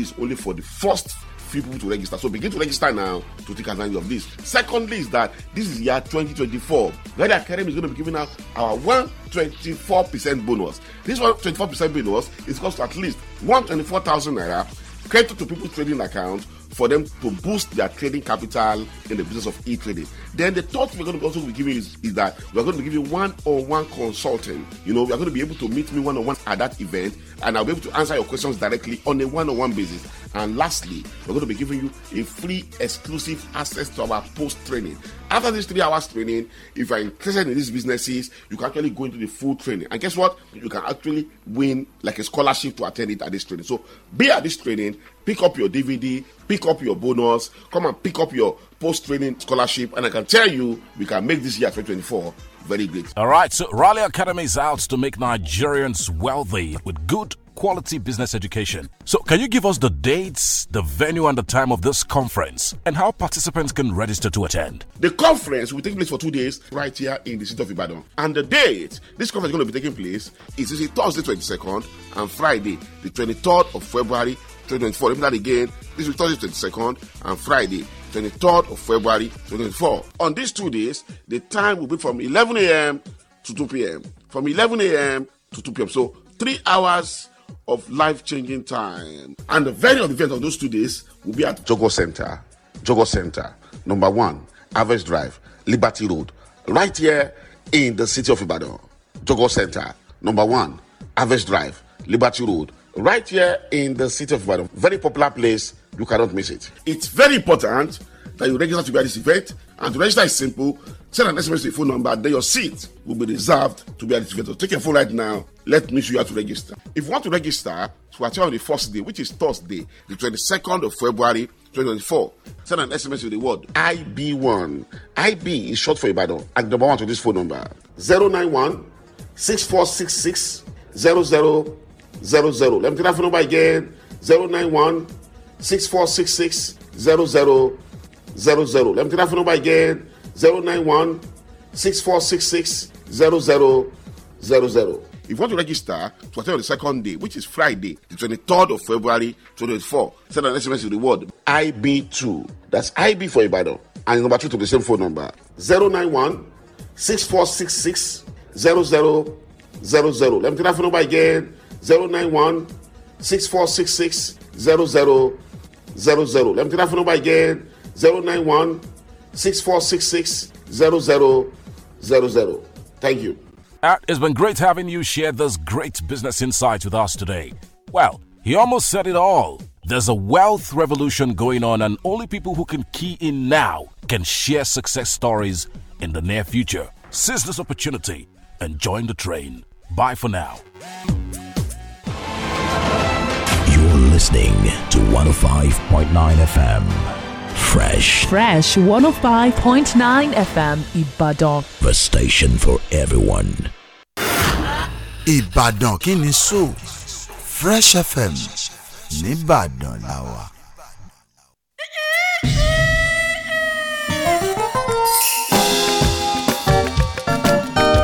this only for the first few people to register. So begin to register now to take advantage of this. Secondly, is that this is year 2024. Red Academy is going to be giving out our 124% bonus. This 124% bonus is cost at least 124,000 naira credit to people's trading accounts. for them to boost their trading capital in the business of e-trading. Then the thought we're going to also be giving is, is that we're going to be giving one-on-one consulting. You know, we're going to be able to meet me one-on-one at that event, and I'll be able to answer your questions directly on a one-on-one basis. And lastly, we're going to be giving you a free exclusive access to our post training. After this three hours training, if you're interested in these businesses, you can actually go into the full training. And guess what? You can actually win like a scholarship to attend it at this training. So be at this training pick up your DVD, pick up your bonus, come and pick up your post training scholarship. And I can tell you, we can make this year 2024 very great. All right, so Raleigh Academy is out to make Nigerians wealthy with good quality business education. So, can you give us the dates, the venue, and the time of this conference, and how participants can register to attend? The conference will take place for two days right here in the city of Ibadan. And the date this conference is going to be taking place is Thursday 22nd and Friday, the 23rd of February 2024. Remember that again. This will be Thursday 22nd and Friday 23rd of February 2024. On these two days, the time will be from 11 a.m. to 2 p.m. From 11 a.m. to 2 p.m. So three hours of life-changing time. And the venue of the event of those two days will be at Jogo Center. Jogo Center, number one, Average Drive, Liberty Road, right here in the city of Ibadan. Jogo Center, number one, Average Drive, Liberty Road, right here in the city of Ibadan. Very popular place. You cannot miss it. It's very important that you register to be at this event. And to register is simple. Send an SMS to your phone number, then your seat will be reserved to be at this event. So take your phone right now. Let me show you how to register. If you want to register to attend on the first day, which is Thursday, the 22nd of February, 2024. Send an SMS with the word IB1. IB is short for Ibadan. And number one to this phone number 091 6466 00 Zero zero. Let me take that phone number again 091 6466 zero. Let me take that phone number again zero zero zero. If you want to register to attend on the second day, which is Friday, the twenty third of February four, send an SMS to the word ib two. That's IB for Ibadan. And number two to the same phone number Zero zero nine one six six six four 091 6466 0000. Let me take that phone number again 091 6466 0000. Let me take that phone number again 091 6466 0000. Thank you. It's been great having you share this great business insight with us today. Well, he almost said it all. There's a wealth revolution going on, and only people who can key in now can share success stories in the near future. Seize this opportunity and join the train. Bye for now. You're listening to 105.9 FM. Fresh. Fresh 105.9 FM Ibadan. The station for everyone. Ibadan kini Fresh FM. Nibadan lawa.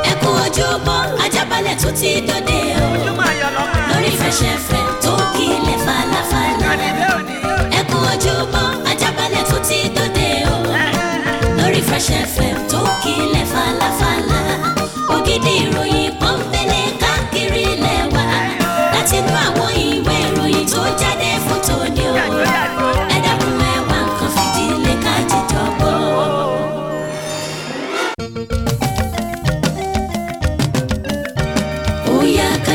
Ẹ ajábalẹ̀ tutsi ti fẹsẹ̀fẹ̀ tó kílẹ̀ falafala. ẹ kú ojúmọ́ ajábalẹ̀ tó ti dòde o. lórí fẹsẹ̀fẹ̀ tó kílẹ̀ falafala. ògidì ìròyìn pọ́npẹ́lẹ́ káàkiri lẹ́wà. láti inú àwọn ìwé ìròyìn tó jáde fún tòní o. ẹ dákun nǹkan fìdílé ká ó yá ká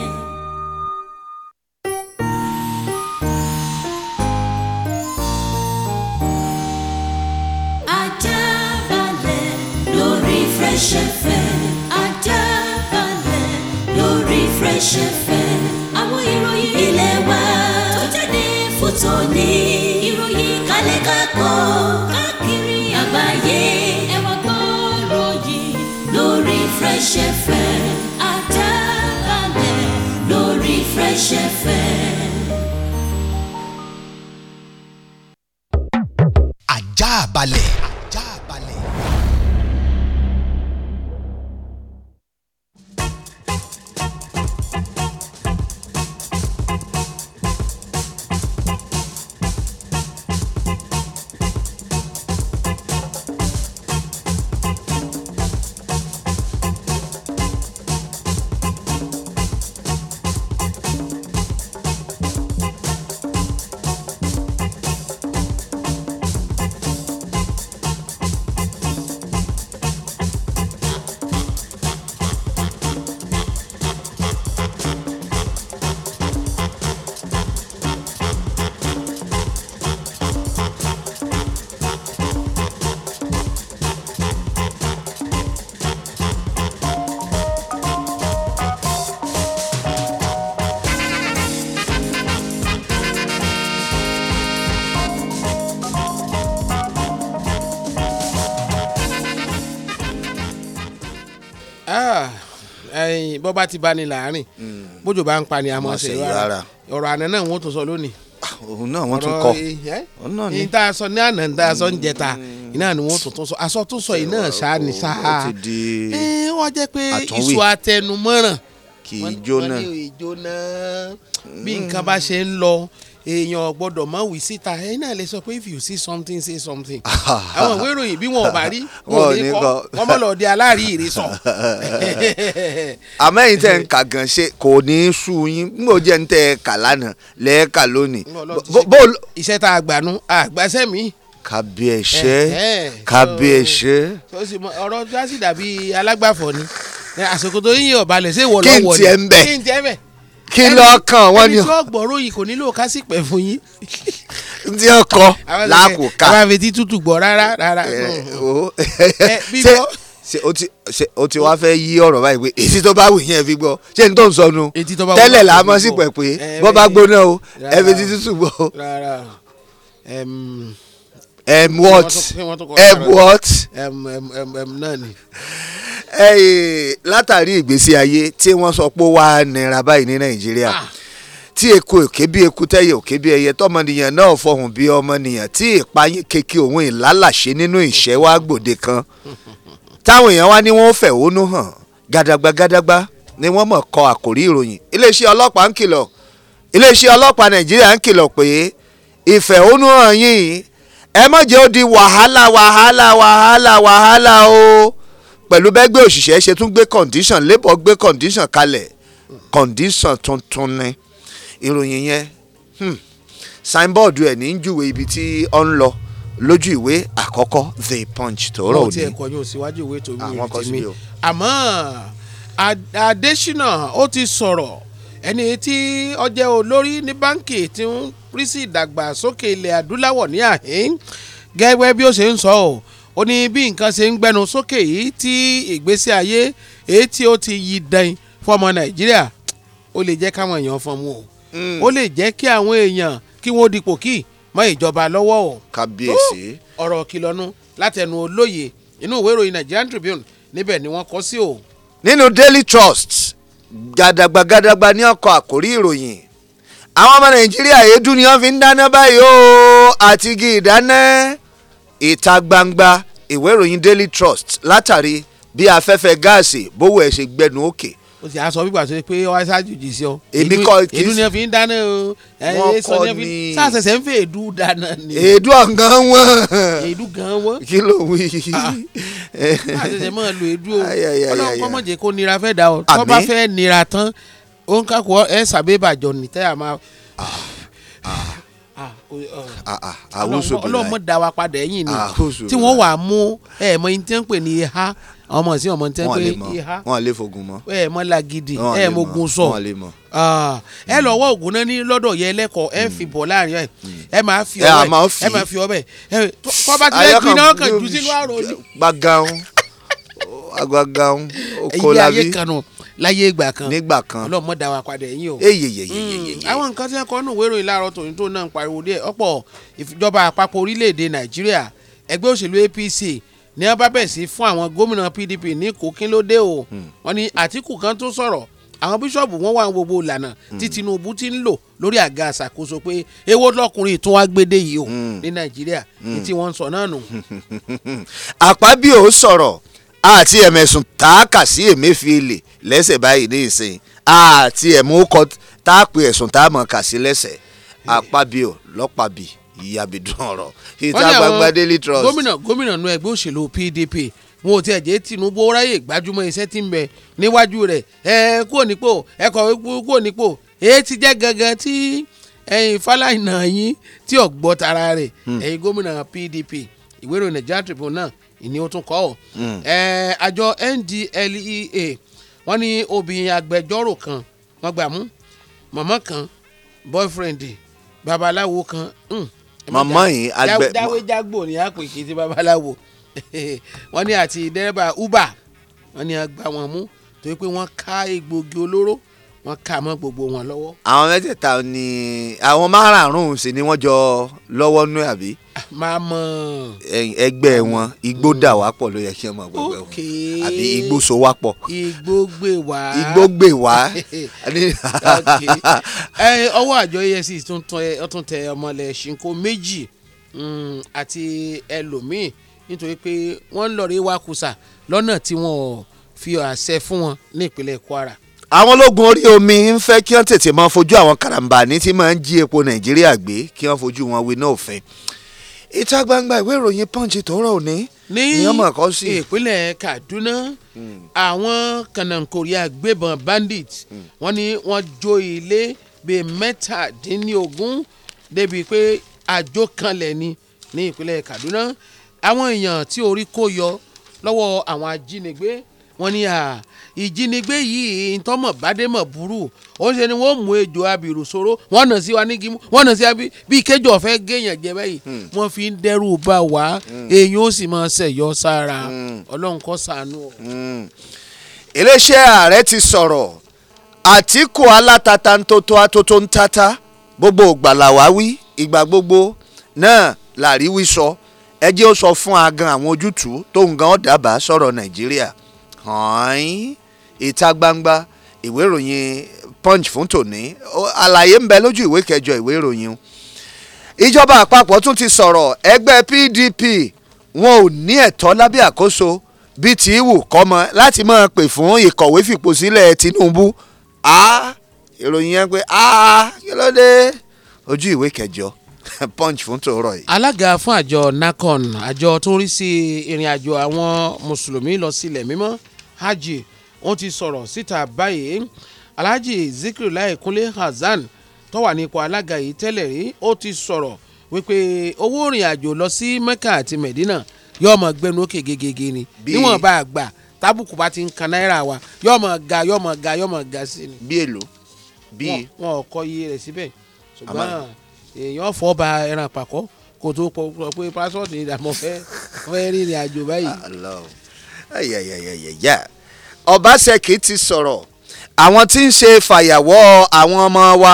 Fresh FM àjàbalẹ̀ lórí Fresh FM. àjàbalẹ̀. bọ́ba ti bá ní láàrin hmm. bójú bá ń pa ni a mọ̀ ṣe rárá ọ̀rọ̀ àná náà wọ́n tún sọ lónìí. Ah, òun náà wọ́n tún kọ òun náà ni. ìta sọ ní àná ìta sọ ń jẹta hmm. iná ni wọ́n tún tún sọ aṣọ tún sọ iná ṣáá ni ṣáá wọ́n jẹ́ pé iṣu atẹnumọ́ràn kì í jóná bí nǹkan bá ṣe ń lọ èèyàn gbọ́dọ̀ mọ̀ wí síta ẹ̀yin náà lè sọ pé if you see something say something àwọn ìwé ìròyìn bí wọn ò bá rí wọn ò ní kọ wọn mọ̀ lọ́ọ́ di aláàrí ìrísọ. àmẹ́yìn tẹ̀ ń kà gan ṣe kò ní í sú yín n kò jẹ́ ń tẹ̀ kà lánàá lẹ́ẹ̀ka lónìí. iṣẹ́ tá a gbà nu àgbàṣẹ́ mi. kàbíẹ̀ṣẹ́ kàbíẹ̀ṣẹ́. ọ̀rọ̀ jásí dàbí alágbàfọ̀ ni àsìkò tó ọ̀balẹ̀ ṣé ìwọ kí ló kàn wọ́n ni. ẹni tí wọ́n gbọ́ ròyìn kò nílò ká sì pẹ̀ fún yín. ní ọkọ làákò ká. àwọn àfetí tútù gbọ́ rárá rárá. ṣe o ti wá fẹ́ yí ọ̀rọ̀ báyìí pé èsì tó bá wù yẹn fi gbọ́ ṣé n tó ń sọnu tẹ́lẹ̀ là á mọ̀ sí pẹ̀ pé bọ́ bá gbóná o ẹ fi ti tútù gbọ́ um, what um, what um, um, um, um, náà ni látàrí ìgbésí ayé tí wọ́n sọ pé wàá nira báyìí ní nàìjíríà ah. tí eku òkè bí eku tẹ́yẹ òkè bí ẹyẹ tọmọnìyàn náà fọhùn bí ọmọnìyàn tí ìpayín keke òun ìlálàṣe nínú ìṣẹ́ wá gbòde kan táwọn èèyàn wá ní wọ́n fẹ̀hónú hàn gàdàgbà gàdàgbà ni wọ́n mọ̀ kọ àkòrí ìròyìn iléeṣẹ́ ọlọ́pàá ń kìlọ̀ iléeṣẹ́ ọlọ́pàá nàìjíríà ń kìlọ̀ pé ìfẹ̀hónú hàn yìí ẹ má jẹ́ ó di wàhálà wàhálà wàhálà wàhálà o pẹ̀lú bẹ́gbẹ́ òṣìṣẹ́ ṣe tún gbé condition labour gbé condition kalẹ̀ condition tuntun ni ìròyìn yẹn hmm, signboard ẹ̀ ní í júwe ibi tí ó ń lọ lójú ìwé àkọ́kọ́ the punch tòórọ́ òní. wọ́n ti ẹ̀kọ́ yóò àmọ́ Adésínà ó ti sọ̀rọ̀ ẹni tí ó jẹ́ olórí ní báǹkì tí ń rí sí ìdàgbàsókè ilẹ̀ adúláwọ̀ ní àhín gẹ́gẹ́ bí ó ṣe ń sọ ọ́ ó ní bí nǹkan ṣe ń gbẹnu sókè yìí tí ìgbésí ayé èyí tí ó ti yí dẹ́yìn fọmọ nàìjíríà ó lè jẹ́ káwọn èèyàn fọmú o hmm. ó lè jẹ́ kí àwọn èèyàn kí wọ́n dipò kí mọ ìjọba lọ́wọ́ o. kábíyèsí. ọ̀rọ̀ kìlọ̀nù látẹnu olóye inú ìwé ìròyìn Nigerian Tribune níbẹ̀ ni wọ́n kọ sí o. nínú Daily Trust gàdàgbà gàdàgbà ní ọkọ àkórí ìròyìn àwọn ọmọ nàìjíríà èédú ni wọ́n fi ń dáná báyìí o àti igi ìdáná ìta gbangba ìwé ìròyìn daily trust látàrí bí afẹ́fẹ́ gáàsì bówó ẹ̀ ṣe gbẹnu òkè o sì aṣọ gbígbà tó pé ọwọ́ ṣáájú jì sí ọ. èmi kọ kì í èdú ni fi ń dáná o wọn kọ ni sàṣẹṣẹ ń fi èdú dáná ni. èdú ọ̀gán wọn. èdú gan wọn. kí ló wí. sàṣẹṣẹ ah, máa lo èdú o ọlọ́run kọ́ mọ̀jẹ̀ kó nira fẹ́ da ọ tó bá fẹ́ nira tán ó ń kákò ẹ sàbẹ̀bàjọ ní tẹ́ a máa. àwọn ọlọ́mọ da wa padà ẹ̀yìn ni ah, tí wọ́n wà mú ẹ̀ẹ̀mọ ẹni tí wọ́n pè ní ha àwọn ọmọ sí ọmọ tẹ́ pé ìhá wọn lè fogun mọ ẹ mọ lagidi ẹ mogun sọ ẹ lọ wọ ògùn náà ní lọ́dọ̀ yẹ lẹ́kọ̀ọ́ ẹ hmm. fi bọ̀ láàrin ẹ hmm. ẹ máa fi ọbẹ̀ ẹ máa fi ọbẹ̀ kọ́ bá tilẹ̀ gbin náà kàn jù sínú àrò ni. gbàgàun agbàgàun okòlábí ẹyẹ ayé kan nù láyé ìgbà kan nígbà kan ọlọ́mọ dá wa padà ẹ̀yìn o. eyeyeyeyeye. Hmm, àwọn nǹkan tí wọ́n kọ́ nù wérò ìlàrọ̀ tòun tó náà ń pariwo díẹ̀ ọ̀pọ̀ ìjọba àpapọ̀ orílẹ̀-èdè Nàìjíríà ẹgbẹ́ òṣèlú APC ní wọ́n bá bẹ̀ sí fún àwọn gómìnà PDP ní kòkínlódé o hmm. wọ́n ní Àtíkù kan tó sọ̀rọ̀ àwọn bíṣọ̀bù wọn wà gbogbo ìlànà hmm. tí Tinubu ti ń lò lórí àga àṣàkóso pé èwo lọkùnrin ìtún wá gbédè yìí o hmm. ní Nàìjíríà ní tí wọ́n ń sọ náà nù. Àpábíò sọ̀rọ̀ àti ẹ̀mẹ̀sùn tààkà sí Emefiele lẹ́sẹ̀ báyìí ní ìsìn àti ẹ̀mú kọ́ tààpẹ̀ ẹ̀sùn tààmọ̀ kà sí lẹ́sẹ̀ eh. Àpábíò lọ́pàbí yabidun ọ̀rọ̀ ìta gbangba daily trust. gómìnà gómìnà nu ẹgbẹ́ òṣèlú PDP wọn ò tiẹ̀ jẹ́ Tinubu ráyè gbajúmọ̀ iṣẹ́ tí ń bẹ níwájú rẹ̀ ẹ kúrò nípò ẹ kọ̀wé kúrò nípò èyí ti jẹ́ gangan tí ẹ̀yin Fálànà yín tí ò gbọ́ tara rẹ̀ hmm. ẹ̀yin gómìnà PDP ìwé ìròyìn Nigeria Tribune náà ìní o tún kọ́ ọ̀ hmm. àjọ NDLEA wọ́n ní obìnrin agbẹjọ́rò kan wọ́n gbà mú màmá kan boyfriend babaláwo kan. Mm màmá yìí agbẹ. dáwéjágbò ni a pè kí ti babaláwo wọ́n ní àti dẹ́rẹ́bà uber wọ́n ní agbá wọn mú torí pé wọ́n ká egbògi olóró wọ́n kà mọ́ gbogbo wọn lọ́wọ́. àwọn mẹ́tẹ̀ẹ̀ta ni àwọn márààrún sì ni wọ́n jọ lọ́wọ́ nú àbí. Ah, máa mọ. ẹgbẹ́ wọn igbó dà wá pọ̀ ló yẹ kí ọmọ gbogbo wọn àbí igbó so wá pọ̀. igbó gbè wá. igbó gbè wá. ọwọ́ àjọ efcc tún tẹ ọmọlẹ̀ ṣìnkó méjì mm, àti ẹlòmíì nítorí pé wọ́n ń lọ rí wákùsà lọ́nà tí wọ́n fi àṣẹ fún wọn ní ìpínlẹ̀ Kwara àwọn ológun orí omi ń fẹ́ kí wọ́n tètè máa fojú àwọn karambani tí máa ń jí epo nàìjíríà gbé kí wọ́n fojú wọn wé náà fẹ́. ìta gbangba ìwé ìròyìn punch tó rọ̀ ní ní ìpínlẹ̀ kaduna hmm. àwọn kànáńkòrí agbébọn bandit hmm. wọ́n ní wọ́n jó ilé bíi mẹ́tàdínlógún débi pé àjò kanlẹ̀ ni ní ìpínlẹ̀ kaduna àwọn èèyàn tí orí kó yọ lọ́wọ́ àwọn ajínigbé wọ́n ní ìjínigbé yìí ntọ́mọ̀ bàdémọ̀ burú ó ṣe ni wọ́n mú ejò abirù sóró wọ́n nà sí wa ní gímú wọ́n nà sí wa bí kéjọ fẹ́ géèyàn jẹ báyìí hmm. wọ́n fi ń dẹ́rù bá wa èyí hmm. ó sì máa ṣẹ̀yọ sára hmm. ọlọ́run kó ṣàánú ọ. iléeṣẹ́ ààrẹ ti sọ̀rọ̀ àtìkù alátata ntótó atótó ntata gbogbo gbàlàwá wí ìgbà gbogbo náà làrí wí sọ ẹ ó sọ fún agan àwọn ojútùú tóun gan ọ̀dàbà sọ̀rọ̀ nàìjíríà hàn-án ìta gbangba ìwé ìròyìn punch fún tòní àlàyé ń bẹ lójú ìwé kẹjọ ìwé ìròyìn ìjọba àpapọ̀ tún ti sọ̀rọ̀ ẹgbẹ́ PDP wọn ò ní ẹ̀tọ́ lábẹ́ àkóso bíi ti wù kọ́mọ láti máa pè fún ìkọ̀wé fipò sílẹ̀ Tinubu a ìròyìn yẹn pé a kí ló dé ojú ìwé kẹjọ punch fún tòórọ yìí. alága fún àjọ NACON àjọ tó ń rí sí ìrìn àjò àwọn mùsùlùmí lọ sílẹ̀ mímọ́ hajj wọ́n ti sọ̀rọ̀ síta báyìí alhaji lai kunle hasan tó wà nípò alága yìí tẹ́lẹ̀ ti sọ̀rọ̀ wípé owó ìrìn àjò lọ sí mecca àti medina yóò mọ gbẹnu òkè gegege ni níwọ̀n bá a gbà tábùkù ti ń kan náírà wa yóò ga yóò mọ ga yóò ga sí ni. bí èlò bí. wọn ò kọ iye rẹ̀ síbẹ̀ ṣùgbọ́n èèyàn fọ́ ba ẹran kò tó pọ̀ pé pásọ̀tì ìdààmú àjò báyìí. ọbaṣẹ́kì ti sọ̀rọ̀ àwọn tí ń ṣe fàyàwọ́ àwọn ọmọ wa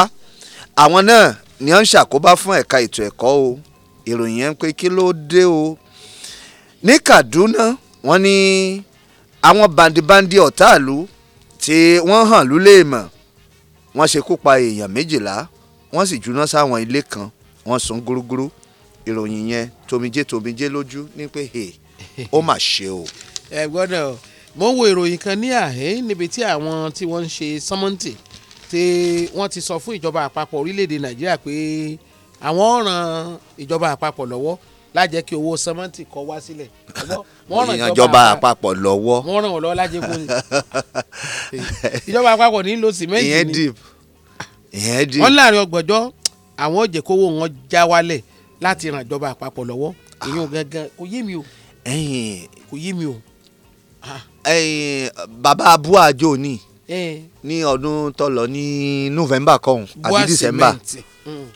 àwọn náà ni wọ́n ń ṣàkóbá fún ẹ̀ka ètò ẹ̀kọ́ o ìròyìn yẹn ń pé kí ló dé o ní Kaduna wọ́n ní àwọn bandibandi ọ̀táàlú tí wọ́n hàn lúlẹ̀mọ̀ wọ́n ṣekú pa èèyàn méjìlá wọ́n sì júná sáwọn ilé kan wọ́n sún gúrúgúrú ìròyìn yẹn tomijé tomijé lójú ní pé ó mà ṣe o ẹ gbọ́dọ̀ mo ń wo ìròyìn kan ní àhín níbi tí àwọn tí wọ́n ń ṣe sọ́mọ́ǹtì tí wọ́n ti sọ fún ìjọba àpapọ̀ orílẹ̀-èdè nàìjíríà pé àwọn ọ̀ràn ìjọba àpapọ̀ lọ́wọ́ lájẹ́ kí owó sọ́mọ́ǹtì kó wá sílẹ̀ wọ́n ràn ìjọba àpapọ̀ lọ́wọ́ wọ́n ràn wọ́n lọ́wọ́ lájẹ́ kó ní ìjọba àpapọ̀ ní lo sìmẹ́ǹtì ni ìyẹn dì wọ́n láàrin ọgbọ̀njọ́ àwọn òjè kówó wọn já wálẹ̀ láti ràn ìjọba àpapọ̀ lọ́wọ́ èyí ò gángan kò yé mi o kò yé mi o bàbá bua joni ní ọdún tó lọ ní november kan àbí december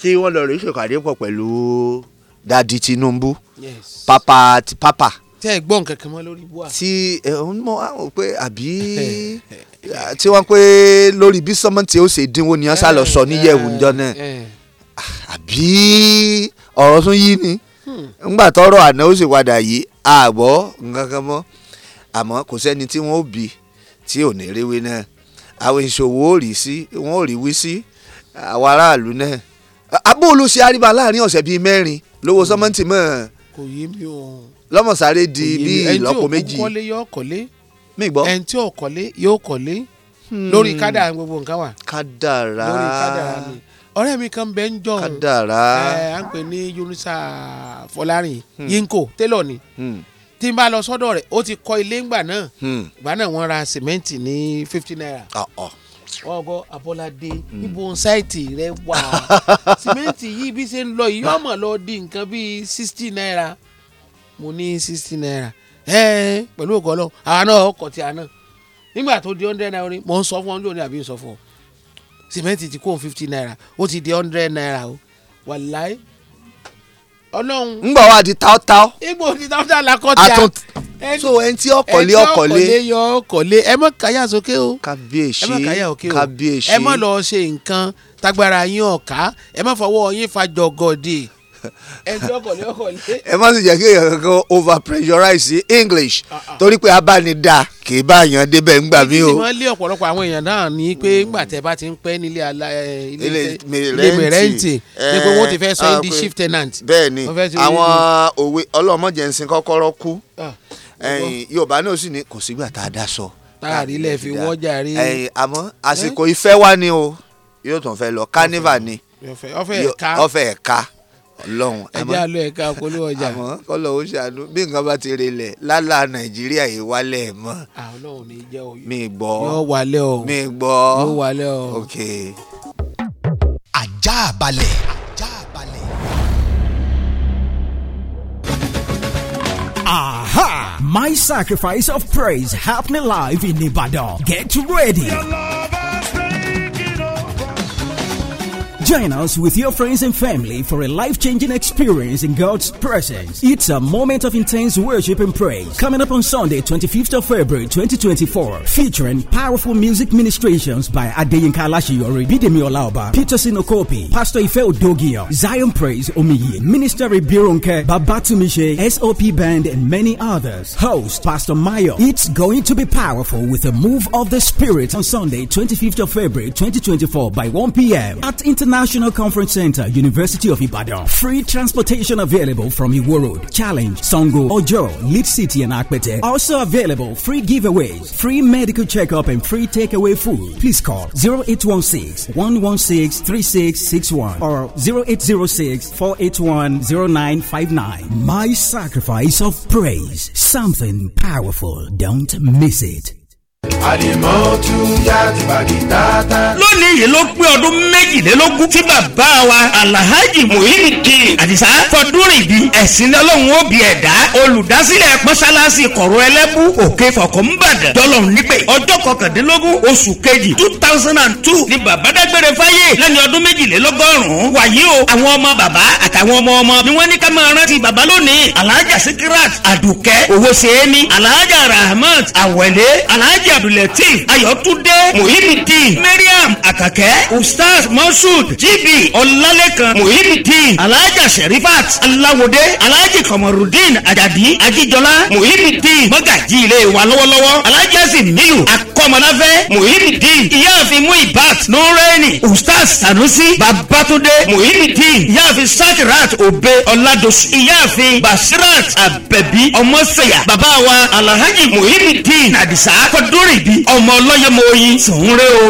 tí mm. wọ́n lọ rèé ṣèkàdé pọ̀ pẹ̀lú dadi tinubu papa ti papa. tẹ ẹ gbọ́ nǹkan lórí bua. tí òun mọ àwọn pé àbí tí wọ́n pé lórí bí sọ́mọ́tì ó ṣe dínwó ni wọ́n sá lọ sọ níyẹ̀wò eh, ńjọ́ eh, náà eh. àbí ọ̀rọ̀ tún yí ni hmm. ńgbà tọrọ àná ó sì padà yí àbọ̀ nǹkan kan mọ́ àmọ́ kò sẹ́ni tí wọ́n ó bí tí ò ní ríwé náà àwọn ìṣòwò ò rí sí wọ́n ò rí wí sí àwọn aráàlú náà abó olóṣè àríwá láàrin ọ̀sẹ̀ bíi mẹ́rin lówó sọ́mọ́ǹtì mọ́ ẹ̀ kò yé mi o lọ́mọ̀sáré di bíi ìlọ́po méjì ẹni tí òkú kọ́lé yóò kọ́lé mi gbọ́ ẹni tí òkú kọ́lé yóò kọ́lé hmm. lórí kádàrá gbogbo nǹkan wà kádàrá ọ̀rẹ́ mi kan bẹ́ẹ̀ ń jọ kádàrá ẹ̀ à ń pè ní yunusa fọlárin hmm. yinko télọ̀ ni. Hmm tí n bá lọ sọ́dọ̀ rẹ̀ ó ti kọ́ ilé ńgbà náà hmm. ìgbà náà wọ́n ra sìmẹ́ǹtì ní fifty naira ah, ah. wọ́n gbọ́ abọ́ládé hmm. ibo ṣáìtì rẹ wà sìmẹ́ǹtì yìí bí ṣe ń lọ yìí ọmọ lọ di nǹkan bíi sixty naira mo ní sixty naira ẹ̀ẹ́n pẹ̀lú ògo Ọlọ́run àwa náà ọkọ̀ tí a náà nígbà tó di hundred naira mo ń sọ fún ọ ní òní àbí ń sọ fún ọ sìmẹ́ǹtì ti kó fifty naira ó ti di hundred naira o wàláì ọlọ́run. ngbọ̀ wa di táótáó. igbó di táótáó la kọ́ ti a. so ẹni tí ọkọ̀lé ọkọ̀lé. ẹni tí ọkọ̀lé yọ ọkọ̀lé ẹ mọ káyà sókè o. kábíyèsí kábíyèsí. ẹ mọ lọ ṣe nǹkan tagbara yín ọ̀ká ẹ mọ fọwọ́ yín fa jọ̀gọ̀dì ẹ tí ọkọ̀ lé ọkọ̀ lé. ẹ má sì jẹ́ kí èèyàn kankan over pressurize english ah, ah. torí pé abánidá kì í bá èèyàn débẹ̀ ńgbà mí o. ìgbìmọ̀ lé ọ̀pọ̀lọpọ̀ àwọn èèyàn náà ní pé hmm. ńgbà tẹ bá ti ń pẹ́ nílé eh, mẹrẹ́ǹtì ní pé wọ́n ti fẹ́ sọ ẹ́ eh, di ah, chief tenant. bẹ́ẹ̀ni àwọn òwe ọlọmọjẹnsin kọ́kọ́rọ́ kú eh, yorùbá náà sì ní kò sígbà tá a dá sọ. táàrí lẹ fi wọ́jà rí. àmọ́ àsìkò ìfẹ́ wá ni o yóò tún fẹ́ lọ carnival ni ọfẹ́ ẹ̀ka Ọlọ́run ẹ jẹ́ àlọ́ ẹ̀ka polówó ọjà. àmọ́ kọ́lọ̀ ó ṣàánú bí nǹkan bá ti relẹ̀ lálá Nàìjíríà yìí wálẹ̀ mọ́. Ọlọ́run ní jẹ́ mi gbọ́ yóò wálẹ̀ o. mi gbọ́ yóò wálẹ̀ o. ok. ajá balẹ̀. aha my sacrifice of praise happening live in Ibadan get ready. Yalla. Join us with your friends and family for a life changing experience in God's presence. It's a moment of intense worship and praise. Coming up on Sunday, 25th of February 2024, featuring powerful music ministrations by Adeyinka Lashiyori, Bidemi Olaoba, Peter Sinokopi, Pastor Ife Odogion, Zion Praise Omiye, Minister Ibirunke, Babatumishe, SOP Band, and many others. Host Pastor Mayo. It's going to be powerful with a move of the Spirit on Sunday, 25th of February 2024 by 1 p.m. at International. National Conference Center, University of Ibadan. Free transportation available from Iwo Road, Challenge, Songo, Ojo, Lead City, and Akpete. Also available free giveaways, free medical checkup, and free takeaway food. Please call 0816 116 3661 or 0806 481 0959. My sacrifice of praise, something powerful. Don't miss it. àdìmọ́tú yáàdì bàgì tata. lónìí yìí ló pé ọdún méjìlélógún tí bàbá wa alahaji muhimiki àdìsá fọdúrìbí ẹ̀sìn lọ́lọ́run ó bí ẹ̀dá olùdásílẹ̀ mọ́ṣáláṣí kọ̀rọ̀ ẹlẹ́bù òkè fọkànbàdàn dọ́lọ́run nípè ọjọ́ kọkàndínlógún oṣù kejì two thousand and two ni bàbá dágbére fáyé lẹ́ni ọdún méjìlélọ́gọ́rùn-ún wàyí o àwọn ọmọ bàbá àtàwọn ọmọ ọmọ ni wọ́n ní ká máa rántí bàbá lónìí rahmat àwẹ̀lé alhaja alhaji abdulateef ayọ̀túndé muhyiddin mariam àkàkẹ́ ustaz moshood gb ọlálẹ́kan muhyiddin alhaja sherifat aláwọ̀dé alhaji kọmọrùdín ajadi ajíjọlá muhyiddin mọ́gàjí ilé wa lọ́wọ́lọ́wọ́ alhaji asim nilu akọ́mọláfẹ́ muhyiddin ìyáàfin muibat nureni ustaz sanusi babatunde muhyiddin ìyáàfin sakirat obe ọládọsù ìyáàfin basirat abẹbi ọmọsẹyà bàbá wa alhaji muhyiddin adisa kọdún olórìbí ọmọ ọlọ́yẹ̀mọ oyin tòun rẹ o.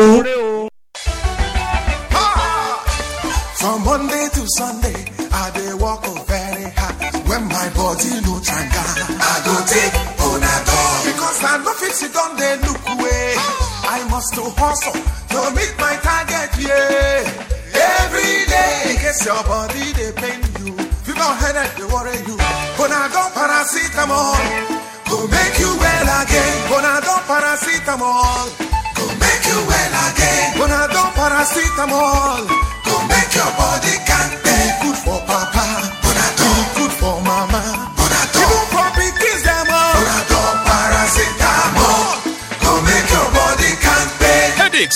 From Monday to Sunday, I dey work very hard. When my body no tanga, I go take Panadol. Because I no fit sit down dey look away. I must to hustle to meet my target, yeah. every day. In case your body they pain you, fever headache they worry you. But I go paracetamol. Go make you well again. Gonadol paracetamol. Go make you well again. Gonadol paracetamol. Go make your body can't be good for papa.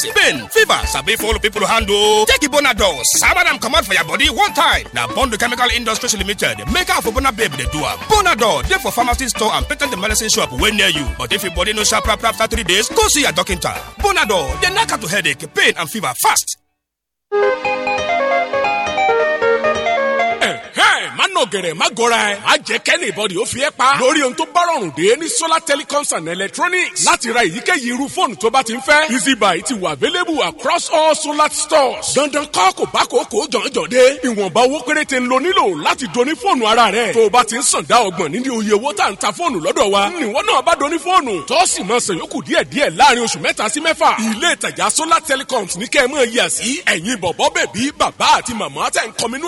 headache pain fever sabi for all people handle oh. take ibonadol sabi am comot for your body one time Now bondo chemical Industries limited maker of Bona babe dey do am bonadol dey for pharmacy store and patent the medicine shop wey near you but if your body no sharp sharp after three days go see your doctor bonadol dey knack out headache pain and fever fast. ọ̀gẹ̀rẹ̀ má gọra ẹ̀ má jẹ́ kẹ́ni ìbọ̀dì ó fi ẹ́ pa lórí ohun tó bá rọrùn dé ní solar telecoms and electronics láti ra èyíkéyìí irú fóònù tó bá ti ń fẹ́ easy buy ti wà available across all solar stores dandan kọ́ kò bá kò kò jọ̀njọ̀ dé ìwọ̀nba owó péréte ń lo nílò láti doni fóònù ara rẹ̀ tó o bá ti ń sàn dá ọgbọ̀n nínú iye owó tá à ń ta fóònù lọ́dọ̀ wa níwọ náà bá doni fóònù tó sì máa sàn yókù díẹ̀díẹ̀ láàrin oṣù mẹ́ta sí mẹ́fà ilé ìtajà solar telecoms ní kẹ́ ẹ mọ̀ yíyà sí ẹ̀yin bọ̀bọ̀ bẹ̀bí bàbá àti màmá tẹ̀ ń kọminú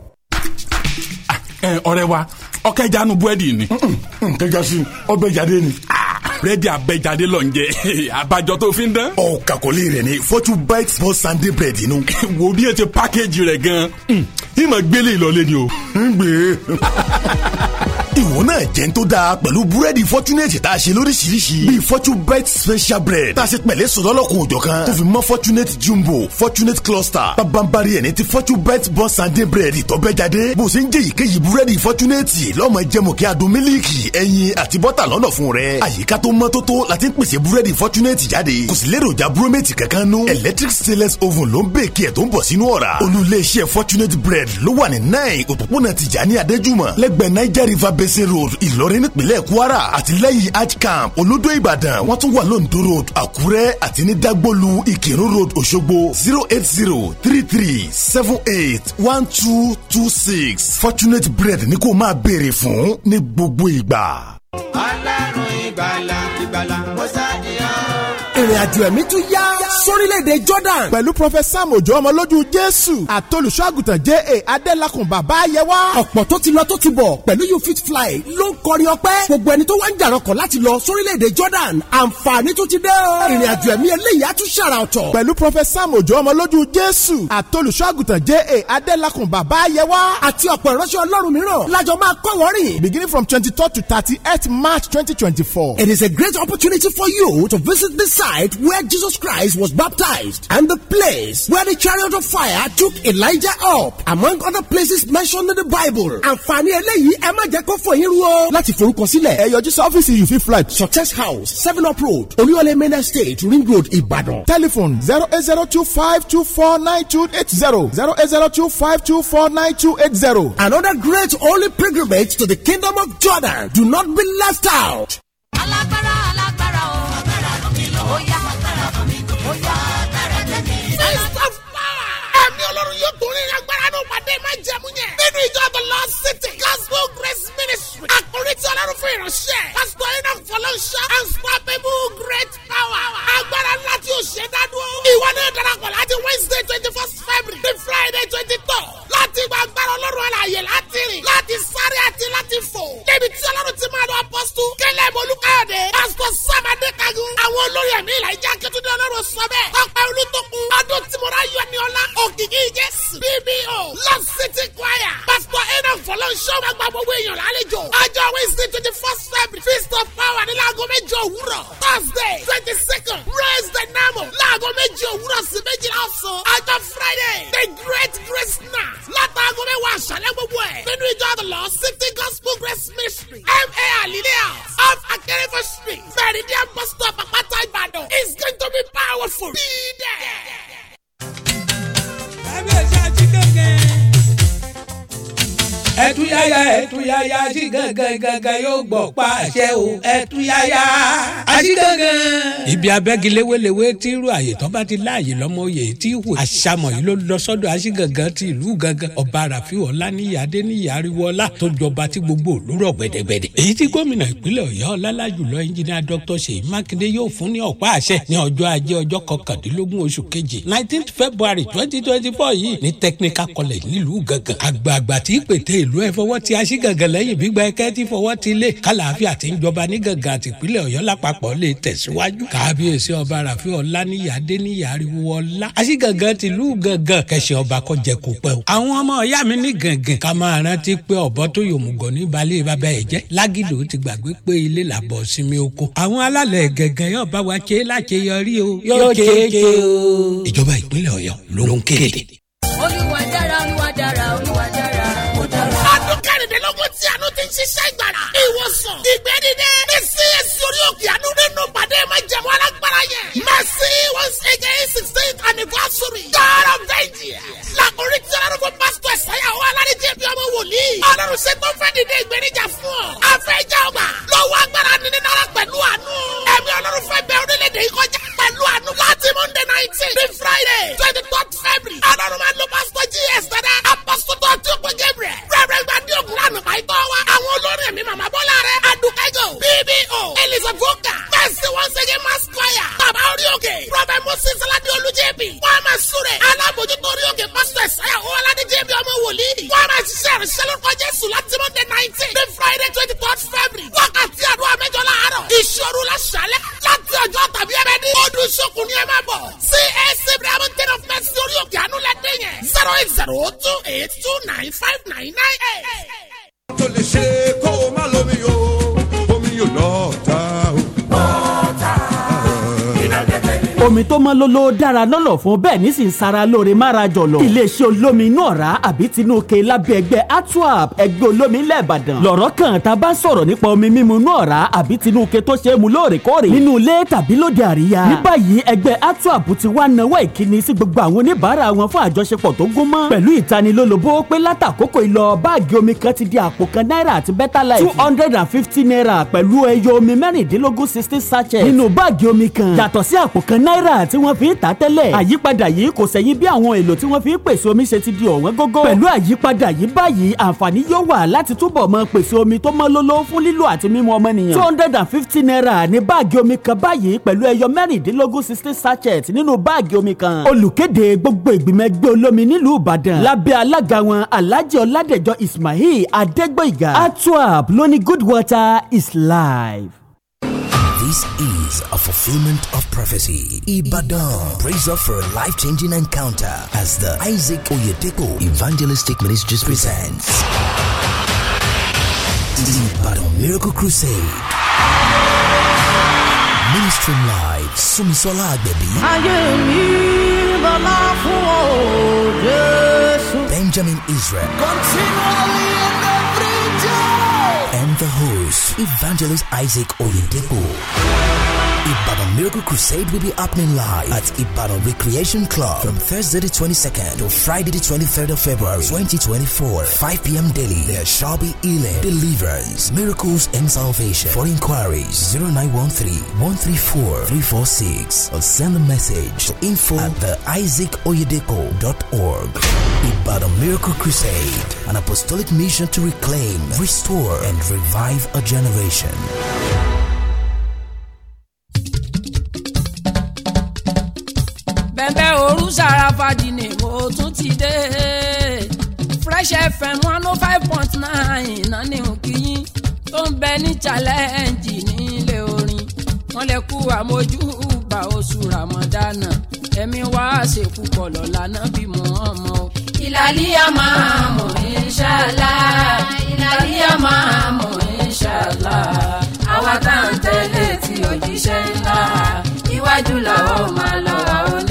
Eh, ọrẹ wa ọkẹjanu bu ẹdi ni. nkẹjasi mm, ọbẹ jade ni. ah búrẹ́dì abẹ́jáde lọ ń jẹ abajọ tó fi ń dán. ọ kàkọ́lé rẹ̀ ni fortune bites for sunday bread inú. wo bí ẹ ti pákéjì rẹ̀ gan-an hmm, ìmọ̀ gbélé ìlọlẹ́ ni o. ń gbé ìwọ náà jẹ́ tó dáa pẹ̀lú búrẹ́dì fọ́túnẹ̀tì tá a ṣe lóríṣiríṣi bíi fortune bite special bread tá a ṣe pẹ̀lẹ́ sọ̀dọ́lọ́kun òjọ̀ kan tó fi mọ́ fortunate jumbo fortunate cluster pabambari ẹni ti fortune bite bọ́ sunday bread ìtọ́bẹ́jáde bó ṣe ń jẹ́ ìkéyìí búrẹ́dì fọ́túnẹ̀tì lọ́mọ jẹ́mọ̀kẹ́ adùn mílíìkì ẹyin àti bọ́tà lọ́nà fún rẹ àyíká tó tó mọ́ tótó la ti ń pèsè búrẹ́dì fọ́túnẹ́tì jáde kò sí léròjà búrómẹ́tì kankan nú electric stainless oven ló ń bèèkì ẹ̀ tó ń bọ̀ sínú ọ̀rá olùléeṣẹ́ fortunate bread ló wà ní nine òpópónà Tìjání Adéjùmọ̀ lẹ́gbẹ̀ẹ́ niger river basin road Ìlọrin nípínlẹ̀ Kwara àti lẹ́yìn arch camp olódó Ìbàdàn wọ́n tún wà lóńdó road Àkúrẹ́ àti ní dagbolu Ìkírun road Òṣogbo zero eight zero three three seven eight one two two six fortunate bread ni kò máa béèrè fún ní gbogbo ìgbà. Ọlọ́run ìgbàlà ìgbàlà. mo sá ìrìn àjò ẹ̀mí tún yá sórílẹ̀-èdè Jordan pẹ̀lú Prophet Sam Ojo ọmọlójú Jésù àtolùṣọ́àgùtàn J.A. Adélakùn bàbá ayẹwà. ọ̀pọ̀ tó ti lọ tó ti bọ̀ pẹ̀lú you fit fly ló ń kọrin ọpẹ́ gbogbo ẹni tó wá ń jàrọ̀kọ̀ láti lọ sórílẹ̀-èdè Jordan àǹfààní tó ti dé ìrìn àjò ẹ̀mí eléyìí á tún ṣàrà ọ̀tọ̀. pẹ̀lú Prophet Sam Ojo ọmọlójú Jésù àtolùṣọ́àgùtàn J.A. a great opportunity site where Jesus Christ was baptized and the place where the chariot of fire took Elijah up, among other places mentioned in the Bible. And finally, ẹ má jẹ́ kó fò yín rú o. flight. Success House, Seven Up Road, Olúyọ̀lé Main Estate, Ring Road, Ìbàdàn. Telephone zero eight zero two five two four nine two eight zero zero eight zero two five two four nine two eight zero. Another great holy pilgrimage to the kingdom of Jordan. Do not be left out. bóyá agbára ọmọ mi tó bóyá agbára tẹ̀lé. ẹ̀sán fáwà. ẹ̀mí ọlọ́run yóò torí agbára náà pàdé máa jẹ̀mú yẹn. nínú ìjọ the lost city gospel grace ministry. Jésù. Àkórí tí Ọlọ́run fún ìránṣẹ́. Pásítọ̀ Iná Fọlọ́nṣọ́. Unstoppable great power. Agbára ńlá tí o ṣe dádúró. Ìwọ náà darapọ̀ láti Wednesday twenty first February to Friday twenty third. Láti gba agbára Ọlọ́run àlàyé láti rìn. Láti sáré àti láti fò. Débi tí Ọlọ́run ti máa lọ apọ́sítù. Kẹ́lẹ́ Bolúkáyọ̀dé. Pásítọ̀ Sábàdé Kagun. Àwọn olórí ẹ̀mí ìlà ìjà Akíntúndé Ọlọ́run sọ bẹ́ẹ̀. Ọ̀pẹ olùtọ́kùn. Ọdún Tìmọ̀rá Yọ̀niọ́lá. Òkìkí Jésù. BBO. Love City Choir. Pásítọ̀ Iná Fọlọ́nṣọ́ máa gba gbogbo èèyàn lálejò ọjọ́ wednesday twenty first february feast of power ní láago méje òwúrọ̀ thursday twenty second raise the name láago méje òwúrọ̀ sí méjìlá ọ̀sán ọjọ́ friday the great grace night látàgọ́ mẹ́wàá àṣálẹ́ gbogbo ẹ̀ nínú ìjọ àdàlọ́ city gospel grace ministry ma alilea of akérèfé street meridian bus stop àpáta ìbàdàn is going to be powerful be there. kábíyèsí àti kékeré ẹtúyáyá ẹtúyáyá aṣígangan gangan yóò gbọ́ pa àṣẹ o ẹtúyáyá aṣígangan. ibi abẹ́gi léwéléwé tí irú àyè tán bá ti láàyè lọ́mọ oyè tí ìwé àṣàmọ̀ yìí ló lọ sọ́dọ̀ aṣígangan ti ìlú gangan ọba Ràfíù Ọláníyì Adéníyì Aríwóọlá tó jọba tí gbogbo òlú rọ̀ gbẹ̀dẹ̀gbẹ̀dẹ̀. èyí tí gómìnà ìpínlẹ̀ Ọ̀yọ́ ọlálá jùlọ ẹnjìnìá dr Ṣèyí Mákindé yóò fún ní ọ̀pá àṣẹ ní ọjọ́ ajé ọjọ́ kọkàndínlógún oṣù kejì nineteenth February twenty twenty four yìí ní technical college nílùú gangan àgbààgbà tí ìpètè ìl ìlú ẹ fọwọ́ ti aṣígàngàn lẹ́yìn gbígbà ẹkẹ́ tí fọwọ́ ti lé kálàáfíà tí ń jọba ní gàngàn àtìpínlẹ̀ ọ̀yọ́ lápapọ̀ lè tẹ̀síwájú. kábíyèsí ọba ràfi ọ̀la níyà dé níyà ariwo ọ̀la aṣígàngàn tìlú gàngàn kẹsì ọba kọ jẹ kó pẹ́ o. àwọn ọmọ ìyá mi ní gàngàn ká máa rántí pé ọ̀bọ tó yòmùgọ̀ ní balẹ̀ bàbá ẹ̀ jẹ́ lágìdò ti gbàgbé pé ilé làbọ̀ sinmi oko. àwọn alálẹ̀ gàngàn yóò bá wa ṣe láṣeyọrí o. yóò kéèké o. ìjọba ìpínlẹ̀ ọ̀yọ́ ló ń kéde. olúwa dára ṣiṣẹ́ ìgbàlá. ìwòsàn ìgbẹ́dídé ní csc orí òkè àánú nínú pàdé májẹ̀mú alágbára yẹn. mercy once again sixteenth anniversary. god of nigeria. làkúrí tí ọlọ́run fún pásítọ̀ ẹ̀sáyàwó alárìíjẹ́ bí ọmọ wòlíì. ọlọ́run ṣe tó fẹ́ dìde ìgbẹ́nijà fún ọ. afẹ́jà ọgbà lọ́wọ́ agbára nínú náírà pẹ̀lú àánú. ẹ̀mí ọlọ́run fẹ́ bẹ́ẹ̀ ìkéde ìkọjá pẹ̀lú àánú láti monday nineteen ní friday twenty third february alọ́run máa lo pastor gs dada apostol ọtíọ̀pẹ gabriel reverend gbadé ògúnlá ànàmọ́ ìtọ́ wa àwọn olórin ẹ̀mí màmá bọ́lá rẹ̀ adùnkẹ́jọ bbo elizabeth oka fẹ́ǹsì wọn ṣẹ́gi mass choir bàbá orí òkè moses aládé olújẹ́bi wọ́n máa súre alábòjútó orí òkè pastor ẹ̀sáyà owó aládé jẹ́bi ọmọ wòlíì wọ́n máa ṣiṣẹ́ ìrìnsẹ́ lórúkọ jésù láti monday nineteen ní friday twenty third february wákàtí àdúrà mẹ́jọ láàárọ̀ ìṣòro lọ́sàlẹ̀ láti ọjọ́ ta tàbí ẹbẹ ní. ó dun sọkùn ní ẹ máa bọ̀. csc brahamutin of mercy orí òkè àánú la dé yẹn. zero eight zero two eight two nine five nine nine eight. tó lè ṣe kó o má lómi o omi yóò náà ta. omi tó mọ́ lóló dára lọ́lọ̀ fún bẹ́ẹ̀ ní sì ń sara lóore mára jọ̀lọ̀ iléeṣẹ́ olómi inú ọ̀rá àbí tinú ke lábẹ́ ẹgbẹ́ atwap ẹgbẹ́ olómi ilẹ̀ ìbàdàn lọ̀rọ̀ kan tá a bá sọ̀rọ̀ nípa omi mímu inú ọ̀rá àbí tinú ke tó ṣe é mu lóòrèkóòrè nínú ilé tàbí lóde àríyá ní báyìí ẹgbẹ́ atwap ti wá nawọ́ ìkíni sí gbogbo àwọn oníbàárà wọn fún àjọṣepọ̀ tó gún di àpò kan náírà àti two hundred and fifty naira pẹ̀lú ẹyọ omi mẹ́rìndínlógún sixty sachet nínú báàgì omi kan yàtọ̀ sí àpò kan náírà náírà tí wọ́n fi ń tà tẹ́lẹ̀ àyípadà yìí kò sẹ́yìn bí àwọn èlò tí wọ́n fi ń pèsè omi ṣe ti di ọ̀wọ́n gógó pẹ̀lú àyípadà yìí báyìí àǹfààní yóò wà láti túbọ̀ mọ pèsè omi tó mọ́ lóló fún lílo àti mímu ọmọnìyàn two hundred and fifty naira ní báàgì omi kan báyìí pẹ̀lú ẹyọ mẹ́rìndínlógún sixteen sachet nínú báàgì omi kan olùkéde gbogbo ìgbìmọ̀ ẹgbẹ́ olómi nílùú Ìbàdàn lábẹ́ alága wọn Alhaji Ọládẹ̀jọ Ismail Adégbóyèga atwap lóní good water is life. This is a Fulfillment of Prophecy, Ibadan. Praise up for a life changing encounter as the Isaac Oyeteko Evangelistic Ministries presents Ibadan Miracle Crusade. Ministry Live, Sumisola Agbebi. Ayé mi lọ́la Benjamin Israel. Continually and And the host, Evangelist Isaac Oyedepo. Ibadan Miracle Crusade will be happening live at Ibadan Recreation Club from Thursday the 22nd to Friday the 23rd of February 2024, 5 p.m. daily. There shall be healing, deliverance, miracles, and salvation. For inquiries, 0913-134-346 or send a message to info at the isaacoyedeco.org. Ibadan Miracle Crusade, an apostolic mission to reclaim, restore, and revive a generation. bẹ́ẹ̀ òru ṣàràfàjì ni mo tún ti dé Fresh FM one oh five point nine náà ní tó ń bẹ ní challenge nílé orin wọn lè kú àmójú bá oṣù ramadana ẹ̀mí wá ṣèkú pọ̀ lọ́la náà bí mo hàn mọ́ o. ìlàlí a máa mọ̀ inṣàlá ìlàlí a máa mọ̀ inṣàlá àwa tá à ń tẹ́lẹ̀ tí òjíṣẹ́ ńlá iwájú làwọn máa lọ àwọn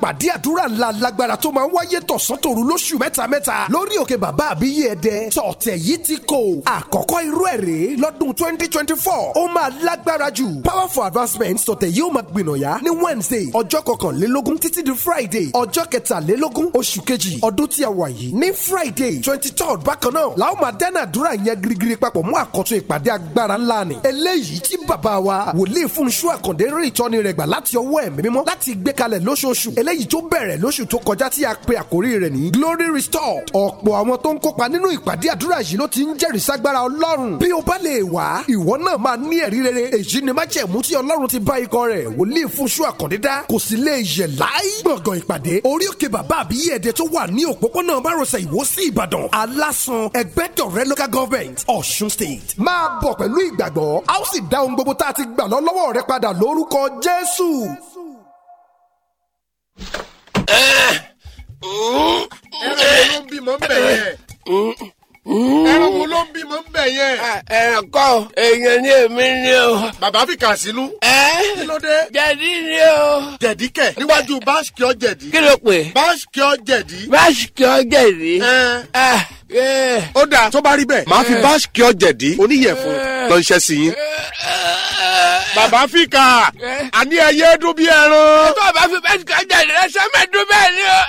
ìpàdé àdúrà ńlá lágbára tó máa ń wáyé tọ̀sán-tòru lóṣù mẹ́ta-mẹ́ta lórí òkè bàbá àbíyé ẹ̀dẹ́ tọ̀tẹ̀ yìí ti kò àkọ́kọ́ irú ẹ̀ rèé lọ́dún twenty twenty ó máa lágbára jù powerful advancement tọ̀tẹ̀ yìí ó máa gbìnàyà ní wednesday ọjọ́ kọkànlélógún títí di friday ọjọ́ kẹtàlélógún oṣù kejì ọdún tí a wà yìí ní friday 23. third bákan náà làwọn máa dẹ́nà àdúrà yẹn girigiri papọ̀ mú àkọ́tún ìpàdé agbára ńlá ni eléyìí tí bàbá wa wòlíì fún iṣu àkàndé rí ìtọ́ni rẹ̀ gbà láti ọwọ́ ẹ̀mí mímọ́ láti gbé kalẹ̀ lóṣooṣù elé eléyìí tó bẹ̀rẹ̀ lóṣù tó kọjá tí a pe àkórí rẹ̀ ní glory restore ọ̀pọ̀ àwọn tó ń kópa nínú ìpàdé àdúrà yìí ló ti ń jẹ́rìí ságbára ọlọ́run bí o bá lè wá ìwọ náà máa ní ẹ̀rí rere èyí ni májẹ̀mú tí ọlọ́run ti bá ikọ̀ rẹ̀ wòlíì Fúnṣọ́ Àkàndé dá kò sì lè yẹ̀ láì gbọ̀ngàn ìpàdé orí òkè bàbá àbíyí ẹ̀dẹ̀ tó wà ní òpópónà márosẹ̀ ìwó sí Ìbàdàn alásan ẹgbẹ́dọ̀rẹ́ local government Ọ̀ṣun state máa bọ̀ pẹ̀lú ìgbàgbọ́ a ó sì dá ohun gbogbo tá a ti gbà lọ́wọ́ rẹ padà lórúkọ Jésù ẹ ẹ ló ń bímọ ń bẹ̀rẹ̀. Eh ẹran wo ló ń bímọ ń bẹ yẹn. Ah, ẹran kọ èèyàn ni èmi ni o. bàbá fi kà sínú. ẹ kí ló dé. jẹ̀dí ni o. jẹ̀dí kẹ̀ níwájú báṣkì ọ jẹ̀dí. kí ló pè. báṣkì ọ jẹ̀dí. báṣkì ọ jẹ̀dí. Ah, eh. ó dáa tó bá rí bẹ́ẹ̀. màá fi eh. báṣkì ọ jẹ̀dí eh. oníyẹ̀fun lọ iṣẹ́ sí yín. bàbá fi kà àní ẹyẹ dún bí ẹran. ẹ tó bá fi báṣkì ọ jẹ̀dí rẹ sẹ́mẹ̀ẹ́dún bẹ́ẹ̀ ni o.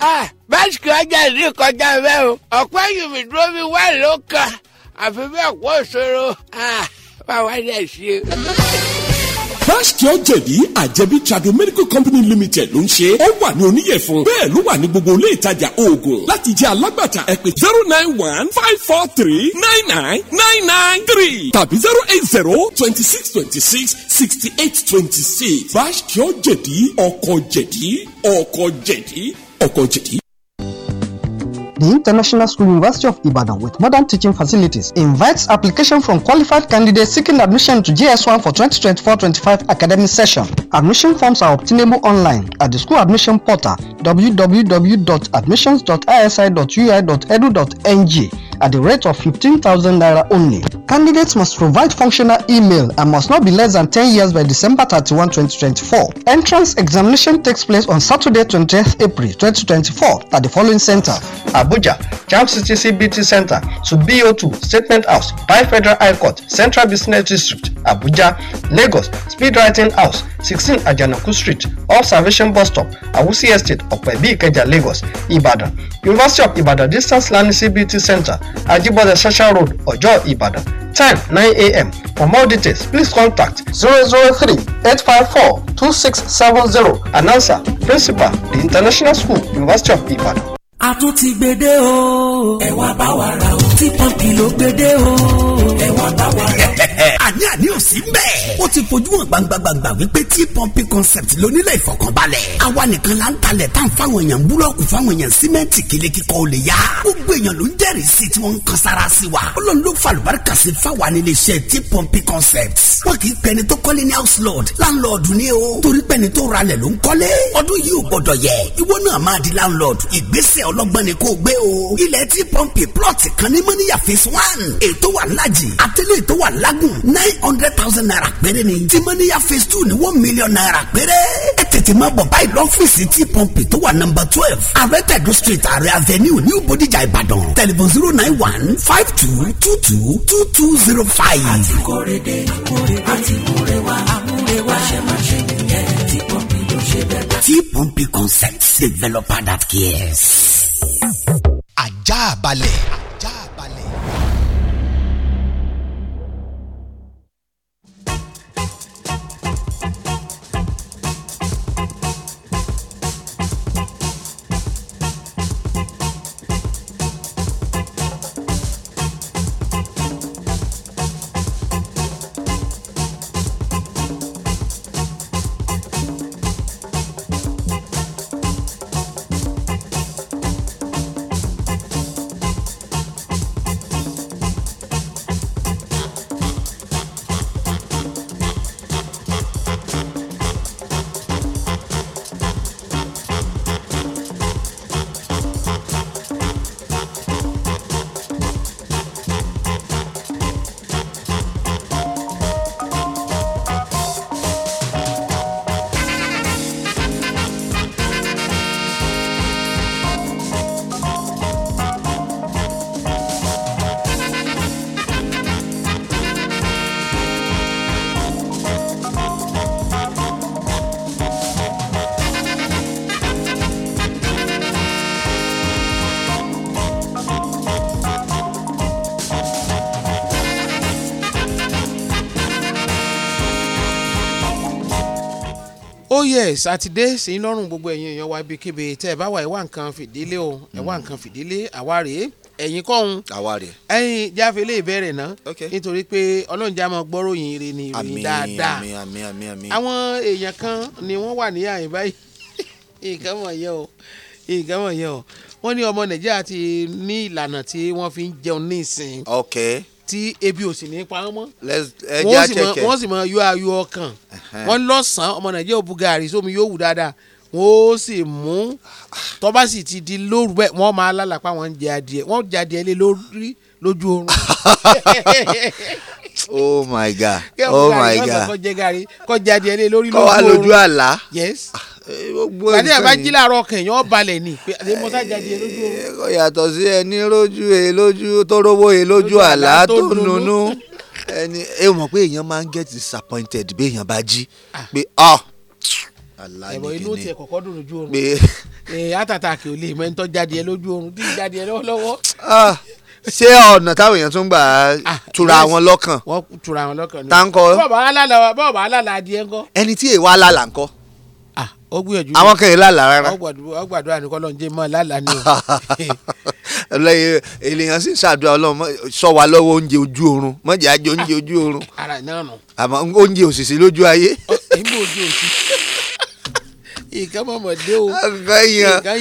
Ah báṣìkì ọjà ní ìkọjá bẹ́ẹ̀ o ọ̀pẹ́ yìí dúró mi wá ló kan àfi bẹ́ẹ̀ kó ṣòro ah, bá wá dẹ̀ ṣe. Báṣkì ọ̀jẹ̀bí àjẹbí Trado Medical Company Limited ló ń ṣe. Ó wà ní oníyẹ̀fun. Bẹ́ẹ̀ ló wà ní gbogbo ilé ìtajà oògùn. Láti jẹ́ alágbàtà ẹ zero nine one five four three nine nine nine nine three tàbí zero eight zero twenty six twenty six sixty eight twenty six. Báṣkì ọ̀jẹ̀dí ọkọ̀ jẹ̀dí ọkọ̀ jẹ̀dí ọkọ̀ jẹ̀dí. The International School University of Ibadan with modern teaching facilities invites application from qualified candidates seeking admission to JS1 for 2024-25 academic session. Admission forms are obtainable online at the school admission portal www.admissions.isi.ui.edu.ng at the rate of 15,000 naira only. Candidates must provide functional email and must not be less than 10 years by December 31, 2024. Entrance examination takes place on Saturday, 20th April 2024 at the following center: Abuja, Champs CTC Center to BO2 Statement House by Federal High Court, Central Business District, Abuja, Lagos, Speed Writing House, 16 Ajanaku Street, Observation Bus Stop, Awusi Estate, Ọ̀pẹ̀bí Ìkẹjà, Lagos, Ibadan, University of Ibadan Distance Learning CBT Center, Ajibode Social Road, Ojo Ibadan. Time 9 a.m. For more details, please contact 003-854-2670. Announcer, Principal, The International School, University of Ibadan a tún ti gbede o. ẹ wá bá wa ra o. tí pọ́ǹpì ló gbede o. ẹ wá bá wa ra o àní àní ò sí mbẹ̀. ó ti fojú hàn gbangbangba wípé tí pọ́ǹpì concept lónílẹ̀ ìfọ̀kànbalẹ̀. àwa nìkan la ń talẹ̀ tán fáwọn èèyàn búlọ́ọ̀kù fáwọn èèyàn símẹ́ǹtì kílé kíkọ́ ò lè yá. gbogbo èèyàn ló ń jẹ́rìí sí tí wọ́n ń kan sára sí wa. ọlọ́run ló fa àlùbáríkà sí fáwa nílé iṣẹ́ tí pọ́ǹpì concept. wọ́n kì í pẹni tó kọ́lé ní house lord landlord ni o. torí pẹni tó ralẹ̀ ló ń kọ́lé. ọdún yìí ò gbọ́dọ̀ yẹ. ìwọ náà máa di landlord. ìgbésẹ̀ ọlọ́gbọ́n ni kò gbé o. ilẹ̀ tí pọ́ǹpì plọ̀tì kan ní mọ́níyà phase one. ètò wà lájì àtẹ́lẹ̀ ètò wà lágùn lẹ́bùn nine hundred thousand naira péré ni tìmọ́níyà phase two ni one million naira péré ẹ tètè máa bọ̀ báyìí lọ́fíìsì tí pọ́ǹpì tó wà nọ́mbà twelve arẹ́tẹ̀dù street ààrẹ avenue new bodijà ìbàdàn Telephone zero nine one five two two two two two zero five. àti kórede àti kórewa àmúrewa ṣe máa ṣe nìyẹn tí pọ́ǹpì ló ṣe bẹ́ẹ̀. tí pọ́ǹpì concepts developer that cares. ajá balẹ̀. Yes, sátidé sí lọ́rùn gbogbo ẹ̀yin èèyàn wa ibi kébé tẹ́ ẹ bá wà ẹ wá nǹkan fìdílé o ẹ wá hmm. nǹkan fìdílé àwa rèé ẹ̀yin kọ́hún àwa rèé ẹ̀yin jáfe lè bẹ̀rẹ̀ náà nítorí pé ọlọ́run já máa gbọ́rọ̀ yìí rè ní ìròyìn dáadáa àmín àmín àmín àmín àwọn èèyàn kan ni wọ́n wà ní àyè báyìí nǹkan mọ̀ yẹ o nǹkan mọ̀ yẹ o wọ́n ní ọmọ nàìjíríà ti ní ìlànà tí wọ́n fi ń jẹun ní ìsìn. okay tí ebi ò sì ní pa wọ́n mọ́ wọ́n sì mọ yọ ayọ̀ ọkàn wọ́n lọ́sàn-án ọmọ nàìjíríà bu gàrí sómi yóò wù dáadáa wọ́n ó sì mú tọ́ba sì ti di lóru bẹ́ẹ̀ wọ́n máa lálàpá wọn jẹ adìẹ wọ́n jẹ adìẹ lé lórí lójú oorun. oh my god oh my god kọ́ jẹ adìẹ lé lórí lójú oorun kọ́ wa lójú àlá. yes gbàdé àbájí làárọ̀ kẹ̀yìn ọ̀balẹ̀ ni pé mọ́tà eh, jáde lójú o. yàtọ̀ sí ẹni lójú e lójú tó rówó e lójú àlá tó nùnú ẹni ẹ mọ̀ pé èèyàn máa ń get disappointed bí èèyàn bá jí ah. pé ah ẹ̀rọ inú tiẹ̀ kọ̀kọ́ dùn lójú oorun ẹ̀ àtàtàkì ò lè mọ ẹni tó jáde ẹ lójú oorun tí jáde ẹ lọ́wọ́. Ah, ṣé ọ̀nà táwọn èèyàn tún gbà á ah, tura wọn lọ́kàn. wọ́n bọ́ọ̀bù alálà bọ́ọ̀bù alálà adìẹ ńkọ́. ẹni tí èèwọ̀ alálà ńkọ́ ó gbìyànjú àwọn kan yìí lálàá rárá ó gbàdúrà ní kọ́lọ́ njẹ́ mọ́ lálàá ni o. lẹ́yìn ènìyàn sì ṣàdúrà ọlọ́run sọ wa lọ́wọ́ oúnjẹ ojú oorun mọ̀jẹ̀ àjọ oúnjẹ ojú oorun àmọ́ oúnjẹ òṣìṣẹ́ lójú ayé. èmi ò òṣìṣẹ́ nǹkan mọ̀mọ́dé o nǹkan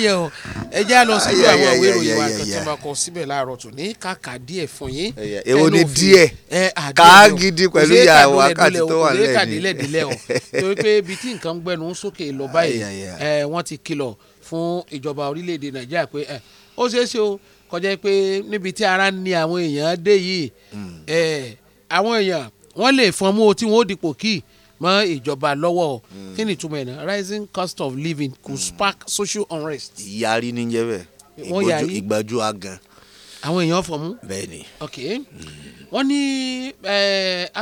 yẹn o ẹ jẹ́ àlọ́ sí ìlú àwọn ìwé ìròyìn wa kan tí wọ́n kọ síbẹ̀ láàárọ̀ tó ní kàkà díẹ̀ fún yín. èwo ni díẹ̀ ká gidi pẹ̀lú ìyá wákàtí tó wà lẹ́yìn. kàdílẹ̀ dílẹ̀ o torí pé ibi tí nǹkan ń gbẹnu sókè lọ báyìí wọ́n ti kìlọ̀ fún ìjọba orílẹ̀-èdè nàìjíríà pé ó ṣeé ṣe o kọjá pé níbi tí ara ń ni àwọn èèyàn dé yìí hmm. àwọn èèyàn wọ́n lè fọ́n mú o tí wọ́n ó dipò kíì mọ́ ìjọba lọ́wọ́ o hmm. kí ni ìtumọ̀ ẹ̀ rising cost of living could hmm. spark social unrest. ìyarí ní jẹ́ bẹ́ẹ̀ ìgbájú agan. àwọn èèyàn fọmú. bẹ́ẹ̀ni. ok hmm. wọ́n ní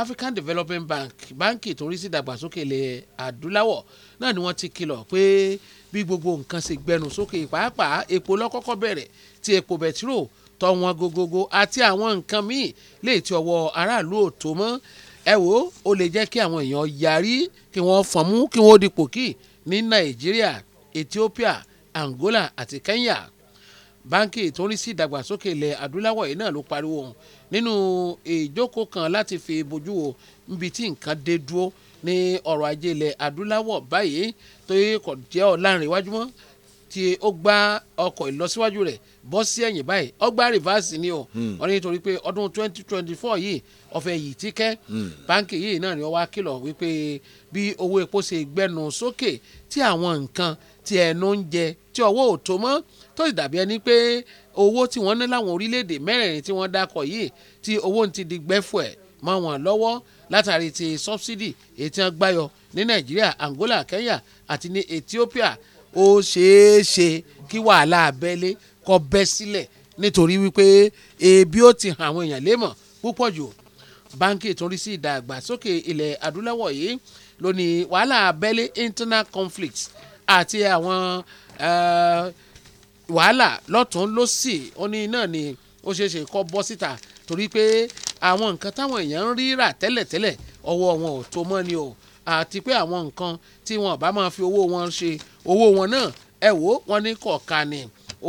African Development Bank báńkì tó rí sí ìdàgbàsókè ilẹ̀ adúláwọ̀ náà ni wọ́n ti kìlọ̀ pé bí gbogbo nǹkan ṣe gbẹnu sókè pàápàá epo lọ́kọ́kọ́ bẹ̀rẹ̀ ti epo bẹtiró tọ́ wọn gogogo àti àwọn nǹkan míì léè tí ọwọ́ aráàlú ò tó mọ́ ẹ wo ó lè jẹ́ kí àwọn èèyàn yarí kí wọ́n fọ̀n mú kí wọ́n dipò kí ní nàìjíríà ethiopia angola àti kenya báńkì tó ń rí sí ìdàgbàsókè ilẹ̀ adúláwọ̀ yìí náà ló pariwo nínú ìjókòó kan láti fi bójú wo níbi tí nǹkan dé dúró ní ọrọ̀ ajé ilẹ̀ adúláwọ̀ báyìí tó yẹ kò jẹ́ ọ̀làrin iwájú mọ́ tí ó gbá ọkọ̀ ìlọsíwájú rẹ̀ bọ́ sí ẹ̀yìn báyìí ọgbà rìvásì ni o hmm. wọ́n ní nítorí pé ọdún four yìí ọ̀fẹ́ yìí ti kẹ́ hmm. báńkì yìí náà ni ó wá kìlọ̀ wípé bí owó epo ṣe gbẹnu sókè tí àwọn nǹkan tí ẹnu ń jẹ tí ọwọ́ ò tó mọ́ tó sì dàbí ẹni pé owó tí wọ́n ní láwọn orílẹ̀-èdè mẹ́rẹ̀ẹ̀rin tí wọ́n dákọ̀ yìí tí owó ń ti di gbẹ́fọ̀ ẹ̀ mọ́ wọn lọ́wọ́ látàrí ti sọ́bsidì ètí wọn gbáyọ ní Nàìjíríà Angola Kenya àti ní Ethiopia ó ṣeé ṣe kí wàhálà abẹ́lé kó bẹ́ sílẹ̀ nítorí wípé ebi ó ti hàn àwọn èèyàn lémọ̀ púpọ̀ jù báńkì tó ń rí sí ìdàgbàsókè ilẹ̀ adúláwọ̀ yìí ló ní wàhálà abẹ́lé internal conflict àti àwọn wàhálà lọ́tún lọ́sì ó ní náà ni ó ṣeé ṣe kó bọ́ síta torí pé àwọn nǹkan táwọn èèyàn ń rí rà tẹ́lẹ̀tẹ́lẹ̀ ọwọ́ wọn ò tó mọ́ ni o àti pé àwọn nǹkan tí wọn bá máa fi owó wọn ṣe owó wọn náà ẹ wò wọn ní kọ̀ọ̀ka ni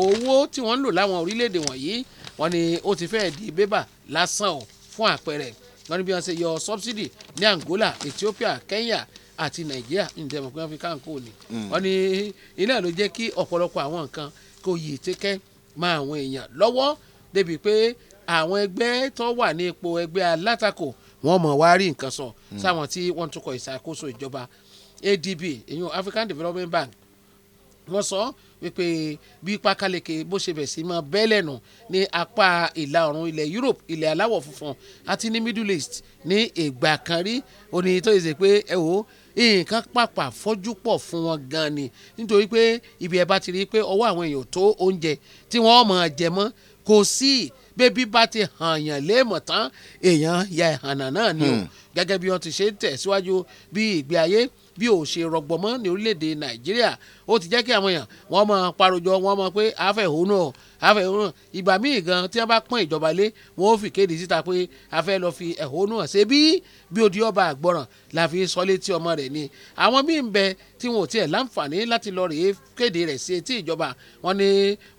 owó tí wọ́n ń lò láwọn orílẹ̀-èdè wọ̀nyí wọn ni ó ti fẹ́ẹ́ di bébà lásán o fún àpẹẹrẹ wọ́n ní bí wọ́n ṣe yọ subsidy ní Angola Ethiopia Kenya àti Nàìjíríà ǹjẹ́ mọ̀ pé wọ́n fi káńkó ni hmm. wọ́n ní iná ló jẹ́ kí ọ̀pọ̀lọpọ̀ àwọn nǹkan kò yè tẹ́kẹ́ mọ́ àwọn èèyàn lọ́wọ́ débi pé àwọn ẹgbẹ́ tó wà ní ipò ẹgbẹ́ alátakò wọ́n mọ̀ wá rí nǹkan sọ hmm. sáwọn tí wọ́n tún kọ ìṣàkóso ìjọba ADB African Development Bank wọ́n sọ wípé bí pákáleke bó ṣe bẹ̀ sí mọ́ bẹ́ẹ̀lẹ̀ nù ní apá ìlà oòrùn ilẹ̀ Europe ilẹ̀ aláwọ̀ funfun àti ní Middle East ní ìgbà kan rí òní tó ṣe pé ẹ wò ó nǹkan pàpà fọ́jú pọ̀ fún wọn gan ni nítorí pé ibi ẹ̀ bá ti rí i pé ọwọ́ àwọn èèyàn tó oúnjẹ tí wọ́n mọ̀ jẹ mọ́ kò sí bébí bá ti hàn yàn léèmọ̀ tán èèyàn ya ìhànà náà ni o hmm. gẹ́gẹ́ bí wọ́n ti ṣe tẹ̀síwájú bí ìgbé ayé bí ò ṣe rọgbọ mọ́ ní orílẹ̀-èdè nàìjíríà ó ti jẹ́ kí àwọn èèyàn wọ́n mọ parojọ wọ́n mọ pé àfẹ̀hónú àfẹ̀hónú ìgbà míì gan tí wọ́n bá pọ́n ìjọba lé wọ́n ó fi kéde síta pé afẹ́ lọ fi ẹ̀hónú hàn ṣe bí bí odi ọba àgbọràn la fi sọ létí ọmọ rẹ̀ ni àwọn míì ń bẹ tí wọn ò tiẹ̀ láǹfààní láti lọ rèé kéde rẹ̀ sí etí ìjọba wọn ni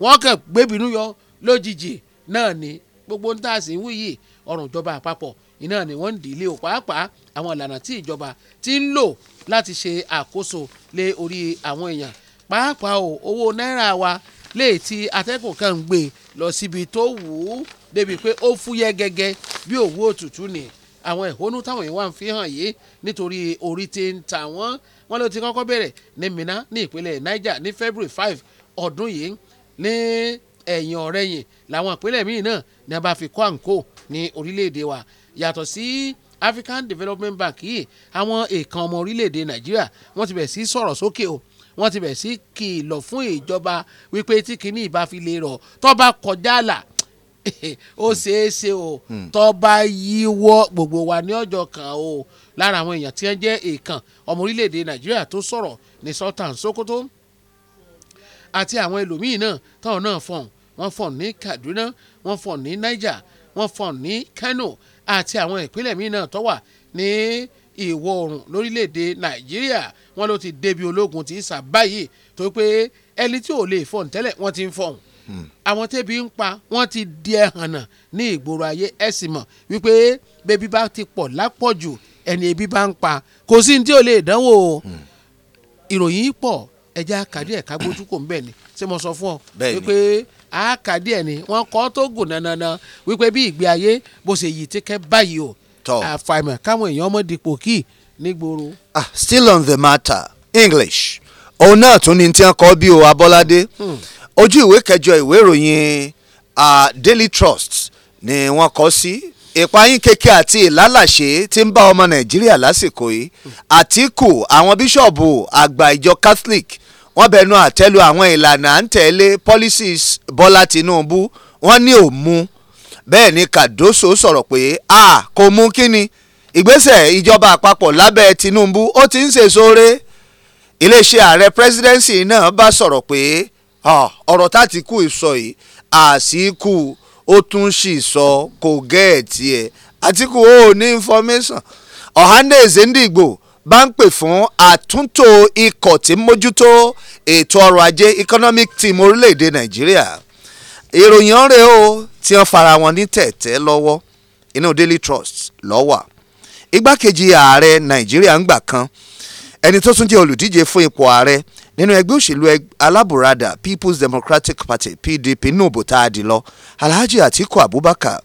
wọ́n kàn gbébinú yọ lójijì náà ni gbogbo ń tà ń wúyì ọ̀rùn ìjọba àpapọ̀ iná ni wọ́n ń dìílé o pàápàá àwọn ìlànà tí ìjọba ti ń lò láti ṣe àkóso lé orí àwọn èèyàn pàápàá o owó náírà wa lè ti atẹ́kùn kan ń gbé lọ síbi tó wù ú débi pé ó fúyẹ́ gẹ́gẹ́ bí òwú òtútù ni àwọn ẹ̀hónú táwọn yìí wà ń fi hàn yìí nítorí orí ti ń ta wọ́n wọ́n ló ti kọ́kọ́ bẹ̀rẹ̀ ní Minna ní ìpínlẹ̀ Niger ní February five ọdún yìí ní ẹ̀yìn ọ̀rẹ́yìn làwọn ìpínlẹ̀ míì náà ni a bá fi kọ́ àǹkó ní orílẹ̀-èdè wa yàtọ̀ sí si, African Development Bank yìí àwọn èèkàn ọmọ orílẹ̀-èdè Nàìjíríà wọ́n ti bẹ̀ sí sọ̀rọ̀ sókè o wọ́n ti bẹ̀ sí kìlọ̀ fún ìjọba wípé tí kinní ìbá fi lè rọ̀ tó bá kọjá àlà ó ṣeé ṣe o hmm. tó bá yíwọ́ gbogbo wa ní ọjọ́ kan o lára àwọn èèyàn tí wọ́n jẹ́ èèkàn ọmọ orílẹ̀-èdè nàìjíríà tó sọ̀rọ̀ ní Sultan Sokoto àti àwọn ẹlòmíín náà táwọn náà fọ̀n wọ́n fọ̀n ní Kaduna wọ́n fọ̀n ní Niger wọ́n fọ̀n ní Kano àti àwọn ìpínlẹ̀ míì náà tó wà ní ìwọ̀ oòrùn lórílẹ̀‐èdè nàìjíríà wọn ló ti débi ológun ti sà báyìí tó pé ẹni tí ò lè fọ̀n tẹ́lẹ̀ wọ́n ti ń fọ̀hún hmm. àwọn tẹ́bi ń pa wọ́n ti di ẹ̀hànà ní ìgboro ayé ẹ̀sìn mọ̀ wípé bẹ́bí bá ti pọ̀ lápọ̀jù ẹni ebi bá ń pa kò sí ní tí ò lè dánwò hmm. ìròyìn pọ̀ ẹja kàdí ẹ̀ka gbójú kò ń bẹ̀ ni ṣé mo sọ fún ọ wípé àáka díẹ̀ ni wọ́n kọ́ tó gùn nanana wípé bí ìgbé ayé bó ṣe yìí ti kẹ́ báyìí o àfàìmọ̀ káwọn èèyàn ọmọ dipò kì í nígboro. ah still on the matter english òun náà tún ni tí wọ́n kọ bí o abọ́ládé hmm. ojú ìwé kẹjọ ìwé ìròyìn ah, daily trust ni wọ́n kọ sí ìpayín keke àti ìlálàṣe tí ń bá ọmọ nàìjíríà lásìkò yìí hmm. àtìkù àwọn bíṣọ̀bù àgbà ìjọ catholic wọ́n bẹnu àtẹ́lu àwọn ìlànà à ń tẹ̀lé policies Bọ́lá Tinubu wọ́n ní ò mú bẹ́ẹ̀ ni Cardoso sọ̀rọ̀ pé a kò mú kíni ìgbésẹ̀ ìjọba àpapọ̀ lábẹ́ Tinubu ó ti ń ṣèso iléeṣẹ́ ààrẹ presidency náà bá sọ̀rọ̀ pé ọ̀rọ̀ tá ti kú ìsọ yìí àsìkù ó tún sì sọ kò gẹ́ẹ̀tì ẹ̀ Àtíkù ó ní information Ohanaeze Ndigbo bá ń pè fún àtúntò ikọ̀ tí ń mójútó ètò ọrọ̀ ajé economic team orílẹ̀-èdè nàìjíríà ìròyìn ọ̀rẹ́ o tí wọ́n fara wọn ní tẹ̀tẹ̀ lọ́wọ́ inú daily trust lọ́wà igbákejì ààrẹ nàìjíríà ń gbà kan ẹni tó tún jẹ́ olùdíje fún ipò ààrẹ nínú ẹgbẹ́ òṣèlú alábùradà people's democratic party pdp nùbò tá a dì lọ alhaji atiku abubakar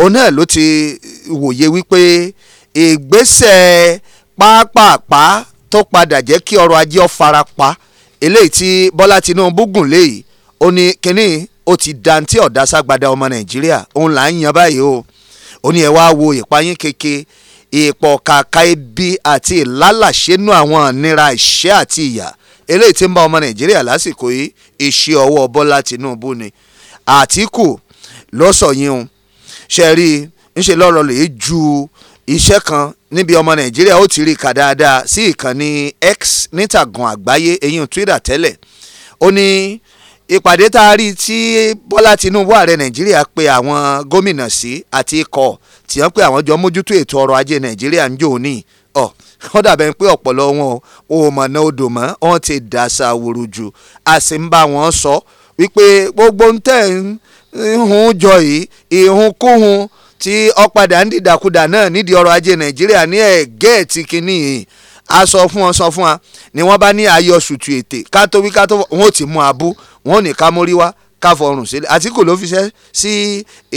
òun náà ló ti wòye wípé ìgbésẹ̀ e pápápá tó padà jẹ́ kí ọrọ̀ ajé ó fara pa eléyìí tí Bọ́lá Tinubu gùn léyìí ó ní kínní ó ti dantí ọ̀dá ságbada ọmọ Nàìjíríà òun là ń yan báyìí o ó ní ẹ wá wo ìpayín keke ìpọ̀kàkà ibi àti ìlálàṣẹ́nu àwọn ìnira ìṣẹ́ àti ìyà eléyìí tí ń bá ọmọ Nàìjíríà lásìkò yìí iṣẹ́ ọwọ́ Bọ́lá Tinubu ni Àtìkù lọ́sọ̀ yín o ṣe rí i ńṣe lọ́rọ̀ lè ju iṣẹ́ kan níbi ọmọ nàìjíríà ó ti rí i kà dáadáa sí ìkànnì x nítàgùn àgbáyé eyín twitter tẹ́lẹ̀ ó ní ìpàdé tá a rí tí bọ́lá tinubu ààrẹ nàìjíríà pe àwọn gómìnà sí àti ikọ̀ tí wọ́n pe àwọn jọ mójútó ètò ọrọ̀ ajé nàìjíríà ń jò ní ọ̀ wọ́n dàbẹ̀ pé ọ̀pọ̀lọ wọn ò mọ̀nà odò mọ́ wọ́n ti dàṣà wòrò jù a sì ń bá wọn sọ wípé gbogbo ń tẹ̀ ń hun jọ yìí ìhunkúhun tí ọ̀padà ń dìdàkudà náà nídìí ọrọ̀ ajé nàìjíríà ní ẹ̀gẹ́ ti kínní yìí a sọ fún ọ sọ fún wa ni wọ́n bá ní ayọ̀ ṣùtù ètè kátó wí kátó wọn ò tí mú abú wọn ò ní ká mórí wá ká fọrùn sílẹ̀ àtìkù ló fi ṣe sí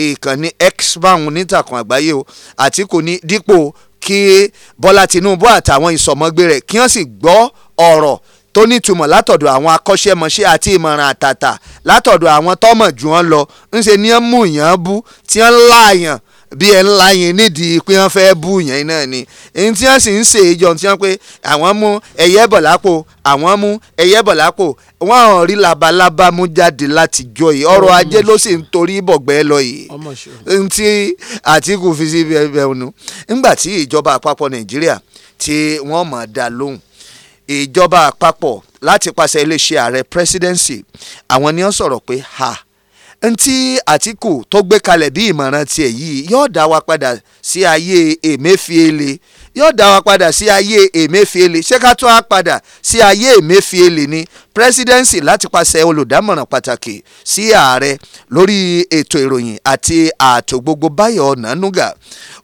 ìkànnì x báwọn nítàkùn àgbáyé o àtìkù ní dípò kí bọ́lá tinubu àtàwọn ìsọ̀mọ́gbé rẹ̀ kí wọ́n sì gbọ́ ọ̀rọ̀ tó nítumọ̀ látọ̀dọ̀ àwọn akọ́ṣẹ́mọṣẹ́ àti ìmọ̀ràn àtàtà látọ̀dọ̀ àwọn tọ́mọ̀ jù wọ́n lọ ńṣe ni wọ́n mú yàn bú tí wọ́n láàyàn bí ẹ ńlá yẹn nídìí pé wọ́n fẹ́ bú yẹn náà ni ẹni tí wọ́n sì ń ṣe ìjọ tí wọ́n pé àwọn mú ẹyẹ bọ̀ lápò àwọn mú ẹyẹ bọ̀ lápò wọ́n ò rí labalábá mú jáde láti jọ yìí ọrọ̀ ajé ló sì ń torí bọ̀gbẹ́ lọ yìí ẹni tí Àtìkù fi sí bẹ́ẹ̀ nu nígbà tí ìjọba àpapọ̀ Nàìjíríà tí wọ́n mọ̀ dá lóhùn ìjọba àpapọ̀ láti pàṣẹ iléeṣẹ́ ààrẹ presidency àwọn ni wọ́n sọ̀rọ̀ pé ha ntí àtìkù tó gbé kalẹ̀ bí ìmọ̀ràn tiẹ̀ yìí yóò dá wa padà sí ayé èméfiele yóò dá wa padà sí ayé èméfiele ṣé ká tún á padà sí ayé èméfiele ni presidency láti pàṣẹ olùdámọ̀ràn pàtàkì sí ààrẹ lórí ètò ìròyìn àti ààtò gbogbo Báyọ̀ Ọ̀nànúgà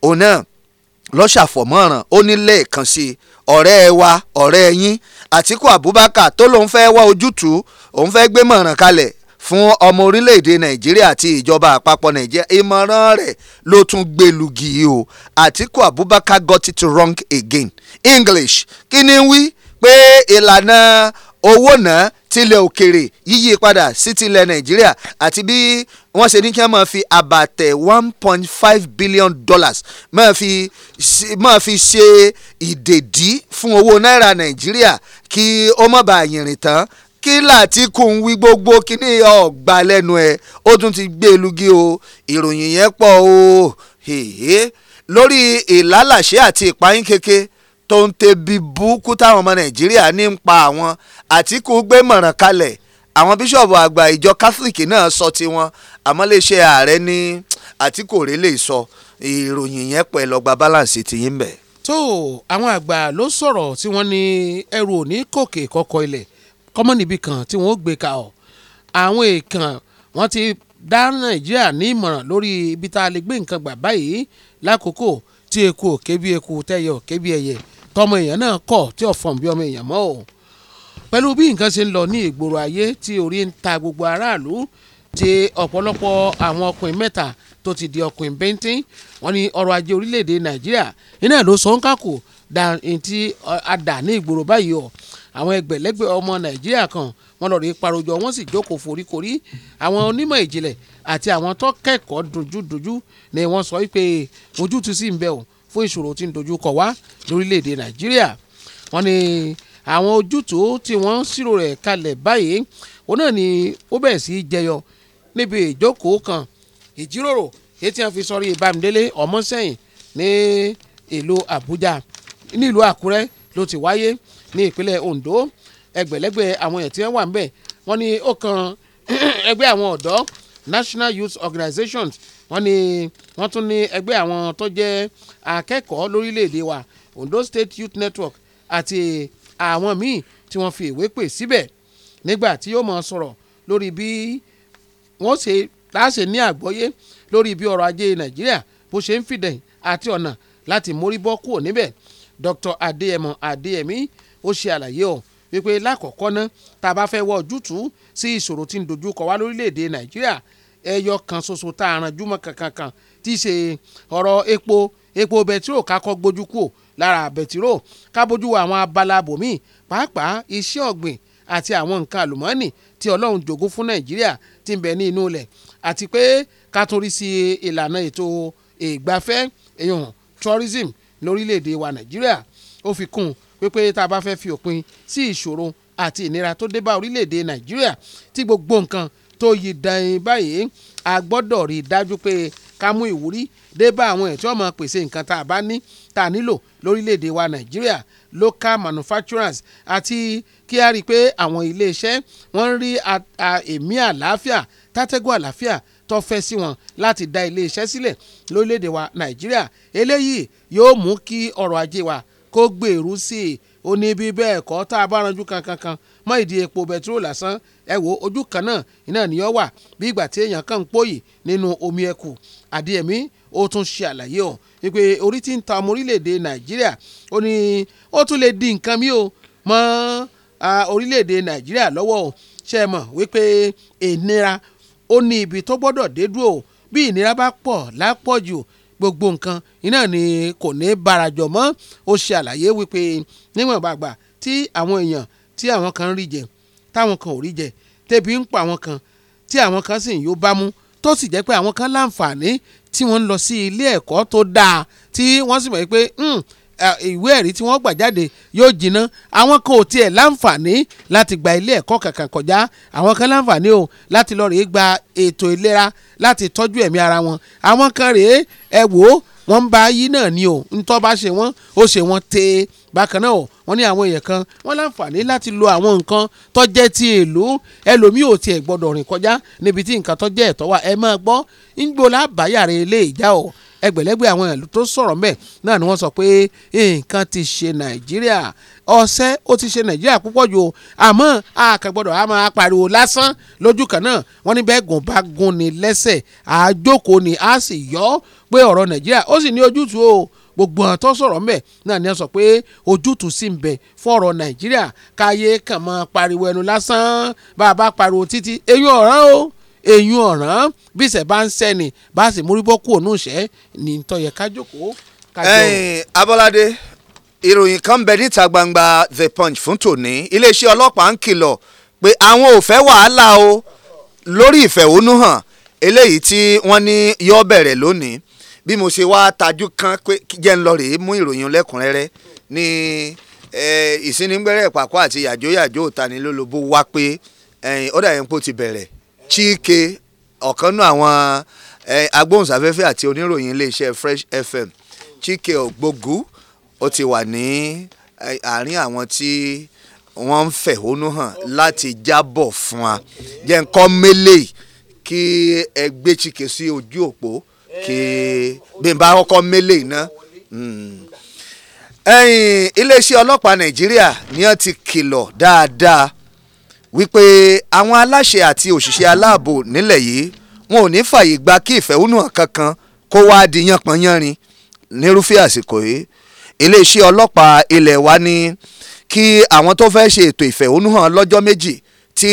òun náà lọ́ṣàfọ̀mọ́ràn ó ní lẹ́ẹ̀kan sí i ọ̀rẹ́ wa ọ̀rẹ́ yín Àtíkù Abubakar tó lóun fẹ́ wá ojútùú òun fẹ́ gbé mọ̀ràn kalẹ̀ fún ọmọ orílẹ̀-èdè nàìjíríà àti ìjọba àpapọ̀ nàìjíríà ìmọ̀ràn rẹ̀ ló tún gbẹlugi o àtiku abubakar got it wrong again english kí ni wí pé ìlànà owó náà tilẹ̀ òkèrè yíyí padà sí tilẹ̀ nàìjíríà àti bí wọ́n ṣe ní kí wọ́n máa fi àbàtẹ̀ one point five billion dollars máa fi máa fi ṣe ìdèdí fún owó náírà nàìjíríà kí ó má bàa yìnrìn tán kí látìkù ń wí gbogbo kíní ọ̀gbà lẹ́nu ẹ̀ ó tún ti gbé e lugi o ìròyìn yẹn pọ̀ o lórí ìlálàṣẹ àti ìpayín keke tó ń tebi búkú táwọn ọmọ nàìjíríà ní ń pa àwọn àtìkù gbé mọ̀ràn kalẹ̀ àwọn bíṣọ̀bù àgbà ìjọ catholic náà sọ tiwọn àmọ́ iléeṣẹ́ ààrẹ ní àtìkù òrèlè sọ ìròyìn yẹn pẹ̀lú ọgbà balance ti yín bẹ̀. tó àwọn àgbà ló sọ̀rọ̀ tí wọ́n ní ẹrù òní kòkè kọ́kọ́ ilẹ̀ kọ́mọ́ níbi kan tí wọ́n ó gbé ka ọ̀ àwọn èèkàn wọ́n ti dá nàìjíríà ní ìmọ̀ràn lórí ibi tá a lè gbé nǹkan gbà báyìí lákòókò tí eku òkè bí eku tẹ́yẹ òkè bí ẹyẹ tọmọ èèyàn náà kọ̀ tí ọ̀fọ̀n bí ọmọ èèyàn mọ́ ò pẹ̀lú bí nǹkan ṣe ń lọ ní ìgboro ayé tí orí ń ta gbogbo aráàlú ti ọ̀pọ̀lọpọ̀ àwọn ọkùnrin mẹ́ta tó ti di ọkùnrin bẹ́ńtín wọ́n ní ọrọ̀ ajé orílẹ̀-èdè nàìjíríà iná ló sọ ń kàkó dà ní ti àdà ní ìgboro báyìí ọ̀ àwọn ẹgbẹ̀lẹ́gbẹ̀ ọmọ nàìjíríà kan wọ́n lọ rí parojọ wọ́n sì jókòó foríkorí àwọn onímọ̀ ìjìnlẹ̀ àti àwọn tó kẹ́kọ̀ọ́ dojúdojú ni wọ́n sọ wípé ojútùú sì ń bẹ o fún ìṣòro tí ń dojú kọ wá lórílẹ̀‐èdè nàìjíríà wọ́n ní àwọn ojútùú tí wọ́n ṣírò rẹ̀ kalẹ̀ báyìí òun náà ni ó bẹ̀rẹ̀ sí í jẹyọ níbi ìjókòó kan ìjíròrò etí wọn fi sọrí ìbámidélé ọmọsẹ́yìn ní ìlú àbújá nílùú àkúrẹ́ ló ti wáyé ní ìpínlẹ̀ Ondo ẹgbẹ̀lẹ́gbẹ̀ àwọn èèyàn tí wọ́n wà ń bẹ̀ wọ́n ní ó kan ẹgbẹ́ àwọn ọ̀dọ́ National Youth Organizations wọ́n ní wọ́n tún ní ẹgbẹ́ àwọn tó jẹ́ akẹ́kọ̀ọ́ lórílẹ̀‐èdè wa Ondo State Youth Network àti àwọn míì tí wọ́n fi ìwé pè síbẹ̀ nígbà tí yóò máa sọ̀rọ̀ lórí bí wọ́n ṣe láṣẹ ní àgbọ́yé lórí bí ọrọ̀ ajé Nàìjíríà bó ṣe ń fìdẹ̀yìn àti ọ̀nà láti mórí bọ́ kúrò níbẹ̀ Dr Adéyẹmọ Adéyẹmí ó ṣe àlàyé ọ̀ wípé lákọ̀ọ́kọ́ ná tá a bá fẹ́ wọ ojútùú sí ìṣòro tí ń dojú kọ wá lórílẹ̀‐èdè nàìjíríà ẹyọ kan ṣoṣo tá a ranjú mọ́ kankankan tí í ṣe ọ̀rọ̀ epo epo bẹtiró kakọ gbójú kù lára bẹtiró kábójú àwọn abala bòmíì pàápàá iṣẹ́ ọ̀gbìn àti àwọn nǹkan àlùmọ́ọ́nì tí ọlọ́run jogún fún nàìjíríà ti ń bẹ ní inú ilẹ̀ àti pé ká tún rí sí ìlànà ètò ìgbafẹ́ tourism lórílẹ̀‐èdè wa nàìjíríà ó fi kún un pé tá a bá fẹ́ fi òpin sí ìṣòro àti ìnira tó dé bá orílẹ̀-èdè nàìjíríà tí gbogbo nǹkan tó yí dẹ́yìn báyìí a gbọ́dọ̀ rí i dájú pé ká mú ìwúrí dé bá àwọn ẹ̀tí ọmọ pèsè nǹkan tá a bá ní tá a nílò lórílẹ̀‐èdè wa nàìjíríà local manufacturers àti kí a rí i pé àwọn iléeṣẹ́ wọ́n ń rí ẹ̀mí àlàáfíà tátẹ́gùn àlàáfíà tó fẹ́ sí wọn láti dá iléeṣẹ́ sílẹ̀ lórílẹ̀‐èdè wa nàìjíríà eléyìí yóò mú kí ọrọ̀ ajé wa kó gbèrú sí i ó ní bí bẹ́ẹ̀ kọ́ tá a bá ranjú kankankan mọ́ ìdí epo bẹtiró lásán ẹ wo ojú kan náà iná ni ó wà bí ìgbà tí èèyàn kàn ń pòyì nínú omi ẹkù àdìẹ̀mí ó tún ṣe àlàyé o wípé orí tí ń ta ọmọ orílẹ̀-èdè nàìjíríà ó ní ó tún lè di nǹkan mi o mọ́ orílẹ̀-èdè nàìjíríà lọ́wọ́ o ṣe mọ̀ wípé ìnira ó ní ibi tó gbọ́dọ̀ dé dúró bí ìnira bá pọ̀ lápọ̀jù gbogbo nǹkan iná ni kò ní barajọ mọ́ ó ṣe àlàyé wípé níwọ̀n bàgbà tí àwọn èèyàn tí àwọn kan rí jẹ táwọn kan ò rí jẹ tẹbi ń pa àwọn kan tí àwọn kan sì ń yó bámú tó sì jẹ́ pé àwọn kan láǹfààní tí wọ́n ń lọ sí ilé ẹ̀kọ́ tó dáa tí wọ́n sì mọ̀ pé ìwé ẹ̀rí tí wọ́n gbà jáde yóò jiná àwọn kan ò tiẹ̀ láǹfààní láti gba ilé ẹ̀kọ́ kankan kọjá àwọn kan láǹfààní o láti lọ rèé gba ètò ìlera láti tọ́jú ẹ̀mí ara wọn àwọn kan rèé ẹ wò ó wọ́n ń ba ayé náà ni o ntọ́ bá ṣe wọ́n ó ṣe wọ́n tẹ́ bákan náà o wọ́n ní àwọn èèyàn kan wọ́n láǹfààní láti lo àwọn nǹkan tó jẹ́ ti èlò ẹlòmíì ò tiẹ̀ gbọ́dọ̀ rìn kọjá níbi tí nǹkan tó ẹ̀tọ́ wa ẹ máa gbọ́ ń gbòòlà báyàrá ilé ìjà o ẹgbẹ̀lẹ́gbẹ̀ àwọn ìlú tó sọ̀rọ̀ mẹ́ náà ni wọ́n sọ pé nǹkan ti ṣe nàìjíríà ọ̀sẹ̀ ó ti ṣe nàìjíríà púpọ̀ jù àmọ́ àkàgbọ́dọ̀ a máa pariwo lásán lójú kan náà wọ́n ní bẹ́ẹ̀ gùn bá gùn ní lẹ́sẹ̀ àjókòó ni a sì yọ pé ọ̀rọ̀ nàìjíríà ó sì ní ojútùú o gbogbo àwọn tó sọ̀rọ̀ ńbẹ̀ náà ni wọ́n sọ pé ojútùú sì ń bẹ nàìjíríà káyé kàn máa pariwo ẹnu lásán bá a bá pariwo títí eyín ọ̀ràn o eyín ọ̀ràn bí ìṣẹ̀ bá ń sẹ́ni bá a sì múrí bọ́ kúrò ní ìṣẹ́ ní tọ́yẹ kájókòó. ẹyin abọ́ládé ìròyìn kan bẹ níta gbangba the punch fún tòní iléeṣẹ́ ọlọ́pàá ń kìlọ̀ pé àwọn ò fẹ́ wàhálà o lórí ìfẹ̀hónúhàn eléyìí tí wọ́n ní yó bẹ̀rẹ̀ lónìí bí mo ṣe wá tajú kan pé jẹ́ ń lọ rèé mú ìròyìn lẹ́kùnrẹ́rẹ́ ní ìsínigbẹ́rẹ́ ìpàkọ́ àti yàjóyàjó òtanilólobó wá pé ọ̀dà yẹn pò ti bẹ̀rẹ̀ Chike ọ̀kan nú àwọn agbóhùnsáfẹ́fẹ́ àti oníròyìn iléeṣẹ́ Fresh FM Chike Ogbogu ó ti wà ní àárín àwọn tí wọ́n ń fẹ̀hónú hàn láti jábọ̀ fún wa jẹ́ ń kọ́ mélèé kí ẹ gbé Chike sí ojú òpó kí bí n bá kọ́kọ́ mélé iná hmm. ẹ̀yìn iléeṣẹ́ ọlọ́pàá nàìjíríà ni wọ́n ti kìlọ̀ dáadáa wípé àwọn aláṣẹ àti òṣìṣẹ́ aláàbò nílẹ̀ yìí wọn ò ní fàyè gba kí ìfẹ̀hónúhàn kankan kó wáá di yánpọnyánrin nírúfẹ́ àsìkò yìí iléeṣẹ́ ọlọ́pàá ilẹ̀ wa ní kí àwọn tó fẹ́ ṣe ètò ìfẹ̀hónúhàn lọ́jọ́ méjì ti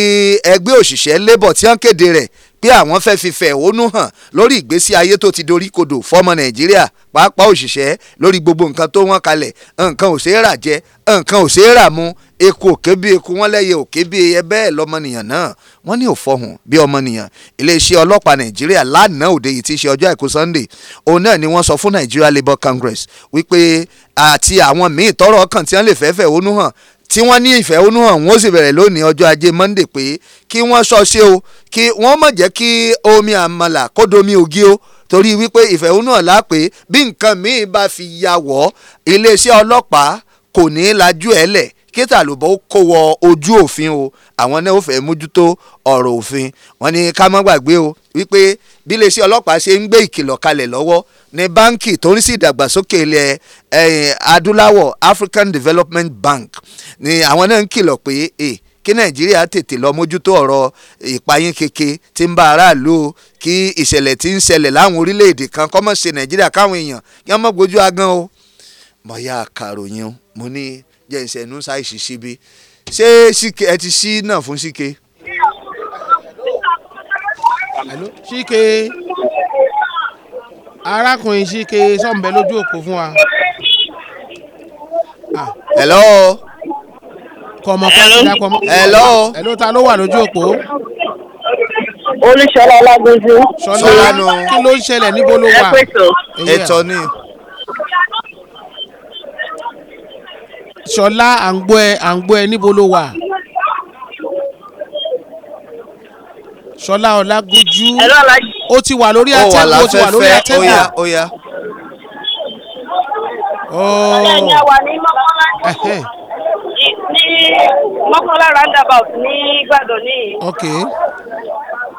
ẹgbẹ́ òṣìṣẹ́ labour tí wọ́n kéde rẹ̀ pé àwọn fẹ́ fi fẹ̀hónú hàn lórí ìgbésí ayé tó ti dorí kodò fọ́mọ nàìjíríà pàápàá òṣìṣẹ́ lórí gbogbo nǹkan tó wọ́n kalẹ̀ nǹkan ò ṣeé rà jẹ nǹkan ò ṣeé rà mu eku òkè bí eku wọn lẹ́yẹ òkè bí ẹyẹ bẹ́ẹ̀ lọ́mọnìyàn náà wọ́n ní òfọ̀hùn bí ọmọnìyàn iléeṣẹ́ ọlọ́pàá nàìjíríà lánàá òde yìí ti ṣe ọjọ́ àìkú sunday òun náà ni wọ́n sọ fún nigeria labour congress wípé àti àwọn míì tọ́rọ̀ ọkàn tí wọ́n lè fẹ́ fẹ̀hónú hàn tí wọ́n ní ìfẹ̀hónú hàn wọ́n sì bẹ̀rẹ̀ lónìí ọjọ́ ajé Monday pé kí wọ́n sọ o kí wọ́n má jẹ́ kí omi àmàlà kó domi ògì o torí wípé ìfẹ̀hónú hàn lápè bí nǹkan míì bá fi ya wọ̀ iléeṣẹ́ ọlọ́pàá kò ní í lajú ẹ̀ lẹ̀ kéta àlùbọ́ ó kó wọ ojú òfin o àwọn náà ó fẹ́ mójútó ọ̀rọ̀ òfin wọn ni ká má gbàgbé o wípé bí iléeṣẹ́ ọlọ́pàá ṣe ń gbé ìkìlọ̀ kalẹ̀ lọ́wọ́ ní báǹkì tó ń sì dàgbàsókè ilẹ̀ adúláwọ̀ African Development Bank ni àwọn náà ń kìlọ̀ pé eh, kí nàìjíríà tètè lọ mójútó ọ̀rọ̀ ìpayín keke tí ń bá aráàlú kí ìṣẹ̀lẹ̀ tí ń ṣẹlẹ̀ láwọn orílẹ̀-èdè kan kọ́mọ̀ ṣe nàìjíríà káwọn èèyàn kí wọ́n mọ̀ gbójú agan o mọ̀ yá àkàròyìn mo ní jẹ̀nsẹ̀ ẹnu ṣàìsì síbi ṣé síke ẹ ti ṣí náà fún síke. síke arákùnrin síke sọ̀nbẹ lójú òpó fún wa. Ah. hello. kọ̀mọ̀ kọ́sí dàpọ̀ mọ́. hello. hello ta ló wà lójú òpó. olùṣọ́lá alágbèjú. sọlá kí ló ń ṣẹlẹ̀ níbo ló wà. ètò ni. ṣọlá à ń gbọ́ ẹ à ń gbọ́ ẹ níbo ló wà. ṣọlá ọlágójú ó ti wà lórí atẹ́gùn ó ti wà lórí atẹ́gùn. ó yá ó oh. yá. ní mọ́kànlá roundabout ní gbàdọ̀ ní. ok.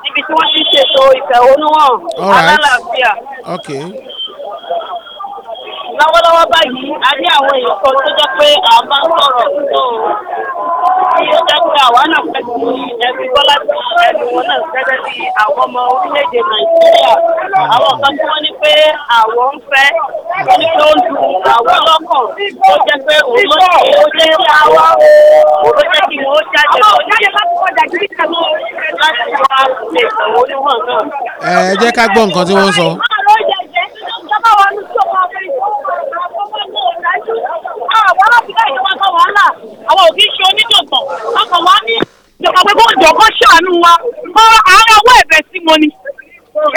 níbi tí wọ́n ti ṣètò ìfẹ̀hónúhàn alálàáfíà. ok lọ́wọ́lọ́wọ́ báyìí a ní àwọn èèyàn kan tó jẹ́ pé a bá sọ̀rọ̀ tó tí ó jẹ́ pé àwa náà fẹ́ ti ẹbí bọ́ láti ẹnu wọn náà gẹ́gẹ́ bí àwọn ọmọ orílẹ̀-èdè nàìjíríà àwọn kan tí wọ́n ní pé àwọn ń fẹ́ wọ́n ní pé ó ń du àwọn lọ́kàn ó jẹ́ pé òun ló ṣe ó jẹ́ àwa ó jẹ́ kí wọ́n jáde láti wá lè sọ̀rọ̀ oníwọ̀n náà. ẹ jẹ́ ká gbọ́ nǹkan tí wọ́n sọ àwọn alábìlẹ̀ ìjọba kan wà ńlá àwọn òbí ṣe oníjọ̀gbọ̀n ọkàn wa ní ìjọba pé kó jọ kó ṣàánú wa kó àárẹ̀ owó ẹ̀bẹ̀ sí mo ni.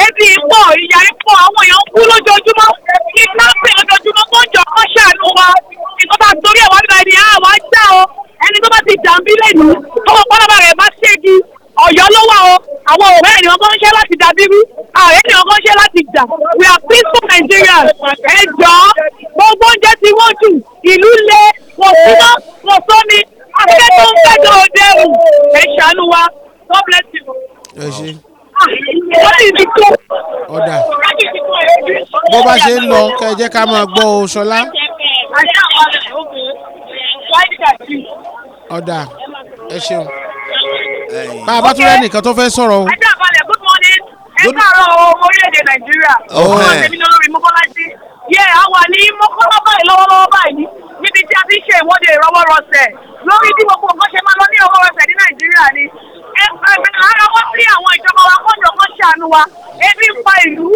ebi pọ̀ ìyà pọ̀ àwọn èèyàn ń kú lójoojúmọ́ iná pè lójoojúmọ́ kó jọ kó ṣàánú wa ìjọba torí ẹ̀ wá nígbà ẹni àwọn ajá ọ ẹni tó bá ti jàǹbí lẹ́nu tó wọ́n pọ́nlọ́ba rẹ̀ má ṣégi Ọ̀yọ́ ló wà o àwọn ọ̀rẹ́ ẹni wọn kàn ń ṣe láti dàbí rú ààrẹ ẹni wọn kàn ń ṣe láti jà we are peaceful Nigerians ẹ jọ gbogbo oúnjẹ tí wọ́n jù ìlú le kò síná kò sómi akẹ́kẹ́ tó ń fẹ́jọ́ òde òun ẹ ṣàánú wa God bless you. ẹ ṣe. ọ̀dà bó bá ṣe ń lọ kẹ́ ẹ jẹ́ ká máa gbọ́ o Ṣọlá. ọ̀dà. ẹ ṣeun bá a bá tún lẹ́nìkan tó fẹ́ sọ̀rọ̀ o. ẹ jẹ́ àbálẹ̀ good morning ẹ káàárọ̀ ọmọ orílẹ̀-èdè nàìjíríà ọmọ oh, eh. tèmi yẹ àwa ní mọ́kànlá báyìí lọ́wọ́lọ́wọ́ báyìí níbi tí a ti ń ṣe ìwọ́de ìrọwọ́rọsẹ̀ lórí bí gbogbo nǹkan ṣe máa lọ ní ìrọwọ́rọsẹ̀ ní nàìjíríà ni ara wọ́n sí àwọn ìjọba wa kọ́jọ kan ṣàánú wa ebi ń pa ìlú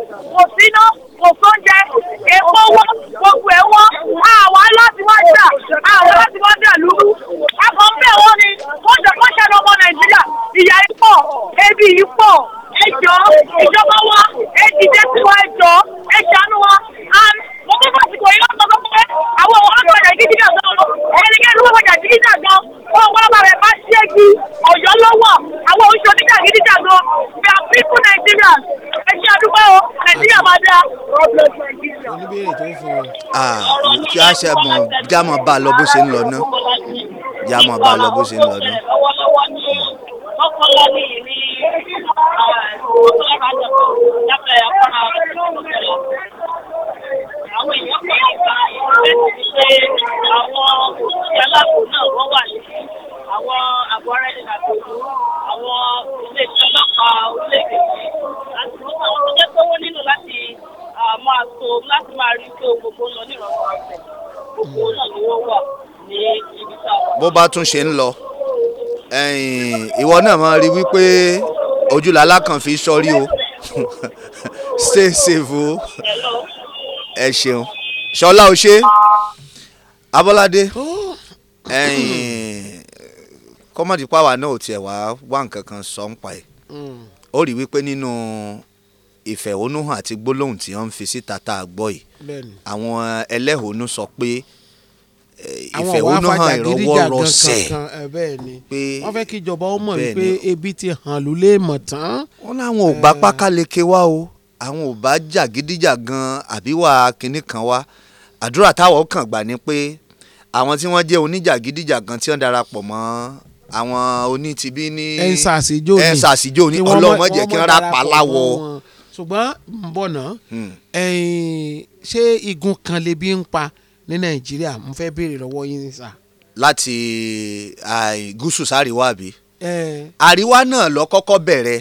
ṣe mọ̀ já bá a lọ bó ṣe ń lọ ná já bá a lọ bó ṣe ń lọ ná. bó bá tún ṣe ń lọ ìwọ náà máa rí wípé ojúlàlá kan fi sọrí o ṣe é ṣe fún o ẹ ṣeun ṣọlá o ṣe abọ́ládé kọ́mọ̀dé pàwá náà ò tiẹ̀ wá wá nǹkan kan sọ ń pa ẹ̀ ó rí wípé nínú ìfẹ̀hónúhàn àti gbólóhùn tí wọ́n ń fi síta tá a gbọ́ yìí àwọn ẹlẹ́hónú sọ pé ìfẹ̀hónú hàn ìrọwọ́ rọsẹ̀ pé wọ́n fẹ́ kí ìjọba ó mọ̀ wípé ebi ti hàn ló lè mọ̀ tán. wọ́n láwọn ò bá eh. pákáleke wá o àwọn ò bá jàgídíjàgan àbí wà kinní kan wá àdúrà táwọn kàn gbà ni pé àwọn tí wọ́n jẹ́ oníjàgídíjàgan tí wọ́n darapọ̀ mọ́ àwọn onítìbí ní ensars ijó ní ọlọ́mọ jẹ́ kí wọ́n rà pàláwọ̀ ṣùgbọ́n ń bọ̀ náà hmm. ṣé igun kan lè bí ń pa ní nàìjíríà mo fẹ́ béèrè lọ́wọ́ yín sà. láti gúúsù sáríwá àbí. àríwá náà lọ kọ́kọ́ bẹ̀rẹ̀.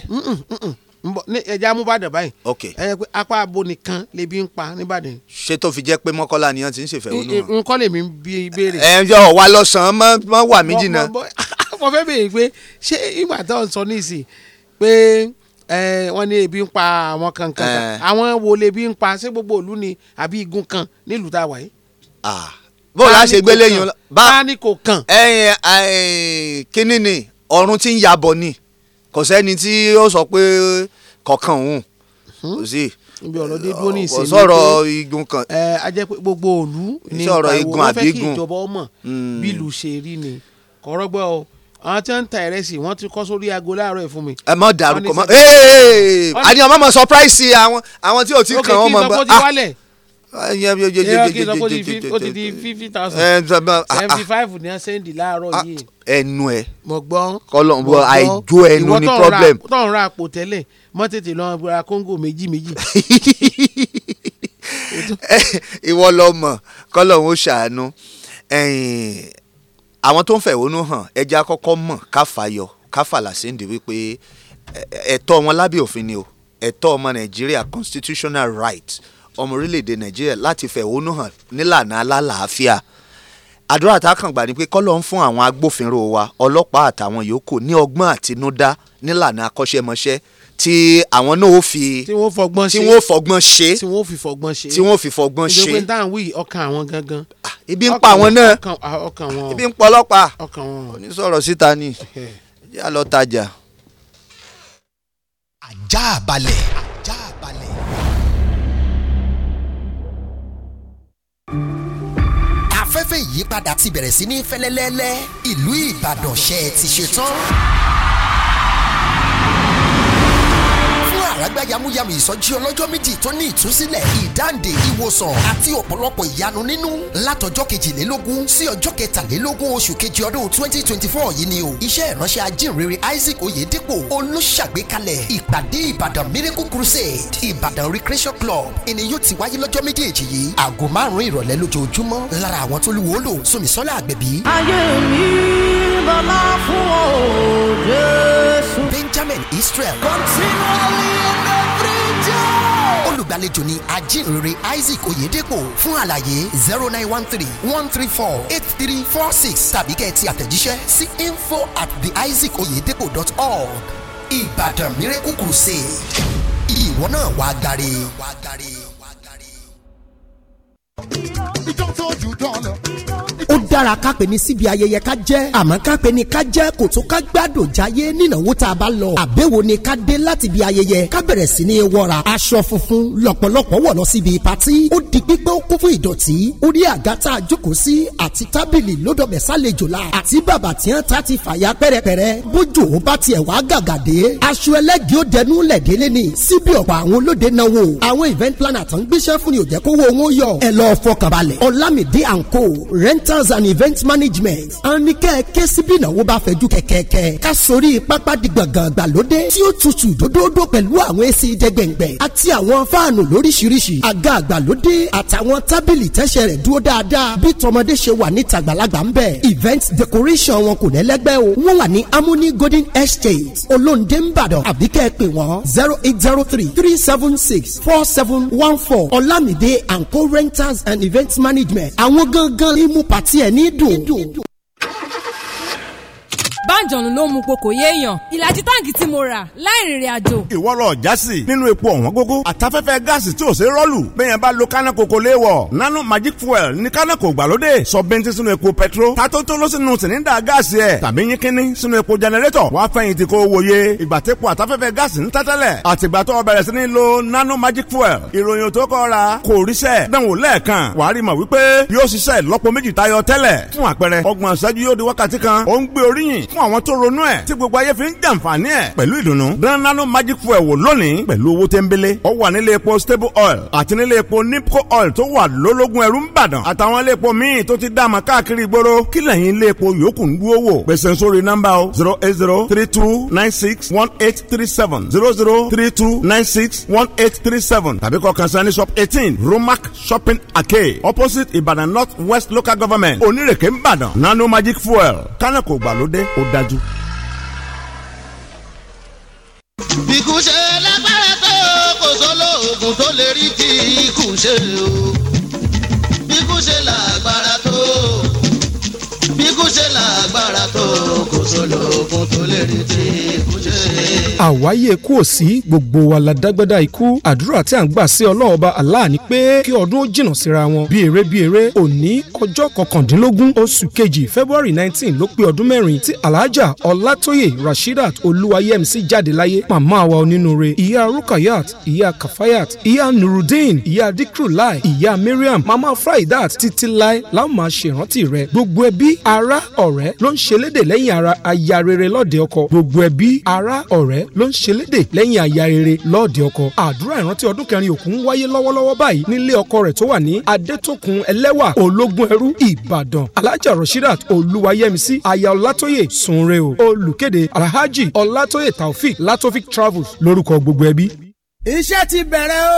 ẹja amúbàdàn báyìí. ok ẹ pé apá abo nìkan lè bí ń pa nìbàdàn. ṣé tó fi jẹ́ pé mọ́kànlá ni wọ́n ti ń ṣèfẹ̀hónú hàn. nǹkan lèmi bí béèrè. ẹ ǹjọ́ wa lọ́sàn-án mọ́ wà mí jìnnà. mo fẹ́ béèrè pé ṣé ìgbà tó ń sọ nísìn pé wọ́n ní ebi ń pa àwọn kankan àwọn wo lè bí ń pa ṣé gbogbo ìlú ni àbí igun kan nílùú tá yìí Ah. bó la ṣe gbélé yín bá a ní kò kínní ni ọ̀run tí ń yabọ̀ ni kò sẹ́ni tí ó sọ pé kọ̀ọ̀kan òun hmm. kò sí ibi ọ̀rọ̀ dé dúró ní ìsinmi sọ̀rọ̀ igun kan. ẹ a jẹ́ pé gbogbo òlu ní ìpàwọ́ wọ́n fẹ́ kí ìjọba ọmọ hmm. bílù ṣe rí ni kọ́rọ́gbọ́ o àwọn tí wọ́n ń ta ìrẹsì wọ́n ti kọ́ sórí aago láàárọ̀ ẹ̀ fún mi. ẹ mọ dàrú kọ mọ ee àní ọmọ mọ surprise àwọn àwọn tí ò ti kàn wọn mọ gbà. òkè kí n sọ kó ti ah! wálẹ̀ ìyẹn kí n sọ pé ó ti di fifty thousand eh, ah, ah. seventy five ní sẹ́ndì láàárọ̀ ah, yìí. ẹnu ẹ kọlọ́n bọ àìjó ẹnu ni problem. ìwọ tó ń ra àpò tẹ́lẹ̀ mọ́ tètè lọ ra kóńgò méjì méjì. Eh, ìwọ lọ mọ kọlọ́n ó ṣàánú àwọn tó ń fẹ̀hónú hàn ẹja kọ́kọ́ mọ̀ káfàyọ káfàlà sẹ́ndì wípé ẹ̀tọ́ wọn lábẹ́ òfin ni o ẹ̀tọ́ ọmọ nàìjíríà constitutional right ọmọ orílẹ̀-èdè nàìjíríà láti fẹ̀hónú hàn nílànà alálàáfíà àdúrà tá a kàn gbà ni pé kọ́lọ́ ń fún àwọn agbófinró wa ọlọ́pàá àtàwọn yòókù ní ọgbọ́n àtinúdá nílànà akọ́ṣẹ́mọṣẹ́ tí àwọn náà ó fi tí wọ́n fọgbọ́n ṣe tí wọ́n fọgbọ́n ṣe tí wọ́n fi fọgbọ́n ṣe tí wọ́n fi fọgbọ́n ṣe. ìjọba ìdáhùn wí ọkàn àwọn gangan. ibi ń pa àwọn náà ọkàn wọn ibi ń pa ọlọ́pàá ọkàn wọn onísọ̀rọ̀ síta ni jẹ́ àlọ́ tajà. àjà balẹ̀. ìyípadà ti bẹ̀rẹ̀ sí ní fẹ́lẹ́lẹ́lẹ́ ìlú Ìbàdàn ṣe ti ṣe tán àràgbá yamuyamu ìsọjí ọlọ́jọ́ méjì tó ní ìtúsílẹ̀ ìdáǹdè ìwòsàn àti ọ̀pọ̀lọpọ̀ ìyanu nínú látọjọ́ kejìlélógún sí ọjọ́ kẹtàlélógún oṣù kejì ọdún twenty twenty four yìí ni o iṣẹ́ ìránṣẹ́ ajínrere Isaac Oyedepo olùṣàgbékalẹ̀ ìpàdé Ìbàdàn miracle crusade Ìbàdàn recreation club ènìyàn ti wáyé lọ́jọ́ méjèèjì yìí aago márùn-ún ìrọ̀lẹ́ lójoojúmọ́ lára àwọn tó lù wọ́ọ́lò Sùnmísọ́lá Àgbẹ̀bí. ayé mi bàbá fún ọ Benjamin Israel. continually in every day. olùgbàlejò ni ajínrere Isaac Oyedepo fún àlàyé zero nine one three one three four eight three four six tàbí kẹ́ ẹ ti àtẹ̀jíṣẹ́ sí info at theisaacoyedepo.org Ìbàdàn Miracle Crusade ìwọ náà wàá gàre. ìjọ tó jù dán lọ dára ká pè ní síbi ayẹyẹ ká jẹ́ àmọ́ ká pè ní ká jẹ́ kò tó ká gbádùn jáyé nínáwó tá a bá lọ àbẹ̀wò ni ká dé láti ibi ayẹyẹ ká bẹ̀rẹ̀ sí ní wọ́ra aṣọ funfun lọ́pọ̀lọpọ̀ wọ̀ lọ síbi patí ó di pípé ó kún fún ìdọ̀tí ó rí àga tá a jókòó sí àti tábìlì lódọ̀bẹ̀ sálejò la àti bàbà tí wọ́n ta ti fàya pẹ́rẹpẹ́rẹ bójú ó bá tiẹ̀ wá gàgàdé aṣọ ẹlẹ́gì ó dẹnu lẹ̀ délé ni síbi ọ̀pọ̀ àwọn olóde náwó and event management a ní kẹ́ ẹ ké síbi ìnáwó bá fẹ́ ju kẹ̀kẹ́kẹ́ ká sórí pápá di gbọ̀ngàn gbàlódé tí ó tutù dódódó pẹ̀lú àwọn èsì jẹgbẹ̀ngbẹ̀ àti àwọn fáànù lóríṣiríṣi àga àgbàlódé àtàwọn tábìlì tẹ́sẹ̀ rẹ̀ dúró dáadáa bí tọmọdé ṣe wà ní tàgbàlagbà ń bẹ̀ event decoration wọn kò lẹ́lẹ́gbẹ́ o wọ́n wà ní amúní golden estate olóńdé ńbàdàn àbí kẹ́ ẹ pè wọ́n zero eight zero three three seven six four seven one four olamide and co rentals and event management àwọn gangan imú pàtí ẹ̀ ní dùn báńjọ̀nù ló mú po kò yéèyàn ìlàjì táǹkì tí mo rà láì rìnrìn àjò. ìwọ lọ jásì nínú epo ọ̀wọ́n gógó àtafẹ́fẹ́ gáàsì tí ò ṣe rọ́ọ̀lù bẹ́ẹ̀ bá lo kánà kòkó léwọ̀ nano magic fuel ní kánà kò gbàlódé sọ bẹ́ntì sínú epo petro tatótó ló sínú sìnínda gáàsì ẹ̀ tàbí yín kínní sínú epo jẹnẹrétọ̀ wàá fẹ̀yìntì kó wòye ìgbàtẹ́pọ̀ àtafẹ́fẹ́ gáàsì ń lo nano magic fuel ìròyìn tó kọ́ ra kò ríṣẹ́ dánwò lẹ́ẹ̀kan wàá rí mọ̀ wípé yóò ṣiṣẹ́ lọ́pọ̀ méjì tayọ tẹ́lẹ̀ fún àpẹẹrẹ ọgbọ̀n fún àwọn tó ronú ẹ̀ tí gbogbo ayé fi ń jàǹfààní ẹ̀ pẹ̀lú ìdùnnú. dán magic fuel wò lónìí pẹ̀lú owó tẹ́ńbélé. ó wà nílé epo stable oil àti nílé epo nipco oil tó wà lólógún ẹrú ń bàdàn àtàwọn ilé epo míì tó ti dáàmà káàkiri ìgboro kí lẹ́yìn ilé epo yòókù ń gbówó wò. gbèsè sórí nọ́mbà o zero eight zero three two nine six one eight three seven zero zero three two nine six one eight three seven tàbí kọ kànsáni shop eighteen romac shopping arcade opposite Ibadan north west local government onírèké ń bàdàn nano magic fuel kánà kò gbàlódé òd dájú. ikú ṣe lágbára tó kò sólóògùn tó lè rí ti ikú ṣe o ikú ṣe lágbára tó ikú ṣe lágbára tó kò sólóògùn tó lè rí ti ikú àwáyé kú ò sí gbogbo wa la dágbẹ́dá ikú àdúrà tí à ń gbà sí ọlọ́run ọba Allah pé kí ọdún ó jìnnà síra wọn bí eré bí eré òní ọjọ́ kọkàndínlógún oṣù kejì February nineteen ló pé ọdún mẹ́rin tí alhaja ọlátóyè rashidat olúwayẹmísí jáde láyé màmá wa onínúure ìyá rukayat ìyá kafayat ìyá nurudeen ìyá dikrulai ìyá miriam màmá fraidat títí láé láwọn máa ṣèrántí rẹ gbogbo ẹbí ará ọ̀rẹ́ ló ń ṣelédè lẹ́yìn ara aya rere ọ̀rẹ́ ló ń ṣelédè lẹ́yìn aya rere lọ́ọ̀dẹ ọkọ àdúrà ìrántí ọdún kẹrin òkú ń wáyé lọ́wọ́lọ́wọ́ báyìí nílé ọkọ rẹ̀ tó wà ní adétòkun ẹlẹ́wà ológun ẹrú ìbàdàn alájà rashidat olúwayẹmísí aya ọlátóyè sunre o olùkéde alhaji ọlátóyè taofik latovic travels lórúkọ gbogbo ẹbí. iṣẹ́ ti bẹ̀rẹ̀ o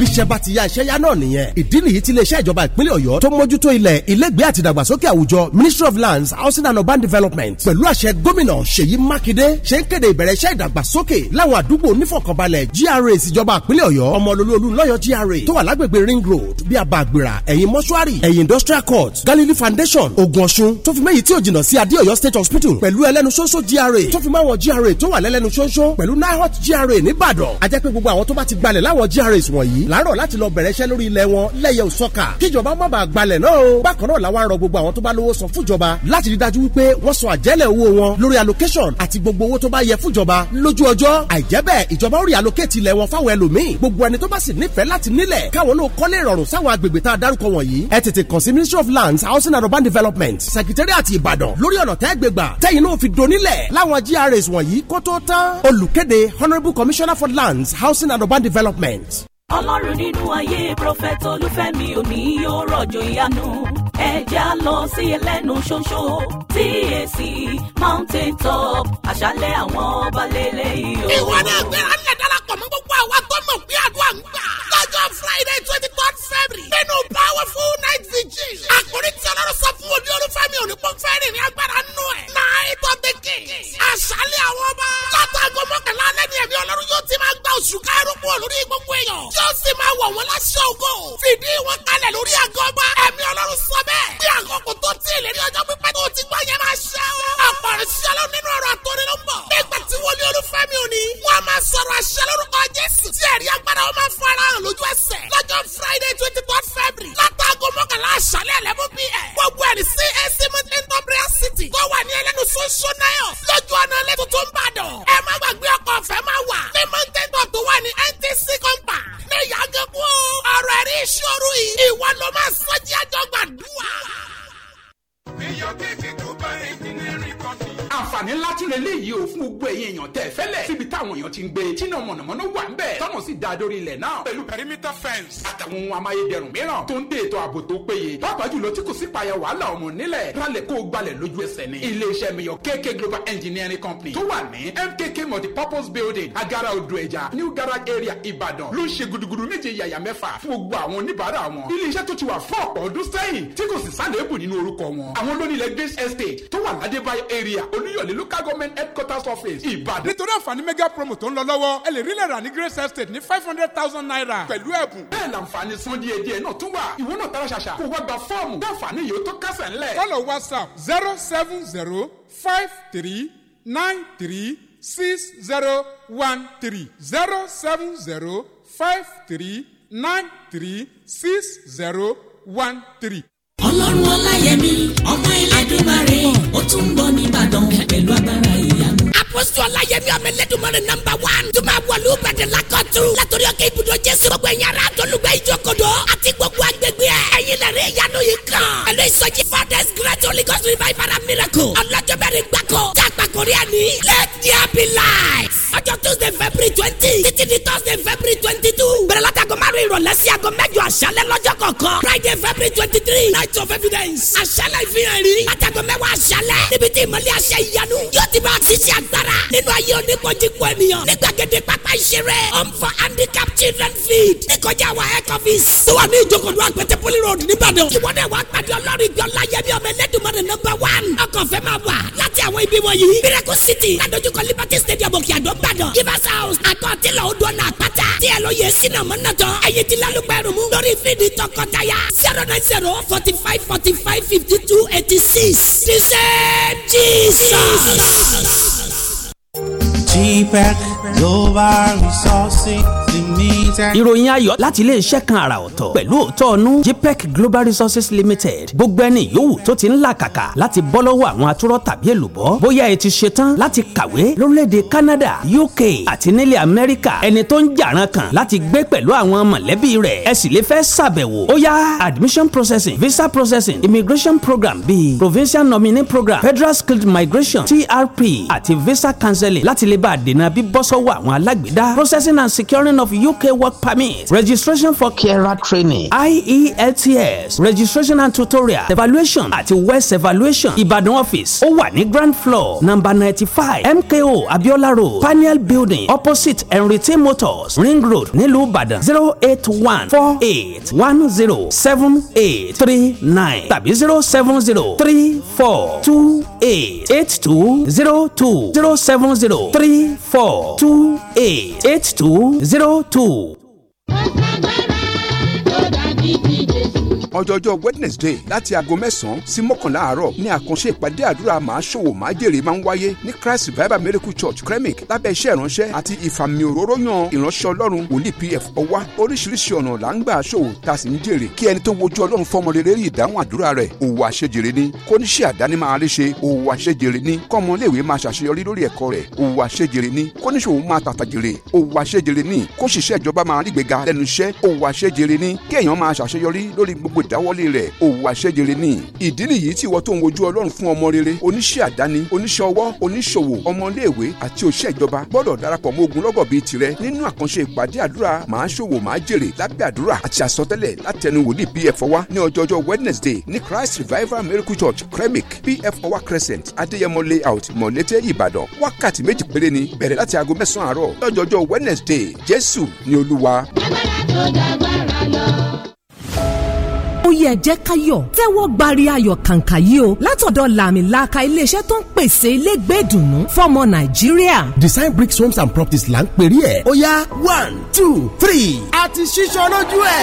bí iṣẹ́ bá ti ya iṣẹ́ yá náà nìyẹn ìdí nìyí tí iléeṣẹ́ ìjọba ìpínlẹ̀ ọ̀yọ́ tó mójútó ilẹ̀ ilégbèé àti ìdàgbàsókè àwùjọ ministry of lands housing and urban development pẹ̀lú àṣẹ gómìnà ṣèyí mákindé ṣe ń kéde ìbẹ̀rẹ̀ iṣẹ́ ìdàgbàsókè láwọn àdúgbò onífọ̀kànbalẹ̀ gra ìsìjọba ìpínlẹ̀ ọ̀yọ́ ọmọlólú olúńlọ́yọ̀ gra tó wà lágbègbè ring road bí abàgbèrà ẹ̀yìn mọ́ṣúárì ẹ̀yìn industrial court galilee foundation ogun ọ̀ṣun tó fi méyìí tí ò jìnnà sí adéọ̀yọ́ state hospital pẹ̀lú ẹlẹ́nu ṣóńṣó gra tó fi máwọn gra tó wà lẹ́lẹ́nu ṣóńṣó pẹ̀lú nahot gra níbàdàn àjẹpẹ́ gbogbo àwọn tó bá ti gbalẹ̀ láwọn gras wọ̀nyí láàárọ̀ láti lọ bẹ̀rẹ̀ iṣẹ́ lórí ilẹ̀ wọn lẹ́yẹ òsọ́kà kíjọba má bàa gbalẹ̀ náà o bákan náà làwọn arọ gbogbo àwọn tó bá lówó san fúnjọba láti rí dájú wípé wọ́n san àjẹ́lẹ̀ owó wọn lórí allocation àti gbogbo owó tó bá yẹ fúnjọba lójú ọjọ́ àìjẹ́bẹ̀ ìjọba ó rí allocate ilẹ̀ wọn fáwọn ẹlòmíì gbogbo ẹni tó bá sì nífẹ̀ẹ́ láti nílẹ̀ káwọn ministry of lands housing and urban development secretariat ìbàdàn lórí ọ̀nà tẹ́gbẹ̀gbà tẹ́yìn náà fi donílẹ̀ láwọn GRAs wọ̀nyí kó tó tán olùkéde honourable commissioner for lands housing and urban development ọlọ́run nínú ayé prọfẹ̀tì olúfẹ́mi òní yóò rọ̀jò ìyanu ẹja lọ sí ẹlẹ́nu ṣoṣo TAC mountain top àṣálẹ̀ àwọn ọba lélẹ́yìí o. ìwọ náà gbéra lẹ́dá Friday twenty third February nínú powerful night vigil. Àkórí tí Ọlọ́run sọ fún òbí olúfẹ́mi ònípọ̀nfẹ́rì ní agbára nù ẹ̀. Night of the Kings. Àṣálẹ̀ àwọn ọba. Látàgọ́ mọ́kànlá alẹ́ ni ẹ̀mí Ọlọ́run yóò ti máa gba oṣù kárùn kúrò lórí gbogbo èèyàn. Yóò sì máa wọ̀ wọ́n láṣọ ògo. Fìdí wọn kalẹ̀ lórí àgọ́ ọba. Ẹ̀mí Ọlọ́run sọ bẹ́ẹ̀. Bí àkókò tó tí ìlérí ọjọ́ pípẹ́ tó ti gbọ́ yẹn máa ṣe o. Àpọ̀rọ̀ ṣẹlẹ̀ nínú ọ̀rọ̀ àtọ́ni ló ń bọ̀. Nígbà tí wọlé olúfẹ́mi òní, wọ́n máa sọ̀rọ̀ àṣẹ lórúkọ Jésù. Tí ẹ̀rí agbára wọn máa fara hàn lójú ẹs lẹ́sẹ̀. lọ́jọ́ friday twenty third february látàgò mọ́kànlá àṣálẹ̀ ẹ̀lẹ́mú pm. gbogbo ẹ̀rí cac muslim memorial city tó wà ní ẹlẹ́nu sunsun náírà lójú ọ̀nà ilé tuntun ìbàdàn. ẹ má gbàgbé ọkọ̀ ọ̀fẹ́ máa wà. ní mountain top tó wà ní ntc compa. ní yàgẹ́kù ọ̀rọ̀ ẹ̀rí ìṣòro yìí ìwọ ló máa sọ́jí àjọgbàdua. iyọ̀ kékeré àǹfààní ńlá tí relé yìí ò fún gbogbo ẹ̀yin èèyàn tẹ̀ fẹ́lẹ̀ síbi táwọn èèyàn ti ń gbé tí náà mọ̀nàmọ́ná wà ń bẹ̀ tọ́nà sì da dórí ilẹ̀ náà pẹ̀lú perimeter fence àtàwọn ohun amáyédẹrùn mìíràn tó ń dé ètò ààbò tó péye pàápàá jùlọ tí kò sí payà wàhálà ọmọ nílẹ̀ rálẹ̀ kó o gbalẹ̀ lójú ẹsẹ̀ ni iléeṣẹ́ miyàn KK Global Engineering Company tó wà ní MKK multipurpose building agara odò ẹja new garage area Ìbàdàn ló ń ṣe gudugudu méje yàyà mẹ́fà fún gbogbo àwọn oníbàárà wọn iléeṣẹ́ tó ti wà fún ọ̀pọ̀ ọdún sẹ́yìn tí kò sì sáà lébù nínú orúkọ wọn àwọn lónìí lẹ́gbẹ̀ẹ́sì estate tó wà ládébáyọ̀ area olúyọ̀l The local government headquarters office ìbàdàn. nítorí àǹfààní mega promo tó ń lọ lọ́wọ́ ẹ lè rí lẹ́ra ní grace estate ní five hundred thousand naira pẹ̀lú ẹ̀bùn. bẹ́ẹ̀ làǹfààní sún díẹ̀ díẹ̀ náà tún wà ìwọ náà tara ṣàṣà kó wá gba fọ́ọ̀mù bí àǹfààní yìí ó tó kásẹ̀ ńlẹ̀. kọ́lọ̀ whatsapp zero seven zero five three nine three six zero one three zero seven zero five three nine three six zero one three. ọlọ́run ọláyẹmí ọmọ Elédùmarè ó tún ń bọ̀ nìbàdàn pẹ̀lú agbára ìyanu. apostol ọláyẹmí ọmọ Elédùmarè nọ́mbà one tó máa wọlé bàdé lakọ́tù látọ̀rí ọkẹ́ ibùdó jésù gbogbo ẹ̀yìn ara àtọ́lùgbẹ́ ìjókòdó àti gbogbo agbègbè ẹ̀ ẹ̀yìn lẹ́rìí ìyanu yìí kan pẹ̀lú ìsọjí fathers great holy gods revival and miracle ọlọ́jọ́ mẹ́rin gbáko tá a gbàgbọ́ rí ẹni let there be light ọjọ́ tuesday february twenty títí di thursday february twenty two bẹ̀rẹ̀ látago márùn ìrọ̀lẹ́ sí aago mẹ́jọ àṣálẹ́ lọ́jọ́ kọ̀ọ̀kan friday february twenty three night of evidence àṣálẹ́ ìfihàn rí látago mẹ́wàá àṣálẹ́ níbi tí ìmọ̀lẹ́ àṣẹ ìyanu yóò ti máa ti ṣe agbára nínú ayé oníkojúkọ ènìyàn ní gbàgede pápá ìṣeré home for handicapped children feed ní kọjá wa head office tó wà ní ìjókòó àgbẹ̀tẹ̀ poli road níbàdàn ìwọ́dẹ̀ wàá pàdé ọlọ́run ìgbọ́ láyẹ̀bí ọmọ ẹlẹ́dùnmọ́dẹ̀ number one ọkọ̀ fẹ́ máa wà láti àwọn ibi wọ̀nyí miracle city ládojúkọ liberty stadium òkè àdó nìbàdàn givers house àtọ̀tìlọ̀ odò nà àpáta tí ẹ lọ yẹ sínú mọ́nàtọ̀ ẹ̀yìn ti lálùpẹ̀ rùmú lórí fídì tọkọtaya zero nine zero forty five forty five fifty two eighty six the same Jesus. T-Pack ìròyìn ayọ̀ láti iléeṣẹ́ kan àrà ọ̀tọ̀ pẹ̀lú òótọ́ ọ̀nú JPEC Global Resources Limited gbogbo ẹni yòówù tó ti ń là kàkà láti bọ́ lọ́wọ́ àwọn atúrọ̀ tàbí èlùbọ́ bóyá ẹ ti ṣetán láti kàwé lórílẹ̀‐èdè Canada UK àti nílẹ̀ Amẹ́ríkà ẹni tó ń jàrán kan láti gbé pẹ̀lú àwọn mọ̀lẹ́bí rẹ̀ ẹ sì lè fẹ́ ṣàbẹ̀wò ó yá admission processing visa processing immigration program bíi provincial nominee program federal skilled migration TRP àti visa counseling láti lè bá àdènà bíbọ́ sọ́wọ́ àwọn alágbèédá processing and securing of UK work permit registration for carer training IELTS registration and tutorial evaluation àti west evaluation Ìbàdàn office ó wà ní grand floor number ninety five MKO Abiola road panel building opposite Enrite motors ring road nílùú Ìbàdàn zero eight one four eight one zero seven eight three nine tàbí zero seven zero three four two eight eight two zero two zero seven zero three four two eight eight two zero two ọjọ́jọ́ wednesday láti aago mẹ́sàn-án sí mọ́kànlá àárọ̀ ní àkànṣe ìpàdé àdúrà máa ṣòwò máa jèrè máa ń wáyé ní christ revival miracle church kremik lábẹ́ iṣẹ́ ìránṣẹ́ àti ìfàmì òróró yan ìránṣẹ́ ọlọ́run wòlíì pf ọwá oríṣiríṣi ọ̀nà là ń gbà ṣòwò tá a sì ń jèrè kí ẹni tó wojú ọlọ́run fọmọ rere rí ìdáhùn àdúrà rẹ̀ òwò àṣejèrè ni kó ní ṣe àdáni máa rí ṣe òwò àṣejèrè ni kọ́mọ iléèwé máa ṣàṣeyọrí lórí ẹ̀kọ́ rẹ̀ òwò àṣejèrè ni kó níṣòwò máa tàtàjèrè òwò àṣejèrè ni kó ṣiṣẹ́ ìjọba máa rí gbéga lẹ́nu iṣẹ́ òwò àṣejèrè ni kéèyàn máa ṣàṣeyọrí lórí gbogbo ìdáwọ́lé rẹ̀ òwò àṣẹjèrè ni ìdí nìyí tí ìwọ tó ń wojú ọlọ́run fún ọmọ rere oníṣẹ́ àdáni oníṣẹ́ ọwọ́ oníṣòwò ọmọléèwé àti òṣìṣẹ́ ìjọba gbọ́dọ̀ darapọ̀ mọ́ ogun lọ́gọ̀ bíi tirẹ̀ nínú àkànṣe ìpàdé àdúrà màá ṣòwò màá jèrè lábẹ́ àdúrà àti àsọtẹ́lẹ̀ látẹnu wòlíì pf ọwá ní ọjọ́jọ́ wednesday ní christ revival miracle church kremik pf ọwá crescent adéyẹmọ layout mọ̀lété ìbàdàn wákàtí méjì péré ni bẹ̀rẹ̀ láti aago mẹ́sàn-án àárọ̀ lọ́jọ́jọ́ wednesday jésù ni olúwa ó yẹ jẹ́ káyọ̀ tẹ́wọ́ gbari ayọ̀ kàǹkà yìí o látọ̀dọ̀ làmìlaka iléeṣẹ́ tó ń pèsè ilé gbé ìdùnnú fọ́mọ nàìjíríà. design bricks homes and properties là ń pèrè ẹ̀ ó yá one two three àti ṣíṣọ́ lójú ẹ̀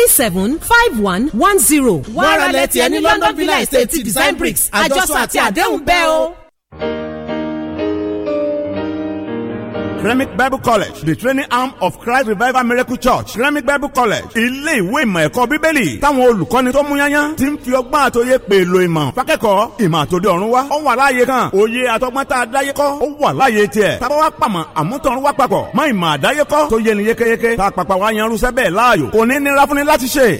three seven five one one zero. wàá ralẹ̀ tiẹ̀ London Villa Estate Design Bricks àjọsọ àti àdéhùn bẹ́ẹ̀ o. Kremit Bible College the training arm of Christ Revival Miracle Church Kremit Bible College ilé ìwé ìmọ̀ ẹ̀kọ́ bíbélì táwọn olùkọ́ni tó mú yányán ti ń fi ọgbọ́n àtòyé pèlò ìmọ̀ fákẹ́kọ̀ọ́ ìmọ̀ àtòdì ọ̀run wá ó wà láàyè kan òye àtọgbọ́n tá a dáyé kọ́ ó wà láàyè tiẹ̀ tábà wá pàmò àmútọ̀run wá papọ̀ mọ́ ìmọ̀ àdáyé kọ́ tó yẹ ni yékéyéké tá a pàpà wá yan irúṣẹ́ bẹ́ẹ̀ láàyò kò ní nira fún ni láti ṣe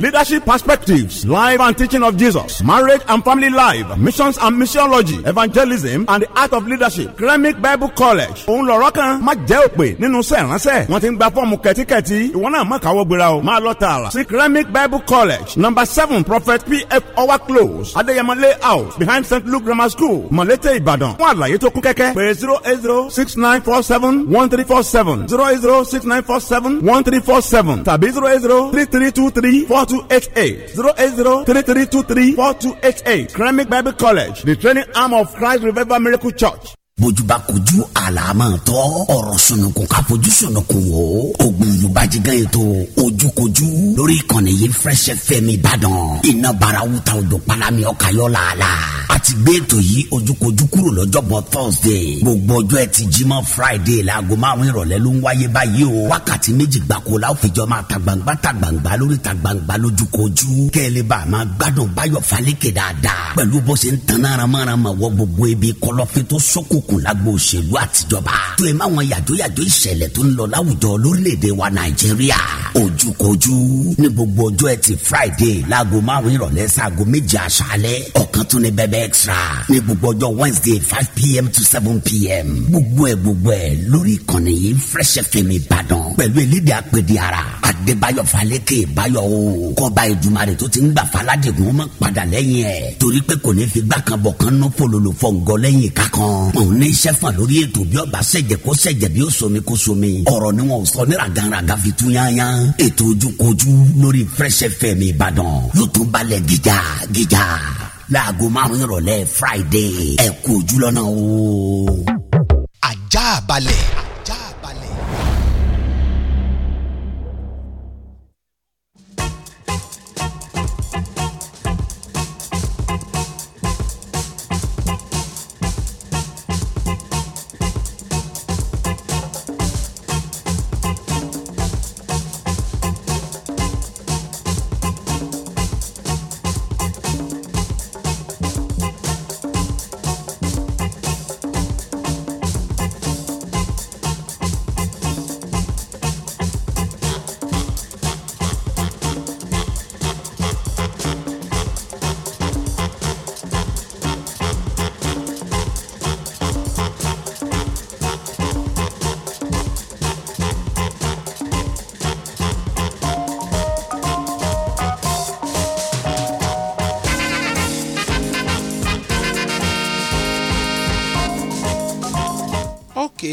leadership perspectives life and teaching of Jesus marriage and family life missions and missiology evangelism evangelism and the art of leadership Gremic Bible College. òun lọ̀rọ̀ kan má jẹ́ òpè nínú sẹ̀ránṣẹ́. wọ́n ti ń gba fọ́ọ̀mù kẹ̀tíkẹ̀tí ìwọ náà má káwọ́ gbéra o. máa lọ tààrà sí Gremic Bible College number seven Prophet P.F. Owa close Adéyẹmọ layout behind St. Luke Grammar School Mọ̀lété Ìbàdàn. fún àlàyé tó kún kẹ́kẹ́ pé zero eight zero six nine four seven one three four seven zero eight zero six nine four seven one three four seven tàbí zero eight zero three three two three four two eight eight zero eight zero three three two three four two eight eight Gremic Bible College the training arm of Christ Revival. Revival Miracle Church. bójúba kojú àlàmọ̀tọ́ ọ̀rọ̀ sunukun ká sunukun o ògùn yorùbájí gan ètò ojúkojú lórí ìkànnì yìí fresh fm ìbàdàn iná bara wuta odò palami ọkàyọ làálà a ti gbé ètò yìí ojúkojú kúrò lọ́jọ́bọ̀ thursday gbogbo ọjọ́ ẹtì jímọ̀ friday laago márùn ìrọ̀lẹ́ ló ń wáyé báyìí o wákàtí méjì gbàkó la ó fi jọ máa ta gbangba ta gbangba lórí ta gbangba lójúkojú kẹ́lẹ́ bá a máa gbádùn báyọ̀ falẹ́kẹ̀ dáadáa pẹ̀lú bó ṣe ń tan náà ramárama wọ gbogbo ibi kọlọ́fin tó sọ́kòk kùn lágbo òṣèlú àtijọba tó ẹ máwọn yàjóyàjó ìṣẹ̀lẹ̀ tó ń lọ láwùjọ lórílẹ̀‐èdè wa nàìjíríà ojúkojú ní gbogbo ọjọ́ ẹtì friday láago márùn-ún ìrọ̀lẹ́ sáago méje àṣálẹ́ ọ̀kan tún ní bẹ́bẹ́ extra ní gbogbo ọjọ́ wednesday five pm to seven pm gbogbo ẹ̀ gbogbo ẹ̀ lórí ìkànnì yìí fresh fm ìbàdàn pẹ̀lú elédè apèdè ara adébáyọ̀ falẹ́kẹ̀ báyọ̀ o kọba ìdùmarè tó ti ń gbà faládìgún ọmọ padà lẹ́yìn ẹ̀ torí pé kò ní fi gbà kan bọ̀ kan ná pololo fọ ǹgọ́ lẹ́yìn ká kan òun ní iṣẹ́ fún lórí ètò bí ọba ṣẹ̀jẹ̀ kó ṣẹ̀jẹ̀ bí ó somi kó somi ọ̀rọ̀ ni wọn ò sọ ní ragaraga fi tún yányán ètò ojúkojú lórí Fresh FM Ìbàdàn yóò tún balẹ̀ gíga gíga láago Friday ẹ kú o. ajá balẹ̀.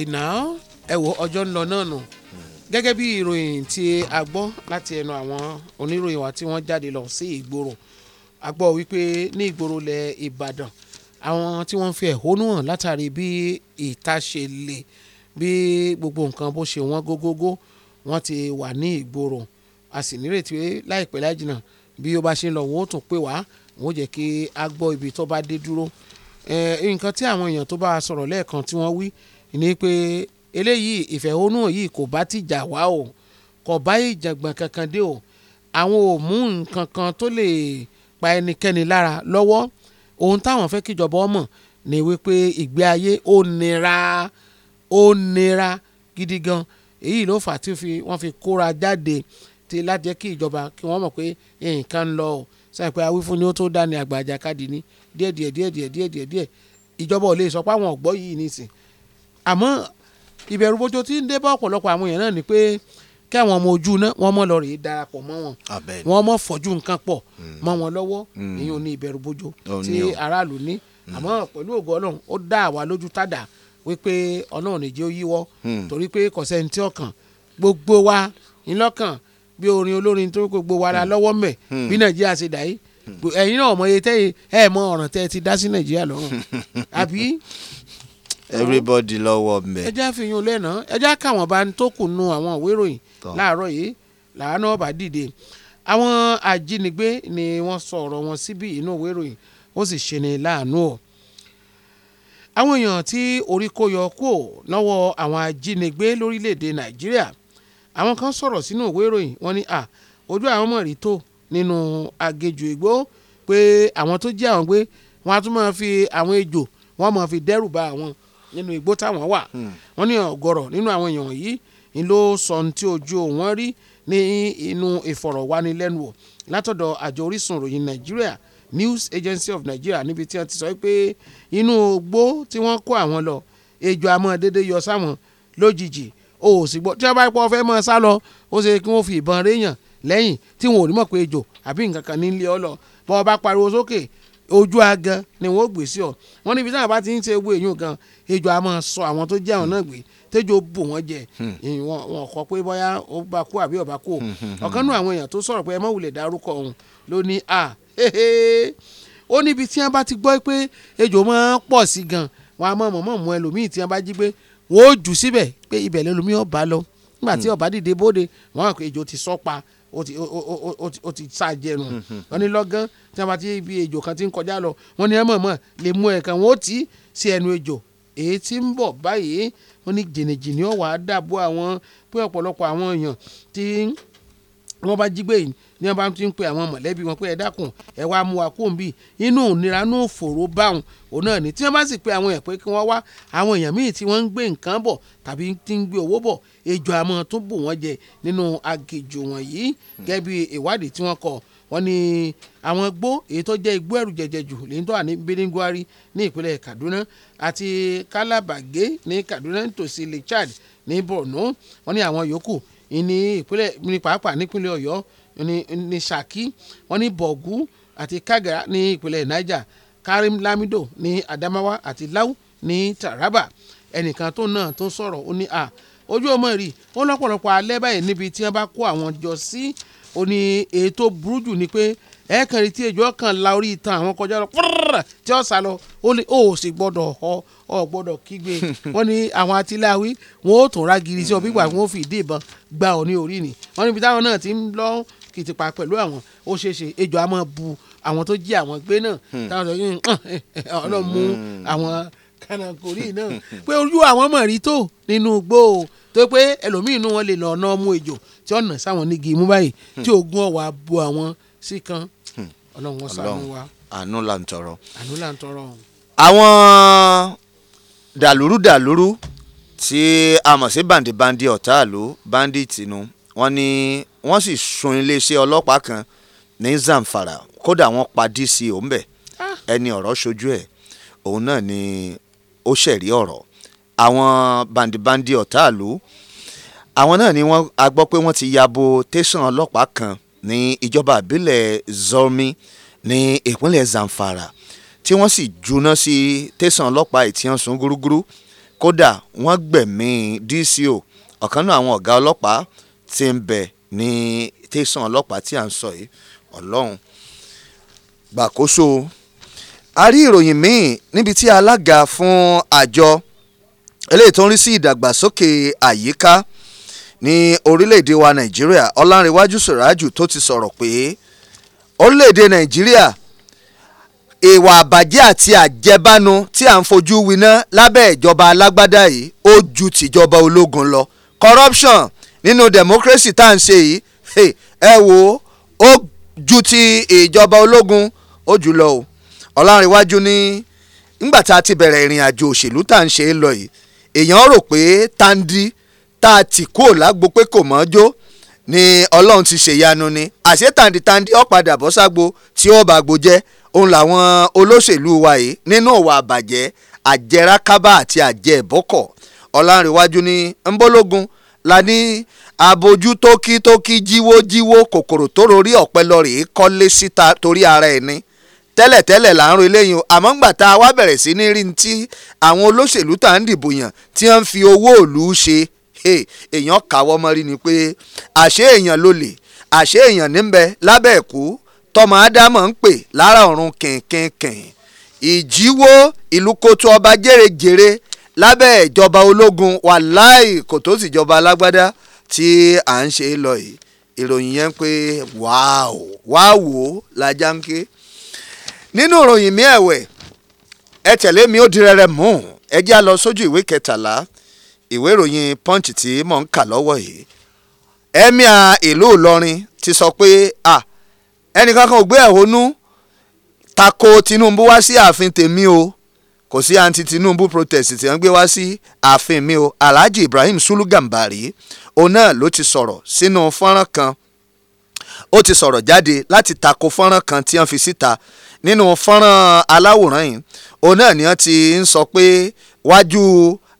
now ẹ wo ọjọ́ ń lọ náà nù gẹ́gẹ́ bí ìròyìn tí a gbọ́ láti ẹnu àwọn oníròyìn wa tí wọ́n jáde lọ sí ìgboro a gbọ́ wípé ní ìgboro lẹ̀ Ìbàdàn àwọn tí wọ́n fi ẹ̀hónú hàn látàrí bí ìta ṣe le bí gbogbo nǹkan bó ṣe wọ́n gógógó wọ́n ti wà ní ìgboro a sì nírètí láìpẹ́ láì jìnnà bí ó bá ṣe ń lọ wọ́n ó tún pè wá wọ́n ó jẹ́ kí a gbọ́ ibi tó bá dé dúró nǹkan tí àwọn èèyàn tó bá sọ̀rọ̀ lẹ́ẹ̀kan tí wọ́n wí ni pé eléyìí ìfẹ̀hónú yìí kò bá ti jà wá o kò bá ìjàngbọ̀n kankan dé o àwọn ò mú nǹkan kan tó lè pa ẹnikẹ́ni lára lọ́wọ́ ohun táwọn fẹ́ kíjọba ọmọ ni wípé ìgbé ayé ó nira ó nira gidi gan èyí ló fà tí wọ́n fi kóra jáde ti láti jẹ́ kí ìjọba kí wọ́n mọ̀ pé nǹkan ń lọ o sáyẹn pé awífúnni ó tó dá ní àgbà àjàkadì ní díẹ̀díẹ̀ díẹ̀díẹ̀ díẹ̀díẹ̀ díẹ̀ ìjọba ò lè sọ pé àwọn ọ̀gbọ́ yìí nìsín àmọ́ ìbẹ̀rù bójó tí ń dé bá ọ̀pọ̀lọpọ̀ àwọn èèyàn náà ni pé kí àwọn ọmọ ojú náà wọ́n mọ̀ lọ rèé darapọ̀ mọ́ wọn wọ́n mọ̀ fọ́jú nǹkan pọ̀ hmm. mọ́ wọn lọ́wọ́ èyí hmm. ò ní ìbẹ̀rù bójó tí aráàlú ní hmm. àmọ́ pẹ̀lú ògo ọlọ́run ó dá àwa lójú tàdá wípé ọlọ́run nìjẹ́ ó yíwọ́ torí pé kọ̀sẹ́ntì ọ̀kan gbogbo wa ńlọ́kàn bí orin olórin tó gbogbo wa la lọ́wọ́ mẹ́ bí nàìjíríà ṣe dà yìí ẹ̀yin náà mọ̀ ẹ mọ ọ̀ràn tẹ́ ẹ ti dá sí nàìjíríà lọ́rùn àbí everybody lọ́wọ́ mbẹ́. ẹ já fihàn lẹ́nà ẹ já káwọn bá ń tó nu àwọn ìwé ìròyìn láàárọ̀ yìí làánú ọba dìde àwọn ajínigbé ni wọ́n sọ wọn síbi inú ìwé ìròyìn ó sì ṣe ni láàánú ọ̀ àwọn èèyàn tí orí kó yọ kó lọ́wọ́ àwọn ajínigbé lórílẹ̀‐èdè nàìjíríà àwọn kan sọ̀rọ̀ sínú ìwé ìròyìn wọn ni à ojú àwọn mọ̀rí tó nínú agéjù igbó pé àwọn tó jẹ́ àwọn gbé wọn á tún máa fi àwọn ejò wọn máa fi dẹ́rù ba àwọn nínú igbó táwọn wà hmm. wọ́n ní ọ̀gọ̀rọ̀ nínú àwọn èèyàn yìí ni ló sọ ohun tí ojú wọn rí ní inú ìfọ̀rọ̀wánilẹ́nuwò látọ̀dọ̀ àjọ orísun ìròyìn nàìjíríà news agency of nigeria níbi tí wọ́n ti sọ pé inú igbó tí wọ́n kó àwọn lọ ejò amọ̀ déédéé yọ sáwọn lójijì o ò sì gbọ́ tí wọ́n bá pọ̀ fẹ́ mọ́ sá lọ ó ṣe kí wọ́n fi ìbọn réyàn lẹ́yìn tí wọn ò ní mọ̀ pé ejò àbí nǹkan kan nílé ọ lọ bọ́ ọ bá pariwo sókè ojú agan ni wọ́n gbé sí ọ wọ́n níbi táwọn bá ti ń ṣe ewu èyí kan ejò a máa sọ àwọn tó jẹ́ àwọn náà gbé tẹ́jọ bò wọ́n jẹ hmm. wọn kọ pé bóyá ó bá kú àbí ọba kú hmm, hmm, ọ̀kan nú àwọn èèyàn tó sọ̀rọ̀ pé ẹ má wulẹ̀ dárúkọ òun ló ní à ó níbi tí wọ́n bá ti gbọ́ pé ejò máa ń pọ̀ sí gan wọn a mọ̀ mọ̀ mọ̀ ẹlòmíì tí wọ́n bá jí pé wọ́n ó jù síbẹ̀ pé ibẹ̀ lẹ́lòmíì ọba lọ nígbà tí ọba dìde bóde wọn àpò ejò ti sọ pa ó ti ó ti sá jẹnu hmm, hmm, hmm. wọn ní lọ́gán tí wọn bá ti ibi ejò kan ti ń kọjá lọ wọn ní ẹ mọ̀ọ́mọ̀ lè mú ẹ̀kan wọn ó tì í sí ẹnu ejò èyí tí ń bọ̀ báyìí wọn ní jìnnìjìnnì ọ̀wà dàbò àwọn pé ọ̀pọ̀lọpọ̀ àwọn èèyàn ti ń wọ́n bá jí gbé yìí ni wọ́n bá ti ń pe àwọn mọ̀lẹ́bí wọn pé ẹ dákun ẹ wá mú wa kóun bí inú ìnira inú òfòró báwọn òun náà ni tí wọ́n bá sì pe àwọn èèyàn pé kí wọ́n wá àwọn èèyàn míì tí wọ́n ń gbé nǹkan bọ̀ tàbí tí ń gbé owó bọ̀ ejò àmọ́ tó bù wọ́n jẹ nínú agèjò wọ̀nyí gẹ́gẹ́ bí ìwádìí tí wọ́n kọ wọ́n ní àwọn gbó èyí tó jẹ́ igbó ẹ̀rù jẹjẹ jù lẹ́yìn tó wà ní beningwari ní ìpínlẹ̀ Kaduna àti Kalabage ní Kaduna nítòsí Lake Chad ní Borno wọ́n ní àwọn yòókù ní ìpínlẹ̀ ní pàápàá nípínlẹ̀ ọ̀yọ́ ní ṣakí wọ́n ní bọ̀gú àti kagara ní ìpínlẹ̀ niger karim lamido ní adamawa àti lau ní taraba ẹnìkan tó náà tó sọ̀rọ̀ ó ní à ojú ọmọ rí ó lọ́pọ̀lọpọ̀ alẹ́ báyìí níbi tí wọ́n bá kó àwọn jọ sí si, ó ní èyí tó burú jù ni pé ẹ tí ejò kan la orí itan àwọn kọjá lọ tí ó sá lọ ó ní ó sì gbọ́dọ̀ ọ ọ gbọ́dọ̀ kígbe wọ́n ní àwọn atiláwí wọn ó tún ra giri sí ọ gbà wọn ó fi ìdí ìbọn gba ọ ní orí ni wọ́n níbi táwọn náà ti ń lọ kìtìpá pẹ̀lú àwọn ó ṣeé ṣe ejò á bu àwọn tó jí àwọn gbé náà hmm. táwọn sọ yín ọlọ́mú hmm. àwọn kanakori náà pé ojú àwọn mọ̀rí tó nínú igbó tó pé ẹlòmíín inú wọn lè lọ ọ̀nà ọmú ejò tí ọ̀nà sáwọn nígi imú báyìí hmm. tí oògùn ọ̀wà bo àwọn sí kan hmm. ọlọ́run wọn ṣàánú wa. àánú là ń tọrọ. àánú là ń tọrọ. àwọn dàlúrú dàlúrú tí a mọ̀ sí bàǹdìbàǹdì ọ̀tá àlò báńdíìtì nu wọ́n ní wọ́n sì sun iléeṣẹ́ ọlọ́pàá kan ní Zamfara kódà wọ́n pa dc òǹbẹ̀ ah. ẹni ọ̀rọ̀ ṣojú ẹ̀ òun náà ni ó ṣẹ̀rí ọ̀rọ̀ àwọn bandibandi ọ̀táàlú àwọn náà ni wọ́n a gbọ́ pé wọ́n ti yabo tẹ̀sán ọlọ́pàá kan ní ìjọba àbílẹ̀ Zormi ní ìpínlẹ̀ Zamfara tí wọ́n sì juná sí tẹ̀sán ọlọ́pàá ìtìyànsún gúrúgúrú kódà wọ́n gbẹ̀mí DCO ọ̀kan náà àwọn ọ̀gá ọlọ́pàá ti ń bẹ ní tẹ̀sán ọlọ́pàá tí à ń sọ yìí ọlọ́run gbàkóso a rí ìròyìn míì níbi tí alága fún àjọ eléyìí tó ń rí sí ìdàgbàsókè àyíká ní orílẹ̀-èdè wa nàìjíríà ọlárẹ̀wájú sọ̀rájù tó ti sọ̀rọ̀ pé orílẹ̀-èdè nàìjíríà ìwà àbàjẹ́ àti àjẹbánu tí à ń fojú winá lábẹ́ ìjọba alágbádá yìí ó ju tìjọba ológun lọ corruption nínú democracy tá à ń ṣe yìí ẹ wò ó ju ti ìjọba ológun ó jù lọ o ọlárẹ̀wájú ní nígbà tá a ti bẹ̀rẹ̀ ìrìn àjò òṣèlú tá à ń ṣe é lọ yìí èèyàn rò pé tandi tá a ti kúrò lágbo pé kò mọ́jó ni ọlọ́run ti ṣèyanu ni àṣé tandi tandi ọ̀padà bọ́ ságbo tí ó bàgbo jẹ́ òun làwọn olóṣèlú wa yìí nínú ìwà àbàjẹ́ àjẹrákábà àti àjẹbọ́kọ̀ ọ̀làǹrẹ̀wájú ni ńbọ́lógún la ní abojú tókítókí jíwójíwó kòkòrò tó rorí ọ̀pẹ lọ rèé kọ́lé síta torí ara ẹ̀ ni tẹ́lẹ̀tẹ́lẹ̀ là ń ro eléyìí o àmọ́ ńgbà tá a wá bẹ̀rẹ̀ sí ní rí ti àwọn olóṣèlú tá à ń dìbò yàn tí wọ́n ń fi owó òlu ṣe èèyàn káwọ́ mọ́rí ni pé àṣé èèyàn ló lè àṣé èèyàn níbẹ̀ lábẹ́ ẹ̀kú tọmọ ádámọ̀ ń pè lára ọ̀run kẹ̀kẹ̀kẹ̀ ìjíwó ìlú kótó ọba jèrèjèrè lábẹ́ ìjọba ológun wàláì kò tó sì jọba alágbádá tí à ń ṣe lọ yìí ìròyìn yẹn pé wàá wò lájà nínú ìròyìn mi ẹ̀wẹ̀ ẹ tẹ̀lé mi ó di rẹ̀rẹ̀ mú ẹ jẹ́ a lọ sójú ìwé kẹtàlá ìwé ìròyìn punch tí mò ń kà lọ́wọ́ yìí emir ìlú ìlọrin ti sọ pé ah ẹnìkan kan ò gbé ẹ̀hónú tako tinubu wá sí ààfin tèmi o kò sí anti tinubu protest tí wọ́n gbé wá sí ààfin mi o alhaji ibrahim sulu gambari òun náà ló ti sọ̀rọ̀ sínú fọ́nrán kan ó ti sọ̀rọ̀ jáde láti tako fọ́nrán kan tí wọ́n fi síta nínú fọ́nrán aláwòrán yìí òun náà ni wọ́n ti ń sọ pé wájú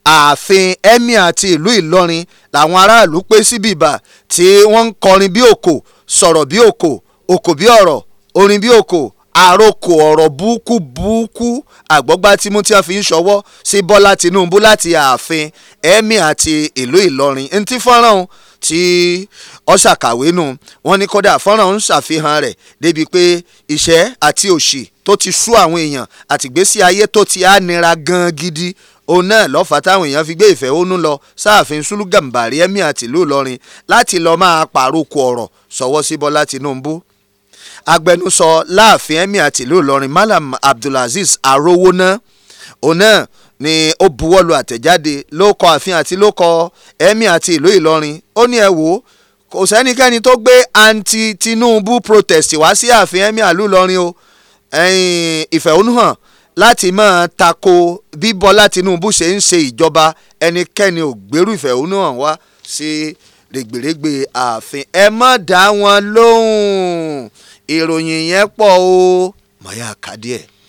ààfin emir ti ìlú Ìlọrin làwọn aráàlú pé síbi ìbà tí wọ́n ń kọrin bí òkò sọ̀rọ̀ bí òkò òkò bí ọ̀rọ̀ orin bí òkò àròkò ọ̀rọ̀ búkú búkú àgbọ́gbá tímú tí wọ́n fi ń ṣọwọ́ sí Bọ́lá Tinubu láti ààfin emir ti ìlú Ìlọrin ntí fọ́nrán ọ̀hún tí ó ṣàkàwé nù wọ́n ní kódà fọ́nrán ń ṣàfihàn rẹ̀ débi pé ìṣẹ́ àti òṣì tó ti sú àwọn èèyàn àtìgbésí ayé tó ti á nira gan gidi òun náà lọ́fà táwọn èèyàn fi gbé ìfẹ̀hónú lọ sáàfin Sùlùgàn Bàrí ẹ́míà tìlú Ìlọrin láti lọ́ọ́ máa pàrokò ọ̀rọ̀ sọ̀wọ́ sí Bọ́lá Tinubu agbẹnusọ láàfin ẹ́míà tìlú Ìlọrin Malam Abdulaziz Arówóná òun náà ni ó buwọ́lu àtẹ̀jáde ló kọ ààfin àti ló kọ ẹ̀mí àti ìlú Ìlọrin ó ní ẹ wò ó kò sẹ́nikẹ́ni tó gbé anti Tinubu protest wá sí ààfin ẹ̀mí àlú Ìlọrin o ìfẹ̀hónúhàn láti máa tako bí Bọ́lá Tinubu ṣe ń ṣe ìjọba ẹnikẹ́ni ò gbèrú ìfẹ̀hónúhàn wá sí rẹ̀gbẹ̀rẹ̀gbẹ̀ ààfin ẹ má dá wọn lóhùn ìròyìn yẹn pọ̀ o màá yà á kà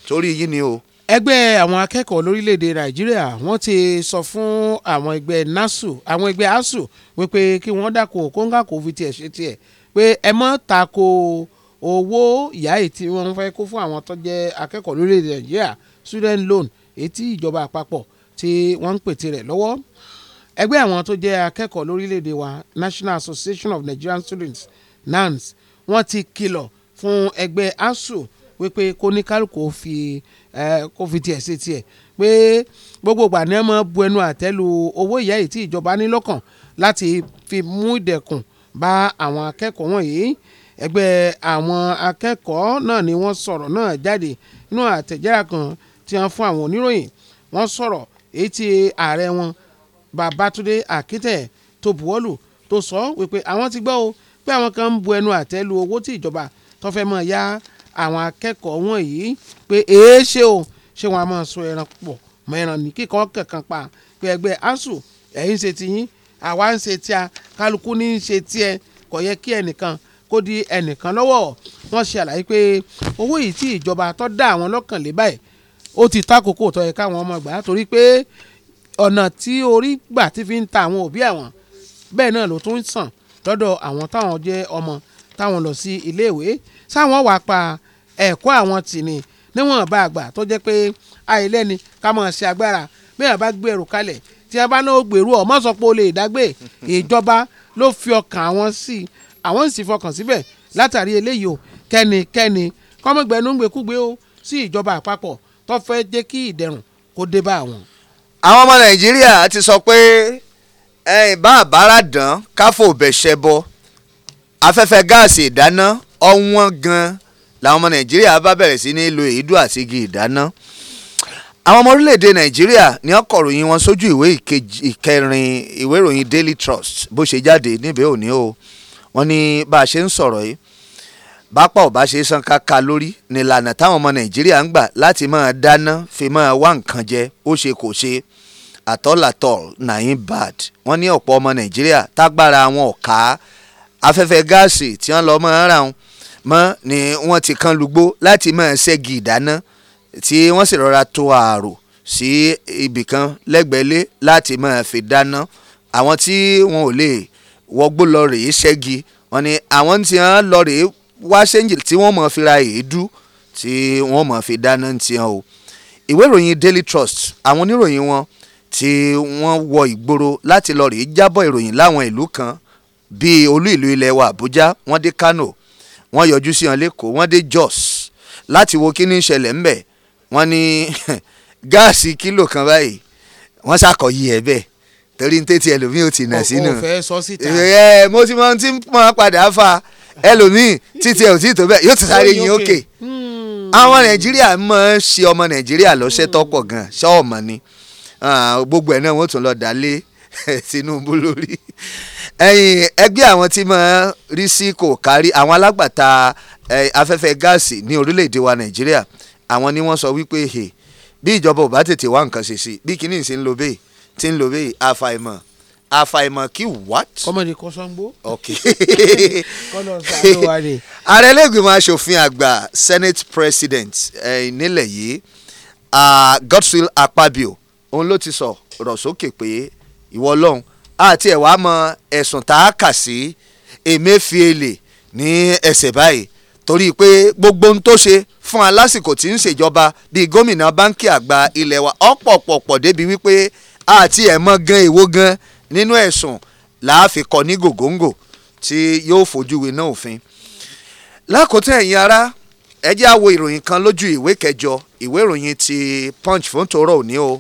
torí yín ni o ẹgbẹ́ àwọn akẹ́kọ̀ọ́ lórílẹ̀‐èdè nàìjíríà wọ́n ti sọ fún àwọn ẹgbẹ́ nasu àwọn ẹgbẹ́ asu wípé kí wọ́n dàkọ̀ kóńgà kò fi tiẹ̀ ṣe tiẹ̀ pé ẹ mọ́ ta ko owó ìyá èyí tí wọ́n fẹ́ kó fún àwọn tó akẹ́kọ̀ọ́ lórílẹ̀‐èdè nàìjíríà student loan èyí tí ìjọba àpapọ̀ tí wọ́n ń pètè rẹ̀ lọ́wọ́ ẹgbẹ́ àwọn tó jẹ́ akẹ́kọ̀ọ́ lórílẹ̀‐èdè wa National Association of Nigerian Students NANS wọ́n ti kìlọ̀ fún ẹgbẹ́ asu wípé kó ní kálukú fi kó fi tiẹ̀ ṣe tiẹ̀ pé gbogbo ìgbà ni ẹ mọ bu ẹnu àtẹ́ lu owó ìyá yìí tí ìjọba ní lọ́kàn láti fi mú ìdẹ̀kùn bá àwọn akẹ́kọ̀ọ́ wọ̀nyí ẹgbẹ́ àwọn akẹ́kọ̀ọ́ náà ni wọ́n sọ̀rọ̀ náà jáde nínú àtẹ̀jára kan tí wọ́n fún àwọn oníròyìn wọ́n sọ̀rọ̀ èyí tí ààrẹ wọn Babátúndé Akítẹ̀ tó buwọ́lù tó sọ wípé àwọn ti gbọ́ o pé àwọn kan ń bu ẹnu àtẹ́ owó tí ìjọba tó mọ̀ ya àwọn akẹ́kọ̀ọ́ wọ̀nyí pé èé ṣe o ṣé wọn a máa sọ ẹran pọ̀ mọ́ ẹran ní kíkọ́ kankan pa pé ẹgbẹ́ asuu ẹ̀yin ṣe ti yín àwa ń ṣe tí a kálukú ní í ṣe tiẹ̀ kò yẹ kí ẹnìkan kó di ẹnìkan lọ́wọ́ wọ́n ṣe àlàyé pé owó yìí tí ìjọba tó dá àwọn lọ́kàn lé báyìí ó ti tákòókò tó yẹ káwọn ọmọ gbà torí pé ọ̀nà tí orí gbà ti fi ń ta àwọn òbí àwọn bẹ́ẹ̀ náà ló tún ń sàn lọ́dọ̀ àwọn táwọn jẹ́ ọmọ táwọn lọ sí iléèwé sáwọn wàá pa ẹ̀kọ́ àwọn tì ní níwọ̀n bá àgbà tó jẹ́ pé àìlẹ́ni ká mọ̀ sí agbára bí wọ́n bá gbé ẹrù kalẹ̀ tí wọ́n bá náà ó gbèrú ọ̀ mọ́sọ̀ pé o lè dágbé ìjọba ló fi ọkàn àwọn sí i àwọn sì fọkàn síbẹ̀ látàrí eléyìí o kẹ́nikẹ́ni kọ́mọ̀gbẹ́nu gbẹkúgbẹ́ o sí ìjọba àpapọ̀ tó fẹ́ jẹ́ kí ìdẹ̀rùn kó dé bá àwọn. àwọn ọmọ nàìjíríà ti sọ pé ẹ̀yìn bá àbára dán káfò bẹ̀ṣẹ̀ bọ afẹ́fẹ́ gáàsì ìdáná ọ̀wọ́n gan-an làwọn ọmọ nàìjíríà bá bẹ̀rẹ̀ sí ní lo èédú àti igi ìdáná àwọn ọmọ orílẹ̀-èdè nàìjíríà ni wọ́n kọ̀ròyìn wọn sójú ìwé ìkẹrin ìwé ìròyìn daily trust bó ṣe jáde níbẹ̀ òní o wọ́n ní bá a ṣe ń sọ̀rọ̀ yìí bápá ò bá ṣe san kaka lórí nílànà táwọn ọmọ nàìjíríà ń gbà láti máa dáná fi máa wá nǹkan jẹ ó ṣe kò ṣe àtọ́làtọ̀ nàìjíríà bad wọ́n ní ọ̀pọ̀ ọmọ nàìjíríà tágbára wọn ò ká afẹ́fẹ́ gáàsì tí wọ́n lọ máa ń ra wọn mọ́ ni wọ́n ti kan lùgbó láti máa ṣẹ́gi ìdáná tí wọ́n sì rọra tó ààrò sí ibìkan lẹ́gbẹ̀ẹ́lé láti máa fi dáná àwọn tí wọn ò lè wọgbó lọ rèé ṣẹ́gi wọn ni àwọn tí wọ́n lọ rèé wá ṣẹ́ǹjì tí wọ́n mọ̀ fi ra èédú tí wọ́n mọ̀ fi dáná ti hàn o ìwé ìròyìn Daily Trust àwọn oníròyìn wọn tí wọ́n wọ ìgboro láti lọ rèé jábọ̀ ìròyìn láwọn ìlú kan bíi olú ìlú ilẹ̀ wa Àbújá wọ́n dé Kano wọ́n yọjú sí wọn lẹ́kọ̀ọ́ wọ́n dé Jos láti wo kí ní í ṣẹlẹ̀ ńbẹ̀ wọ́n ní gáàsì kílò kan báyìí wọ́n ṣàkọyí ẹ̀ bẹ́ẹ̀ torí ní tètè ẹlòmíì ò tì nà sínú ẹ mo ti mọ ohun tí mo padà fa ẹlòmíì títí ẹ ò tí tó bẹ́ẹ̀ yóò ti sáré yín òkè hmm. àwọn nàìjíríà máa ń ṣe ọmọ nàìjíríà lọ́sẹ̀ tọ́pọ̀ gan ṣọ́ọ̀mọ̀ ni ah, gbogbo ẹ̀ náà wọ́n tún lọ dálé Tinubu lórí ẹ̀yìn ẹgbẹ́ àwọn tí máa rí sí kò kárí àwọn alágbàtà afẹ́fẹ́ gáàsì ní orílẹ̀‐èdè wa Nàìjíríà àwọn ni wọ́n sọ wípé hè bí ìjọba ò bá tètè wá nǹkan ṣe sí bí kíní ìsìn lo bẹ́ẹ̀ tí ń lo bẹ́ẹ̀ àfàìmọ̀ àfàìmọ̀ kí what. kọ́mọdé kọ́ sangbó. ok kọ́nà sáré wa ni. ààrẹ lẹ́gbẹ̀mọ aṣòfin àgbà senate president nílẹ̀ yìí Godswill Akpabio òun ló ti sọ rọ̀ sókè pé ìwọ ọlọ́run àti ẹ̀ wá mọ ẹ̀sùn tá a kà sí Emefiele ní ẹsẹ̀ báyìí torí pé gbogbo ohun tó ṣe fún alásìkò tí ń ṣèjọba bíi gómìnà báńkì àgbà ilẹ̀ wa ọ̀pọ̀pọ̀pọ̀ débi wípé àti ẹ̀ mọ gan èwo gan nínú ẹ̀sùn láàfin kọ ní gògóńgò tí yóò fojú winá òfin lákòótán ẹ̀yin ará ẹ jẹ́ á ìròyìn kan lójú ìwé kẹjọ ìwé ìròyìn ti punch fún tòró òní o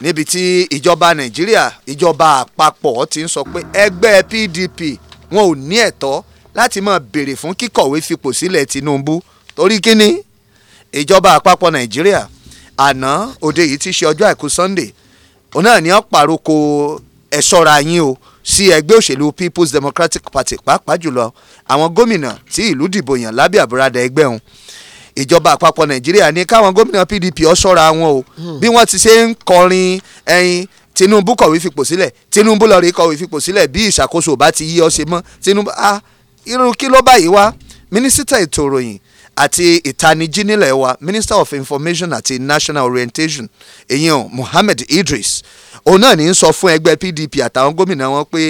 níbi tí ìjọba nàìjíríà ìjọba àpapọ̀ ti ń sọ pé ẹgbẹ́ PDP wọn ò ní ẹ̀tọ́ láti máa béèrè fún kíkọ̀wé fipò sílẹ̀ Tinubu torí kíni ìjọba àpapọ̀ nàìjíríà àná òde yìí ti ṣe ọjọ́ àìkú Sunday òun náà ni ó pàrokò yín o sí ẹgbẹ́ òṣèlú People's Democratic Party pàápàá jùlọ àwọn gómìnà tí ìlú dìbò yàn lábẹ́ àbúradà ẹgbẹ́ òun ìjọba àpapọ̀ nàìjíríà ní káwọn gómìnà pdp ọ ṣọ́ra wọn o hmm. bí wọ́n ti ṣe ń kọrin ẹyin tinubu kọ̀wé fipò sílẹ̀ tinubu lọ́ọ́ rí kọ̀wé fipò sílẹ̀ bí ìṣàkóso bá ti yí ọ ṣe mọ́ tinubu a irú kí ló báyìí wá mínísítà ètò ìròyìn àti ìtanijí nílẹ̀ wa minister of information àti national orientation èyàn Mohammed Idris òun náà ní í sọ fún ẹgbẹ́ PDP àtàwọn gómìnà wọn pé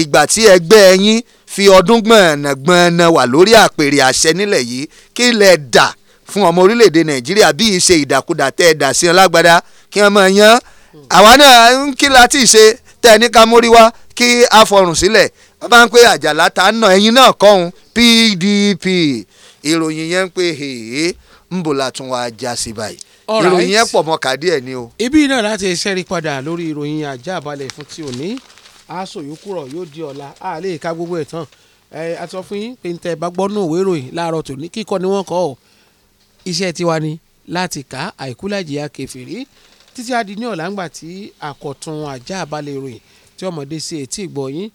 ìgbà tí ẹgbẹ́ yín fi ọdún gbọ̀nàgbọ̀nà wà lórí àpèrè àṣẹ nílẹ̀ yìí kí lẹ dà fún ọmọ orílẹ̀-èdè nàìjíríà bí ìṣe ìdàkudà tẹ́ ẹ dà sí ọ lágbádá kí wọ́n máa yan àwa náà ń kí la ti ṣe tẹ́ ẹ ní ká wá kí a fọrùn sílẹ̀ wọ́n bá ń pè àjàlá ta nà ẹ̀yin náà kọ́hún PDP ìròyìn yẹn ń pè hèé ń bò látún wá já sí báyìí ìròyìn yẹn pọ̀ mọ́ kàdí ẹ̀ ni o. ibi náà láti ṣẹ́rí padà lórí ìròyìn ajá balẹ̀ fún ti òní aṣọ ìyókùrọ̀ yóò di ọ̀la a lè ka gbogbo ẹ̀ tán ẹ̀ a sọ pé ń tẹ́ bá gbọ́ òwe ìròyìn láàárọ̀ tòní kíkọ́ ni wọ́n kọ́ ọ́ iṣẹ́ tiwa ni láti kà àìkúlàjìyà kẹfìrí títí adi ní ọ̀la ńgbà tí àkọ̀tun ajá àbálẹ̀ ìròyìn tí ọmọdé sí etí ìgbọ̀yìn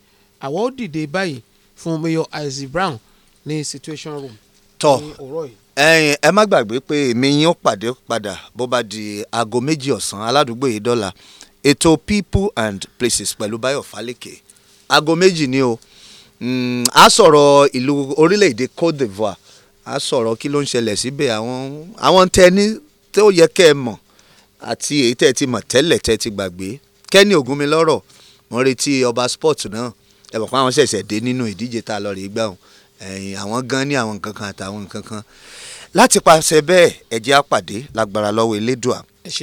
àwọn ó dìde báyìí fún mayor isaac brown ní situation room ní òwúrọ̀ yìí ẹ̀yin ẹ má gbàgbé pé èmi yín ó pàdé padà bó bá di aago méjì ọ̀sán aládùúgbò yìí dọ́là ètò people and places pẹ̀lú Báyọ̀ Fálékè aago méjì ni o hmm, a sọ̀rọ̀ ìlú orílẹ̀-èdè Cote d'Ivoire a sọ̀rọ̀ kí ló ń ṣẹlẹ̀ síbẹ̀ àwọn àwọn tẹni tó yẹ kẹ́ ẹ mọ̀ àti èyí tẹ́ ẹ ti mọ̀ tẹ́lẹ̀ tẹ́ ẹ ti gbàgbé kẹ́ni ògúnmilọ́rọ̀ wọ́n retí ọba sport náà ẹ bọ̀ pé àwọn ṣẹ̀ṣẹ̀ dé nínú ìdíje tá a lọ rèé gbà wọn ẹ̀yìn àwọn gan ní àwọn nǹkan kan àtàwọn nǹkan kan láti pàṣẹ bẹ́ẹ̀ ẹ á pàdé lágbára lọ́wọ́ elédùà